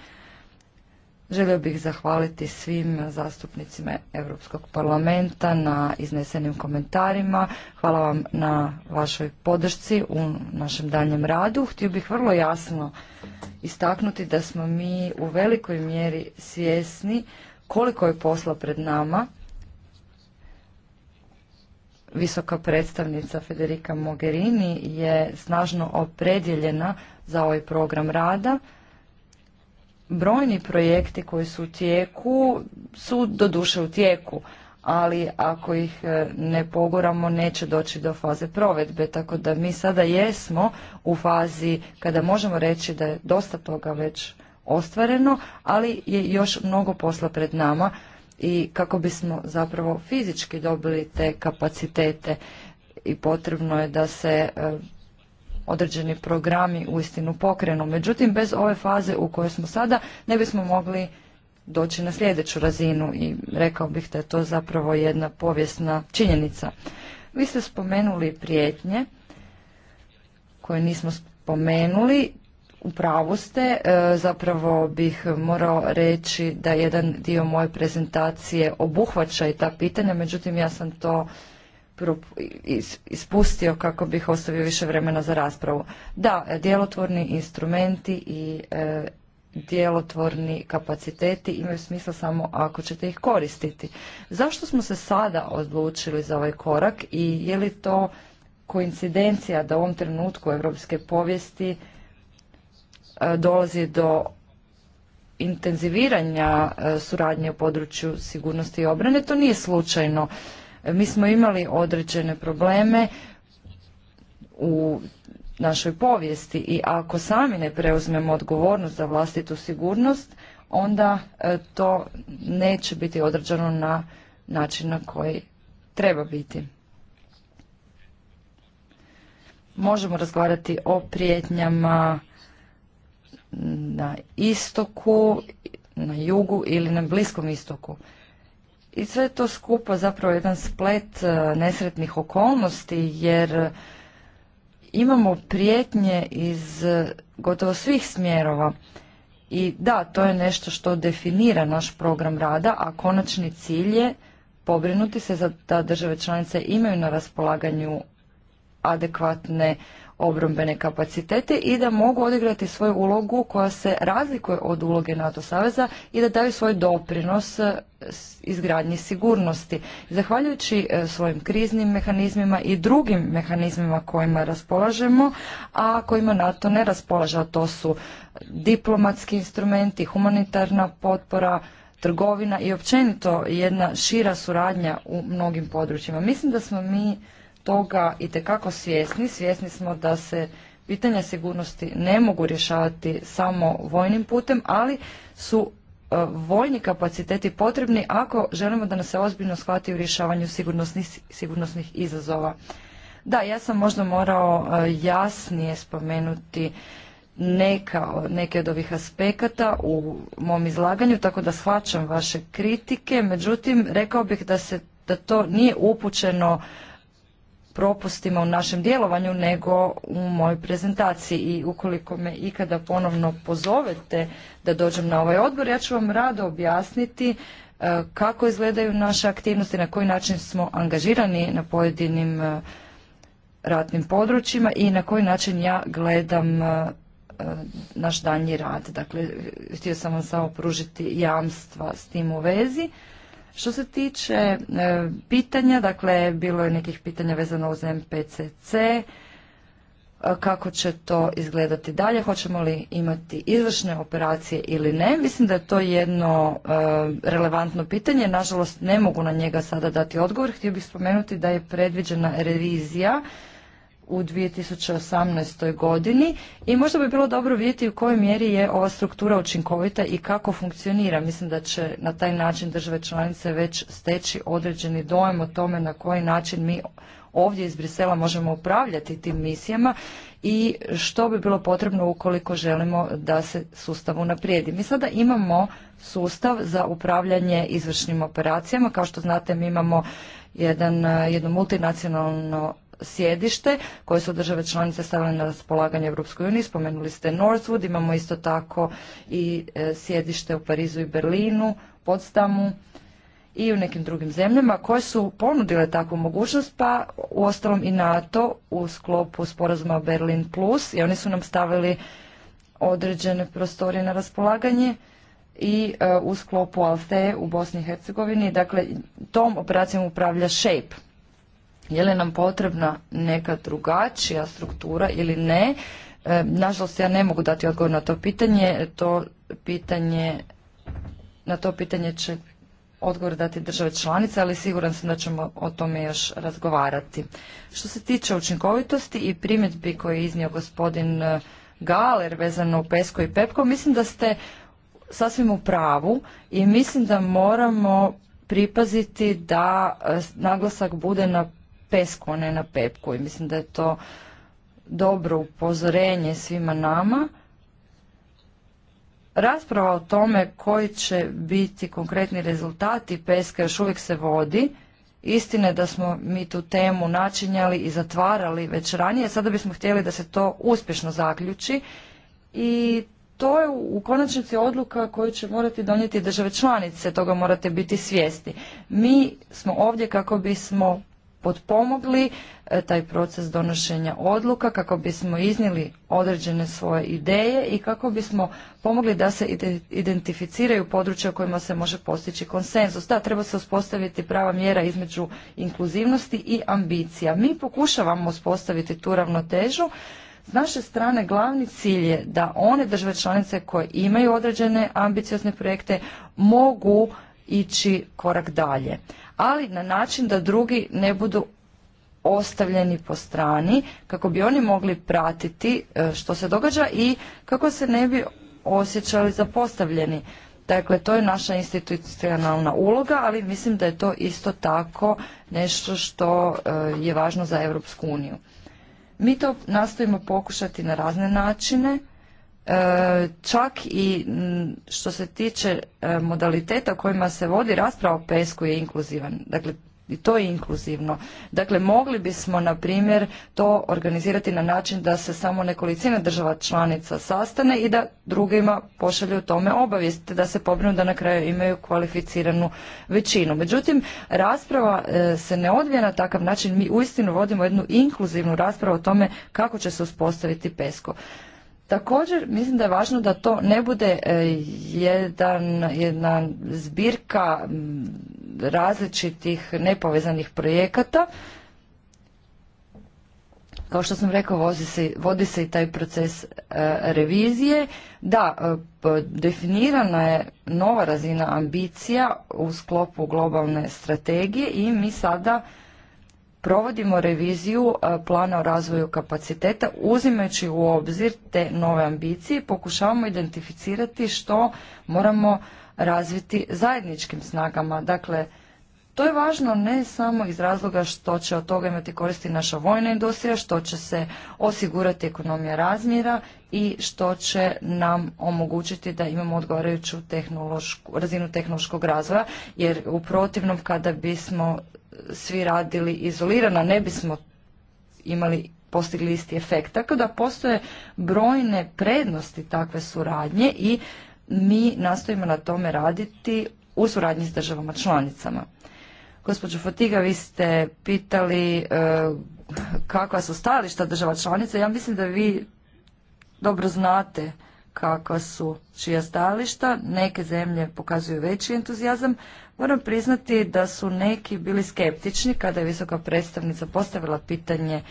Speaker 2: Želio bih zahvaliti svim zastupnicima Europskog parlamenta na iznesenim komentarima. Hvala vam na vašoj podršci u našem daljem radu. Htio bih vrlo jasno istaknuti da smo mi u velikoj mjeri svjesni koliko je posla pred nama. Visoka predstavnica Federica Mogherini je snažno opredjeljena za ovaj program rada brojni projekti koji su u tijeku su doduše u tijeku, ali ako ih e, ne poguramo neće doći do faze provedbe, tako da mi sada jesmo u fazi kada možemo reći da je dosta toga već ostvareno, ali je još mnogo posla pred nama i kako bismo zapravo fizički dobili te kapacitete i potrebno je da se e, određeni programi uistinu pokrenu. Međutim, bez ove faze u kojoj smo sada ne bismo mogli doći na sljedeću razinu i rekao bih da je to zapravo jedna povijesna činjenica. Vi ste spomenuli prijetnje koje nismo spomenuli, u pravu ste, e, zapravo bih morao reći da jedan dio moje prezentacije obuhvaća i ta pitanja, međutim ja sam to ispustio kako bih ostavio više vremena za raspravu. Da, e, djelotvorni instrumenti i e, djelotvorni kapaciteti imaju smisla samo ako ćete ih koristiti. Zašto smo se sada odlučili za ovaj korak i je li to koincidencija da u ovom trenutku europske povijesti e, dolazi do intenziviranja suradnje u području sigurnosti i obrane? To nije slučajno. Mi smo imali određene probleme u našoj povijesti i ako sami ne preuzmemo odgovornost za vlastitu sigurnost, onda e, to neće biti određeno na način na koji treba biti. Možemo razgovarati o prijetnjama na istoku, na jugu ili na bliskom istoku. I sve to skupa zapravo jedan splet e, nesretnih okolnosti jer imamo prijetnje iz e, gotovo svih smjerova. I da, to je nešto što definira naš program rada, a konačni cilj je pobrinuti se za da države članice imaju na raspolaganju adekvatne obrombene kapacitete i da mogu odigrati svoju ulogu koja se razlikuje od uloge NATO saveza i da daju svoj doprinos e, izgradnji sigurnosti. Zahvaljujući e, svojim kriznim mehanizmima i drugim mehanizmima kojima raspolažemo, a kojima NATO ne raspolaže, a to su diplomatski instrumenti, humanitarna potpora, trgovina i općenito jedna šira suradnja u mnogim područjima. Mislim da smo mi toga itekako svjesni. Svjesni smo da se pitanja sigurnosti ne mogu rješavati samo vojnim putem, ali su e, vojni kapaciteti potrebni ako želimo da nas se ozbiljno shvati u rješavanju sigurnosnih, sigurnosnih izazova. Da, ja sam možda morao e, jasnije spomenuti neka, neke od ovih aspekata u mom izlaganju, tako da shvaćam vaše kritike, međutim rekao bih da se da to nije upućeno propustima u našem djelovanju nego u mojoj prezentaciji i ukoliko me ikada ponovno pozovete da dođem na ovaj odbor, ja ću vam rado objasniti e, kako izgledaju naše aktivnosti, na koji način smo angažirani na pojedinim e, ratnim područjima i na koji način ja gledam e, naš danji rad. Dakle, htio sam vam samo pružiti jamstva s tim u vezi. Što se tiče e, pitanja, dakle, bilo je nekih pitanja vezano uz MPCC, e, kako će to izgledati dalje, hoćemo li imati izvršne operacije ili ne. Mislim da je to jedno e, relevantno pitanje, nažalost ne mogu na njega sada dati odgovor. Htio bih spomenuti da je predviđena revizija u 2018. godini i možda bi bilo dobro vidjeti u kojoj mjeri je ova struktura učinkovita i kako funkcionira. Mislim da će na taj način države članice već steći određeni dojem o tome na koji način mi ovdje iz Brisela možemo upravljati tim misijama i što bi bilo potrebno ukoliko želimo da se sustav unaprijedi. Mi sada imamo sustav za upravljanje izvršnim operacijama. Kao što znate, mi imamo jedan, jedno multinacionalno sjedište koje su države članice stavile na raspolaganje Europskoj uniji. Spomenuli ste Northwood, imamo isto tako i e, sjedište u Parizu i Berlinu, Podstamu i u nekim drugim zemljama koje su ponudile takvu mogućnost, pa uostalom i NATO u sklopu sporazuma Berlin Plus i oni su nam stavili određene prostorije na raspolaganje i e, u sklopu Alte u Bosni i Hercegovini. Dakle, tom operacijom upravlja SHAPE je li nam potrebna neka drugačija struktura ili ne. E, nažalost, ja ne mogu dati odgovor na to pitanje. To pitanje, na to pitanje će odgovor dati države članice, ali siguran sam da ćemo o tome još razgovarati. Što se tiče učinkovitosti i primjedbi koje je iznio gospodin e, Galer vezano u Pesko i Pepko, mislim da ste sasvim u pravu i mislim da moramo pripaziti da e, naglasak bude na pesku, ne na pepku. I mislim da je to dobro upozorenje svima nama. Rasprava o tome koji će biti konkretni rezultati peska još uvijek se vodi. Istine da smo mi tu temu načinjali i zatvarali već ranije, sada bismo htjeli da se to uspješno zaključi i to je u konačnici odluka koju će morati donijeti države članice, toga morate biti svijesti. Mi smo ovdje kako bismo potpomogli e, taj proces donošenja odluka kako bismo iznijeli određene svoje ideje i kako bismo pomogli da se identificiraju područja u kojima se može postići konsenzus. Da, treba se uspostaviti prava mjera između inkluzivnosti i ambicija. Mi pokušavamo uspostaviti tu ravnotežu. S naše strane glavni cilj je da one države članice koje imaju određene ambiciozne projekte mogu ići korak dalje ali na način da drugi ne budu ostavljeni po strani kako bi oni mogli pratiti e, što se događa i kako se ne bi osjećali zapostavljeni. Dakle, to je naša institucionalna uloga, ali mislim da je to isto tako nešto što e, je važno za Europsku uniju. Mi to nastojimo pokušati na razne načine. E, čak i što se tiče e, modaliteta kojima se vodi rasprava o pesku je inkluzivan. Dakle, i to je inkluzivno. Dakle, mogli bismo, na primjer, to organizirati na način da se samo nekolicina država članica sastane i da drugima pošalju o tome obavijest, da se pobrinu da na kraju imaju kvalificiranu većinu. Međutim, rasprava e, se ne odvija na takav način. Mi uistinu vodimo jednu inkluzivnu raspravu o tome kako će se uspostaviti PESCO. Također mislim da je važno da to ne bude e, jedan, jedna zbirka različitih nepovezanih projekata. Kao što sam rekao, se, vodi se i taj proces e, revizije. Da, e, definirana je nova razina ambicija u sklopu globalne strategije i mi sada provodimo reviziju e, plana o razvoju kapaciteta uzimajući u obzir te nove ambicije pokušavamo identificirati što moramo razviti zajedničkim snagama. Dakle, to je važno ne samo iz razloga što će od toga imati koristi naša vojna industrija, što će se osigurati ekonomija razmjera i što će nam omogućiti da imamo odgovarajuću razinu tehnološkog razvoja, jer u protivnom kada bismo svi radili izolirano, ne bismo imali postigli isti efekt. Tako da postoje brojne prednosti takve suradnje i mi nastojimo na tome raditi u suradnji s državama članicama. Gospođo Fotiga, vi ste pitali e, kakva su stajališta država članica. Ja mislim da vi dobro znate kakva su čija stajališta. Neke zemlje pokazuju veći entuzijazam, Moram priznati da su neki bili skeptični kada je visoka predstavnica postavila pitanje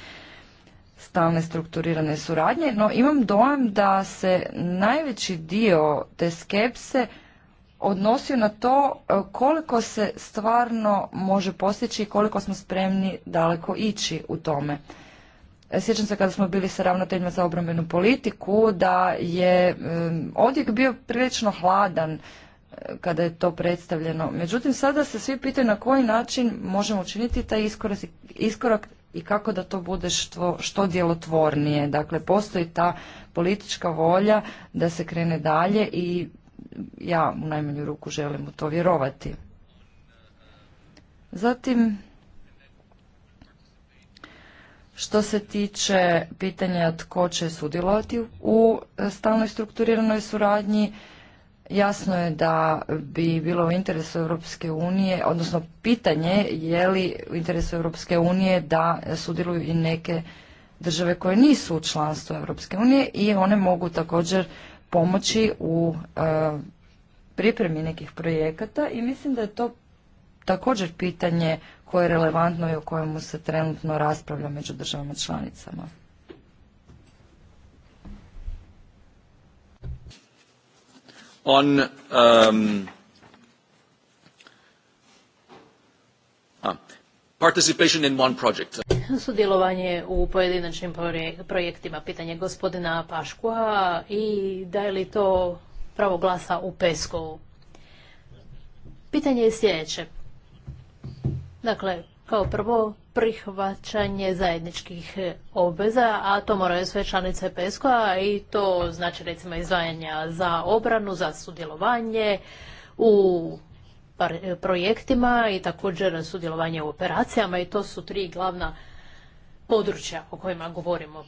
Speaker 2: stalne strukturirane suradnje, no imam dojam da se najveći dio te skepse odnosio na to e, koliko se stvarno može postići i koliko smo spremni daleko ići u tome. E, sjećam se kada smo bili sa ravnateljima za obrambenu politiku da je e, odjek bio prilično hladan kada je to predstavljeno. Međutim, sada se svi pitaju na koji način možemo učiniti taj iskorak, i kako da to bude što, što djelotvornije. Dakle, postoji ta politička volja da se krene dalje i ja u najmanju ruku želim u to vjerovati. Zatim, što se tiče pitanja tko će sudjelovati u stalnoj strukturiranoj suradnji, Jasno je da bi bilo u interesu Europske unije, odnosno pitanje je li u interesu Europske unije da sudjeluju i neke države koje nisu u članstvu Europske unije i one mogu također pomoći u e, pripremi nekih projekata i mislim da je to također pitanje koje je relevantno i o kojemu se trenutno raspravlja među državama članicama.
Speaker 1: on um, ah, participation in one project.
Speaker 3: Sudjelovanje u pojedinačnim projektima, pitanje gospodina Paškua i daje li to pravo glasa u Peskovu. Pitanje je sljedeće. Dakle, kao prvo, prihvaćanje zajedničkih e, obveza, a to moraju sve članice PESCO-a i to znači recimo izdvajanja za obranu, za sudjelovanje u e, projektima i također sudjelovanje u operacijama i to su tri glavna područja o kojima govorimo.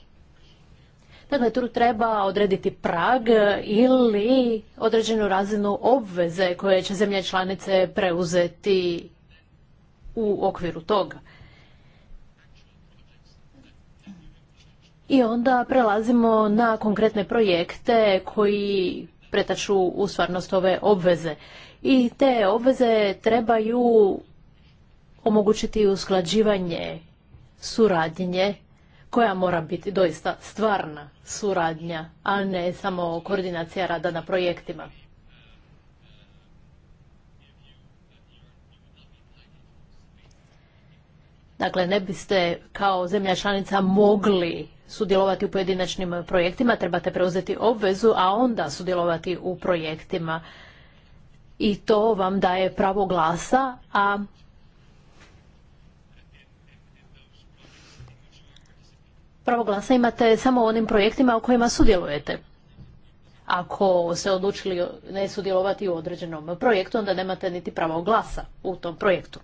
Speaker 3: Dakle, tu treba odrediti prag ili određenu razinu obveze koje će zemlje članice preuzeti u okviru toga. I onda prelazimo na konkretne projekte koji pretaču u stvarnost ove obveze. I te obveze trebaju omogućiti usklađivanje suradnje koja mora biti doista stvarna suradnja, a ne samo koordinacija rada na projektima. Dakle, ne biste kao zemlja članica mogli sudjelovati u pojedinačnim projektima, trebate preuzeti obvezu, a onda sudjelovati u projektima. I to vam daje pravo glasa, a pravo glasa imate samo u onim projektima u kojima sudjelujete. Ako se odlučili ne sudjelovati u određenom projektu, onda nemate niti pravo glasa u tom projektu.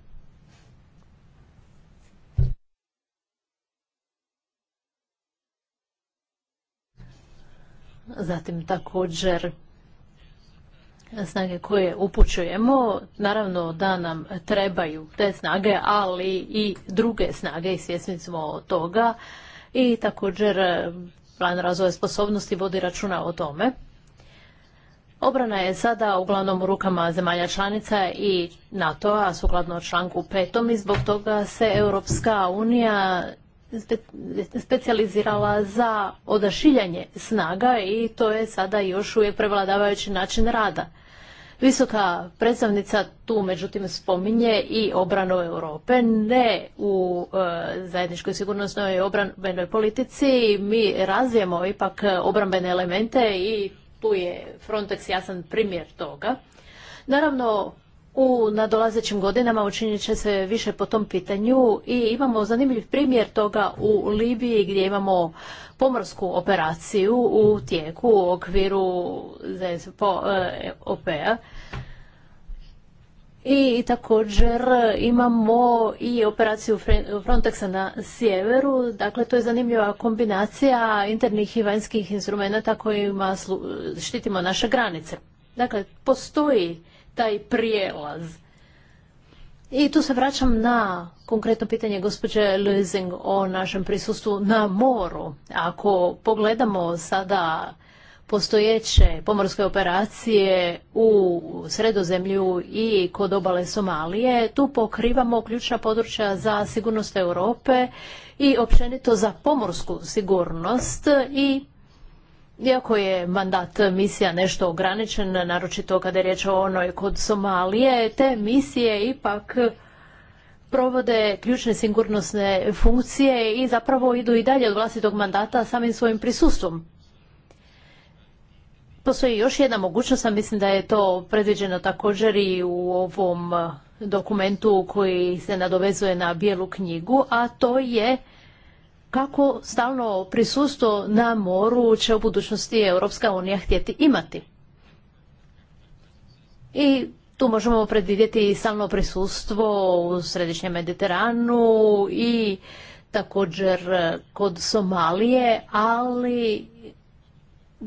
Speaker 3: zatim također snage koje upućujemo. Naravno da nam trebaju te snage, ali i druge snage i svjesni smo toga. I također plan razvoja sposobnosti vodi računa o tome. Obrana je sada uglavnom u rukama zemalja članica i NATO-a sukladno članku petom i zbog toga se Europska unija specijalizirala za odašiljanje snaga i to je sada još uvijek prevladavajući način rada. Visoka predstavnica tu međutim spominje i obranu Europe, ne u e, zajedničkoj sigurnosnoj obrambenoj politici. Mi razvijemo ipak obrambene elemente i tu je Frontex jasan primjer toga. Naravno, u nadolazećim godinama učinit će se više po tom pitanju i imamo zanimljiv primjer toga u Libiji gdje imamo pomorsku operaciju u tijeku u okviru za eh, p-a. a I također imamo i operaciju Frontexa na sjeveru, dakle to je zanimljiva kombinacija internih i vanjskih instrumenta kojima štitimo naše granice. Dakle, postoji taj prijelaz. I tu se vraćam na konkretno pitanje gospođe Luising o našem prisustvu na moru. Ako pogledamo sada postojeće pomorske operacije u sredozemlju i kod obale Somalije, tu pokrivamo ključna područja za sigurnost Europe i općenito za pomorsku sigurnost i iako je mandat misija nešto ograničen, naročito kada je riječ o onoj kod Somalije, te misije ipak provode ključne sigurnosne funkcije i zapravo idu i dalje od vlastitog mandata samim svojim prisustvom. Postoji još jedna mogućnost, a mislim da je to predviđeno također i u ovom dokumentu koji se nadovezuje na bijelu knjigu, a to je kako stalno prisustvo na moru će u budućnosti Europska unija htjeti imati. I tu možemo predvidjeti stalno prisustvo u središnjem Mediteranu i također kod Somalije, ali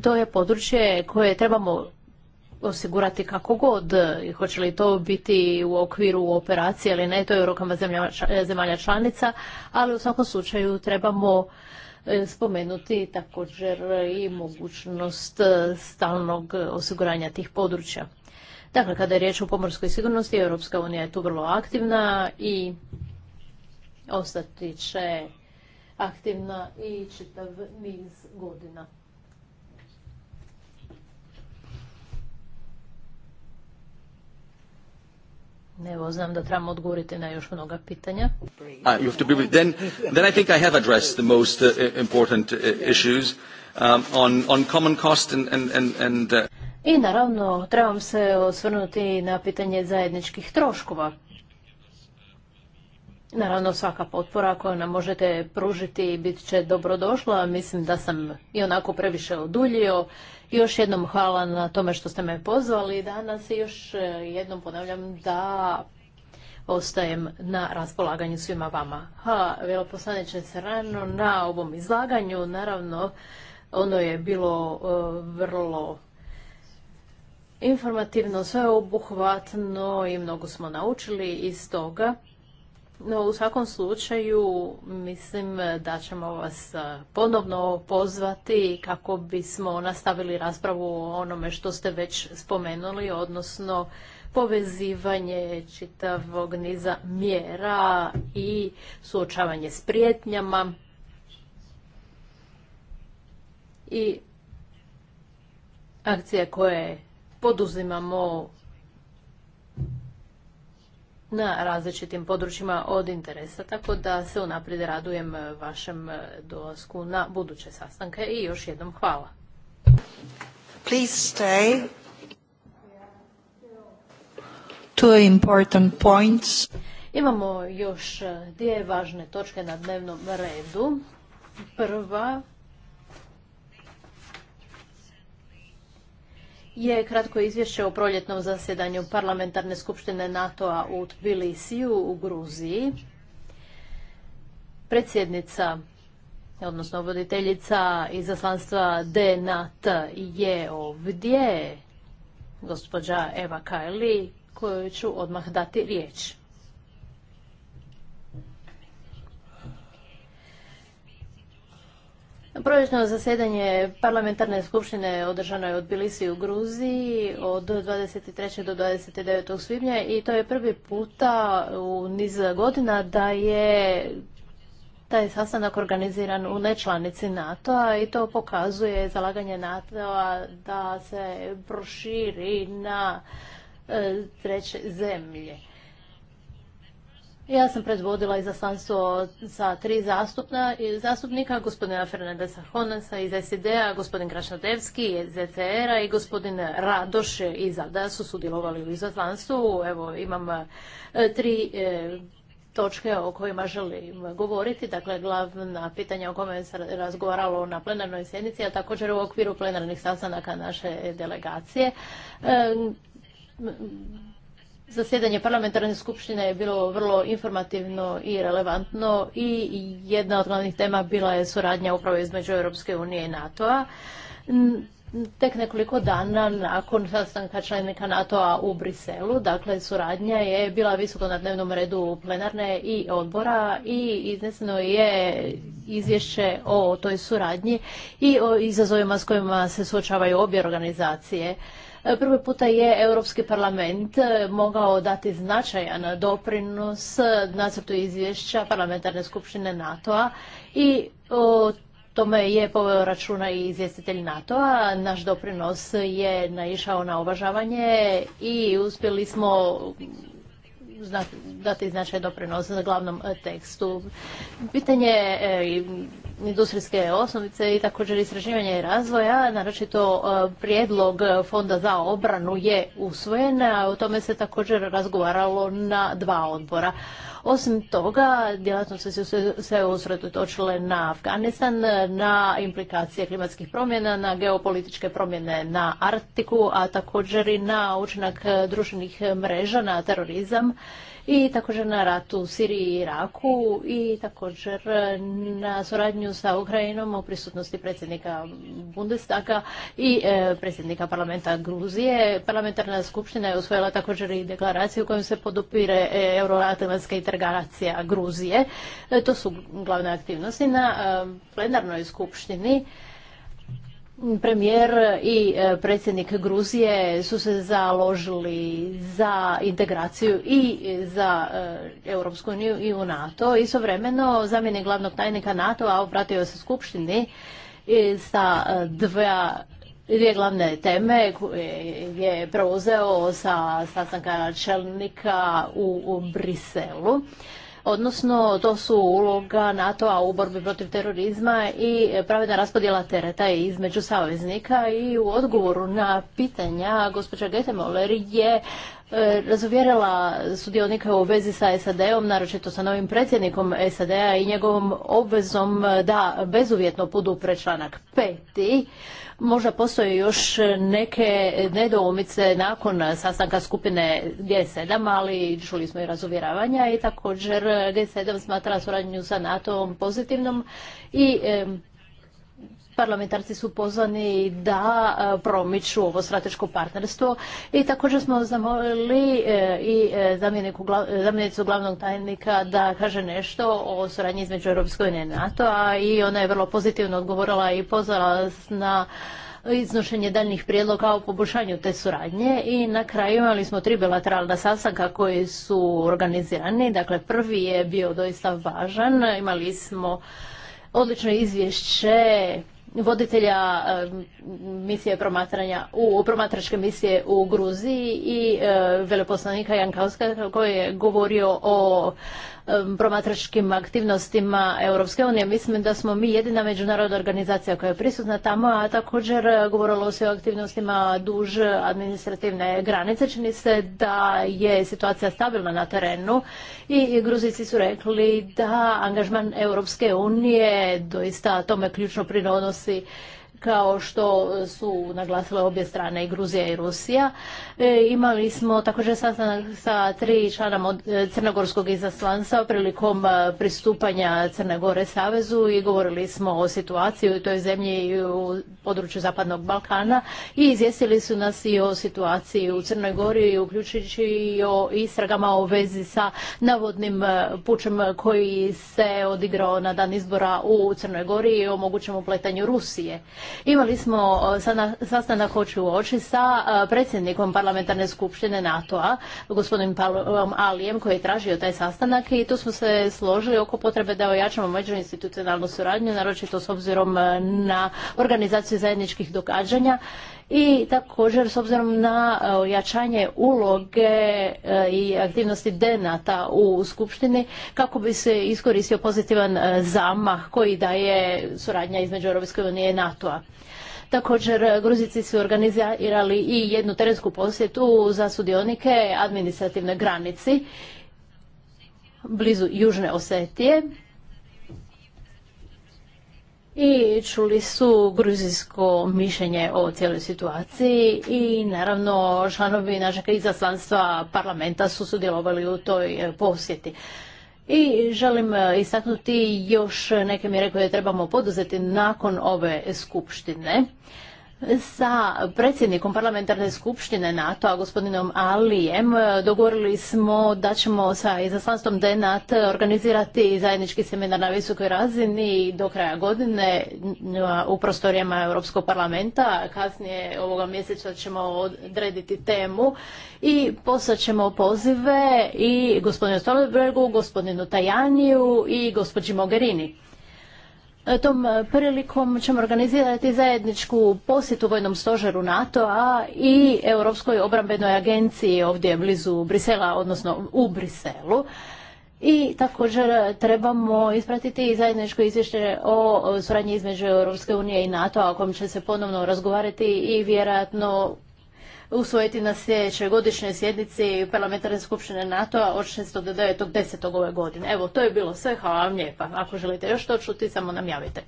Speaker 3: to je područje koje trebamo osigurati kako god. Hoće li to biti u okviru operacije ili ne, to je u rukama zemalja članica, ali u svakom slučaju trebamo e, spomenuti također i mogućnost e, stalnog osiguranja tih područja. Dakle, kada je riječ o pomorskoj sigurnosti, Europska unija je tu vrlo aktivna i ostati će aktivna i čitav niz godina. Evo, znam da trebamo odgovoriti na još mnoga pitanja.
Speaker 1: Ah, I on, common uh,
Speaker 3: naravno, trebam se osvrnuti na pitanje zajedničkih troškova. Naravno, svaka potpora koju nam možete pružiti bit će dobrodošla. Mislim da sam i onako previše oduljio. Još jednom hvala na tome što ste me pozvali danas i još e, jednom ponavljam da ostajem na raspolaganju svima vama. Hvala, se Serrano, na ovom izlaganju. Naravno, ono je bilo e, vrlo informativno, sveobuhvatno i mnogo smo naučili iz toga. No, u svakom slučaju mislim da ćemo vas e, ponovno pozvati kako bismo nastavili raspravu o onome što ste već spomenuli, odnosno povezivanje čitavog niza mjera i suočavanje s prijetnjama. I akcije koje poduzimamo na različitim područjima od interesa, tako da se unaprijed radujem e, vašem e, dolasku na buduće sastanke i još jednom hvala. Please
Speaker 1: important points.
Speaker 3: Imamo još e, dvije važne točke na dnevnom redu. Prva je kratko izvješće o proljetnom zasjedanju Parlamentarne skupštine NATO-a u Tbilisiju u Gruziji. Predsjednica, odnosno voditeljica izaslanstva DNAT je ovdje, gospođa Eva Kajli, koju ću odmah dati riječ. Proječno zasjedanje parlamentarne skupštine održano je od Bilisi u Gruziji od 23. do 29. svibnja i to je prvi puta u niz godina da je taj sastanak organiziran u nečlanici NATO-a i to pokazuje zalaganje NATO-a da se proširi na e, treće zemlje. Ja sam predvodila izaslanstvo sa tri zastupnika, gospodina Fernandesa Honesa iz SID-a, gospodin Krašnodevski iz ECR-a i gospodin Radoš iz ADA su sudjelovali u izaslanstvu. Evo imam e, tri e, točke o kojima želim govoriti, dakle glavna pitanja o kome se razgovaralo na plenarnoj sjednici, a također u okviru plenarnih sastanaka naše delegacije. E, Zasjedanje parlamentarne skupštine je bilo vrlo informativno i relevantno i jedna od glavnih tema bila je suradnja upravo između Europske unije i NATO-a. Tek nekoliko dana nakon sastanka članika NATO-a u Briselu, dakle suradnja je bila visoko na dnevnom redu plenarne i odbora i izneseno je izvješće o toj suradnji i o izazovima s kojima se suočavaju obje organizacije. E, prvi puta je Europski parlament e, mogao dati značajan doprinos e, nacrtu izvješća parlamentarne skupštine NATO-a i o tome je poveo računa i izvjestitelj NATO-a. Naš doprinos je naišao na uvažavanje i uspjeli smo dati značaj doprinos za glavnom e, tekstu. Pitanje e, industrijske osnovice i također istraživanje i razvoja, naročito e, prijedlog Fonda za obranu je usvojen, a o tome se također razgovaralo na dva odbora. Osim toga, djelatnosti su se usredotočile na Afganistan, na implikacije klimatskih promjena, na geopolitičke promjene na Artiku, a također i na učinak društvenih mreža na terorizam i također na ratu u Siriji i Iraku i također na suradnju sa Ukrajinom u prisutnosti predsjednika Bundestaga i e, predsjednika parlamenta Gruzije. Parlamentarna skupština je usvojila također i deklaraciju kojom se podupire e, euroatlantska integracija Gruzije. E, to su glavne aktivnosti na plenarnoj skupštini Premijer i e, predsjednik Gruzije su se založili za integraciju i za e, Europsku uniju i u NATO. Istovremeno zamjenik glavnog tajnika NATO-a obratio se skupštini sa e, dva dvije glavne teme koje je preuzeo sa sastanka čelnika u, u Briselu odnosno to su uloga NATO-a u borbi protiv terorizma i pravedna raspodjela tereta između saveznika i u odgovoru na pitanja gospođa Getemoller je e, razuvjerila sudionike u vezi sa SAD-om, naročito sa novim predsjednikom SAD-a i njegovom obvezom da bezuvjetno podupre članak peti Možda postoje još neke nedoumice nakon sastanka skupine G7, ali čuli smo i razuvjeravanja i također G7 smatra suradnju sa NATO-om pozitivnom i parlamentarci su pozvani da e, promiču ovo strateško partnerstvo i također smo zamolili e, i e, zamjenicu glavnog tajnika da kaže nešto o suradnji između Europskoj unije i NATO, a i ona je vrlo pozitivno odgovorila i pozvala na iznošenje daljnjih prijedloga o poboljšanju te suradnje i na kraju imali smo tri bilateralna sastanka koji su organizirani. Dakle, prvi je bio doista važan. Imali smo odlično izvješće voditelja e, misije promatranja u promatračke misije u Gruziji i e, veleposlanika Jankauska koji je govorio o Um, promatračkim aktivnostima Europske unije. Mislim da smo mi jedina međunarodna organizacija koja je prisutna tamo, a također uh, govorilo se o aktivnostima duž administrativne granice. Čini se da je situacija stabilna na terenu i Gruzici su rekli da angažman Europske unije doista tome ključno prinosi kao što su naglasile obje strane i Gruzija i Rusija. E, imali smo također sastanak sa tri člana e, crnogorskog izaslanstva prilikom e, pristupanja Crne Gore Savezu i govorili smo o situaciji u toj zemlji i u području Zapadnog Balkana i izvijestili su nas i o situaciji u Crnoj Gori i uključujući i o istragama u vezi sa navodnim pučem koji se odigrao na dan izbora u Crnoj Gori i o mogućem upletanju Rusije. Imali smo e, sastanak oči u oči sa e, predsjednikom parlamentarne skupštine NATO-a, gospodinom Alijem, koji je tražio taj sastanak i tu smo se složili oko potrebe da ojačamo međuinstitucionalnu suradnju, naročito s obzirom e, na organizaciju zajedničkih događanja i također s obzirom na e, ojačanje uloge e, i aktivnosti denata u Skupštini kako bi se iskoristio pozitivan e, zamah koji daje suradnja između Europske unije i NATO-a. Također, Gruzici su organizirali i jednu terensku posjetu za sudionike administrativne granici blizu Južne Osetije i čuli su gruzijsko mišljenje o cijeloj situaciji i naravno članovi našeg izaslanstva parlamenta su sudjelovali u toj e, posjeti. I želim e, istaknuti još neke mjere koje trebamo poduzeti nakon ove skupštine sa predsjednikom parlamentarne skupštine NATO-a, gospodinom Alijem, dogovorili smo da ćemo sa izaslanstvom DNAT organizirati zajednički seminar na visokoj razini do kraja godine u prostorijama Europskog parlamenta. Kasnije ovoga mjeseca ćemo odrediti temu i poslaćemo ćemo pozive i gospodinu Stolbergu, gospodinu Tajaniju i gospođi Mogherini. E, tom e, prilikom ćemo organizirati zajedničku posjetu vojnom stožeru NATO-a i Europskoj obrambenoj agenciji ovdje blizu Brisela, odnosno u Briselu. I također trebamo ispratiti i zajedničko izvješće o suradnji između Europske unije i NATO, a o kojem će se ponovno razgovarati i vjerojatno usvojiti na sljedećoj godišnjoj sjednici parlamentarne skupštine NATO-a od 6. do desetog ove godine. Evo, to je bilo sve. Hvala vam lijepa. Ako želite još to čuti, samo nam javite.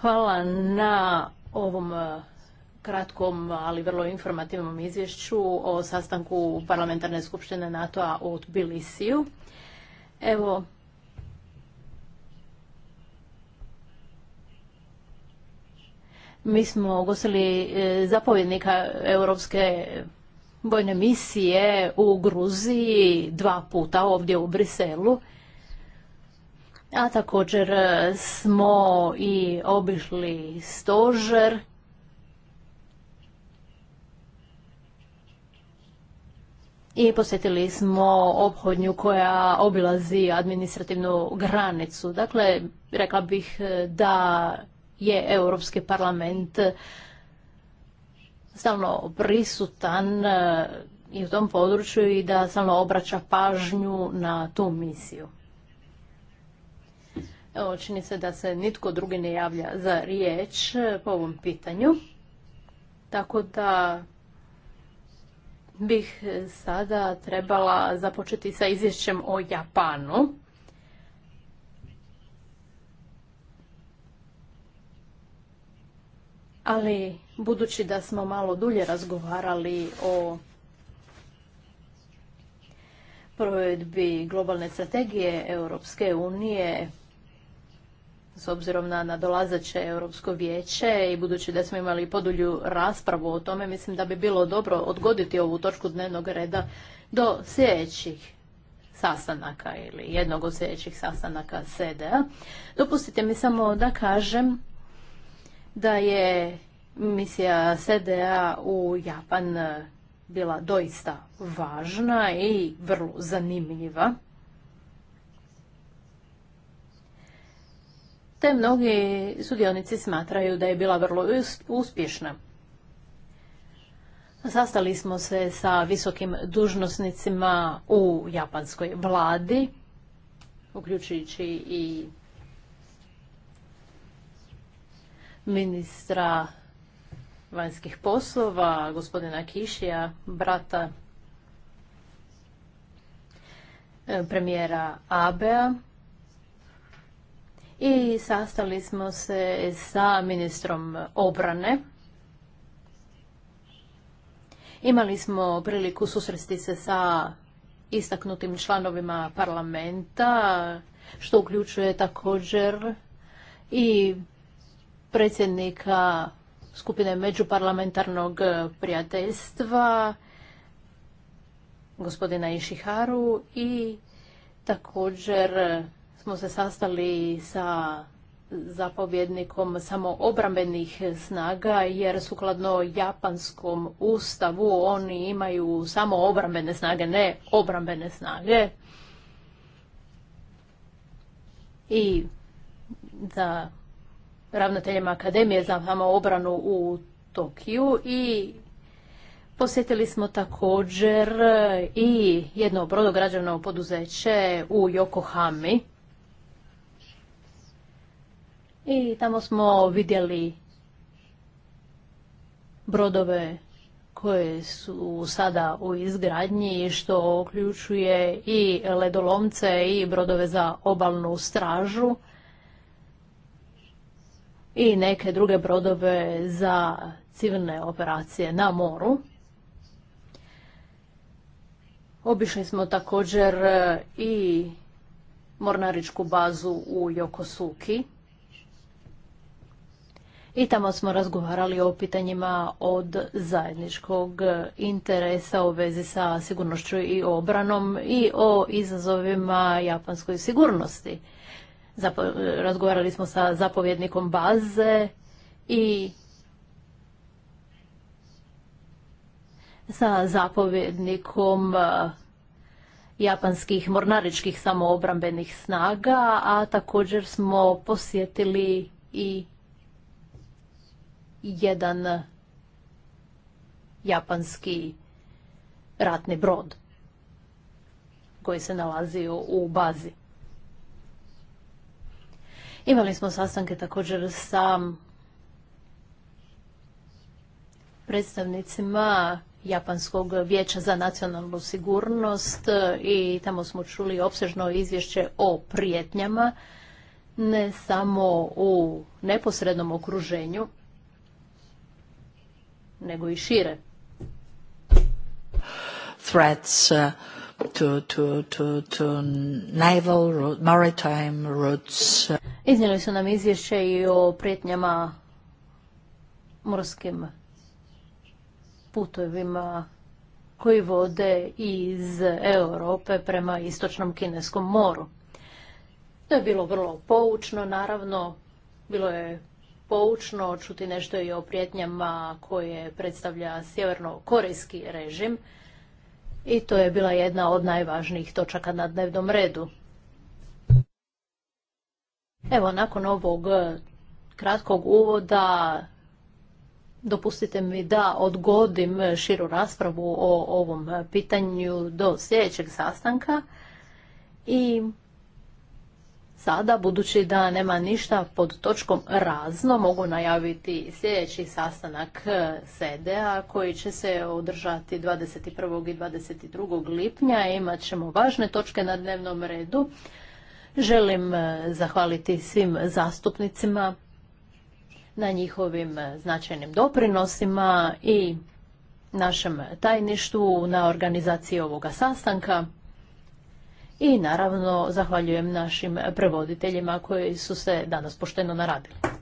Speaker 3: Hvala na ovom eh, kratkom, ali vrlo informativnom izvješću o sastanku Parlamentarne skupštine NATO-a u Tbilisiju. Evo, Mi smo ugostili e, zapovjednika Europske vojne misije u Gruziji dva puta ovdje u Briselu. A također e, smo i obišli stožer i posjetili smo obhodnju koja obilazi administrativnu granicu. Dakle, rekla bih e, da je Europski parlament eh, stalno prisutan eh, i u tom području i da stalno obraća pažnju na tu misiju. Evo, čini se da se nitko drugi ne javlja za riječ eh, po ovom pitanju. Tako da bih sada trebala započeti sa izvješćem o Japanu. ali budući da smo malo dulje razgovarali o provedbi globalne strategije Europske unije s obzirom na nadolazeće Europsko vijeće i budući da smo imali podulju raspravu o tome, mislim da bi bilo dobro odgoditi ovu točku dnevnog reda do sljedećih sastanaka ili jednog od sljedećih sastanaka SEDA. Dopustite mi samo da kažem da je misija SDA u Japan e, bila doista važna i vrlo zanimljiva. Te mnogi sudionici smatraju da je bila vrlo uspješna. Sastali smo se sa visokim dužnosnicima u japanskoj vladi, uključujući i ministra vanjskih poslova, gospodina Kišija, brata e, premijera Abea i sastali smo se sa ministrom obrane. Imali smo priliku susresti se sa istaknutim članovima parlamenta, što uključuje također i predsjednika skupine međuparlamentarnog prijateljstva, gospodina Išiharu i također smo se sastali sa zapovjednikom samoobrambenih snaga jer sukladno japanskom ustavu oni imaju samo obrambene snage, ne obrambene snage. I da ravnateljem Akademije za obranu u Tokiju i posjetili smo također i jedno brodograđevno poduzeće u Yokohami. I tamo smo vidjeli brodove koje su sada u izgradnji što uključuje i ledolomce i brodove za obalnu stražu i neke druge brodove za civilne operacije na moru. Obišli smo također e, i mornaričku bazu u Jokosuki. I tamo smo razgovarali o pitanjima od zajedničkog interesa u vezi sa sigurnošću i obranom i o izazovima japanskoj sigurnosti razgovarali smo sa zapovjednikom baze i sa zapovjednikom e, japanskih mornaričkih samoobrambenih snaga, a također smo posjetili i jedan japanski ratni brod koji se nalazi u bazi. Imali smo sastanke također sa predstavnicima Japanskog vijeća za nacionalnu sigurnost i tamo smo čuli opsežno izvješće o prijetnjama, ne samo u neposrednom okruženju, nego i šire.
Speaker 1: Threats, uh, to, to,
Speaker 3: Iznijeli su nam izvješće i o prijetnjama morskim putovima koji vode iz Europe prema istočnom kineskom moru. To je bilo vrlo poučno, naravno, bilo je poučno čuti nešto i o prijetnjama koje predstavlja sjeverno-korejski režim i to je bila jedna od najvažnijih točaka na dnevnom redu. Evo, nakon ovog eh, kratkog uvoda dopustite mi da odgodim širu raspravu o ovom pitanju do sljedećeg sastanka i sada, budući da nema ništa pod točkom razno, mogu najaviti sljedeći sastanak e, SEDE-a koji će se održati 21. i 22. lipnja. Imat ćemo važne točke na dnevnom redu. Želim e, zahvaliti svim zastupnicima na njihovim e, značajnim doprinosima i našem tajništvu na organizaciji ovoga sastanka. I naravno zahvaljujem našim prevoditeljima koji su se danas pošteno naradili.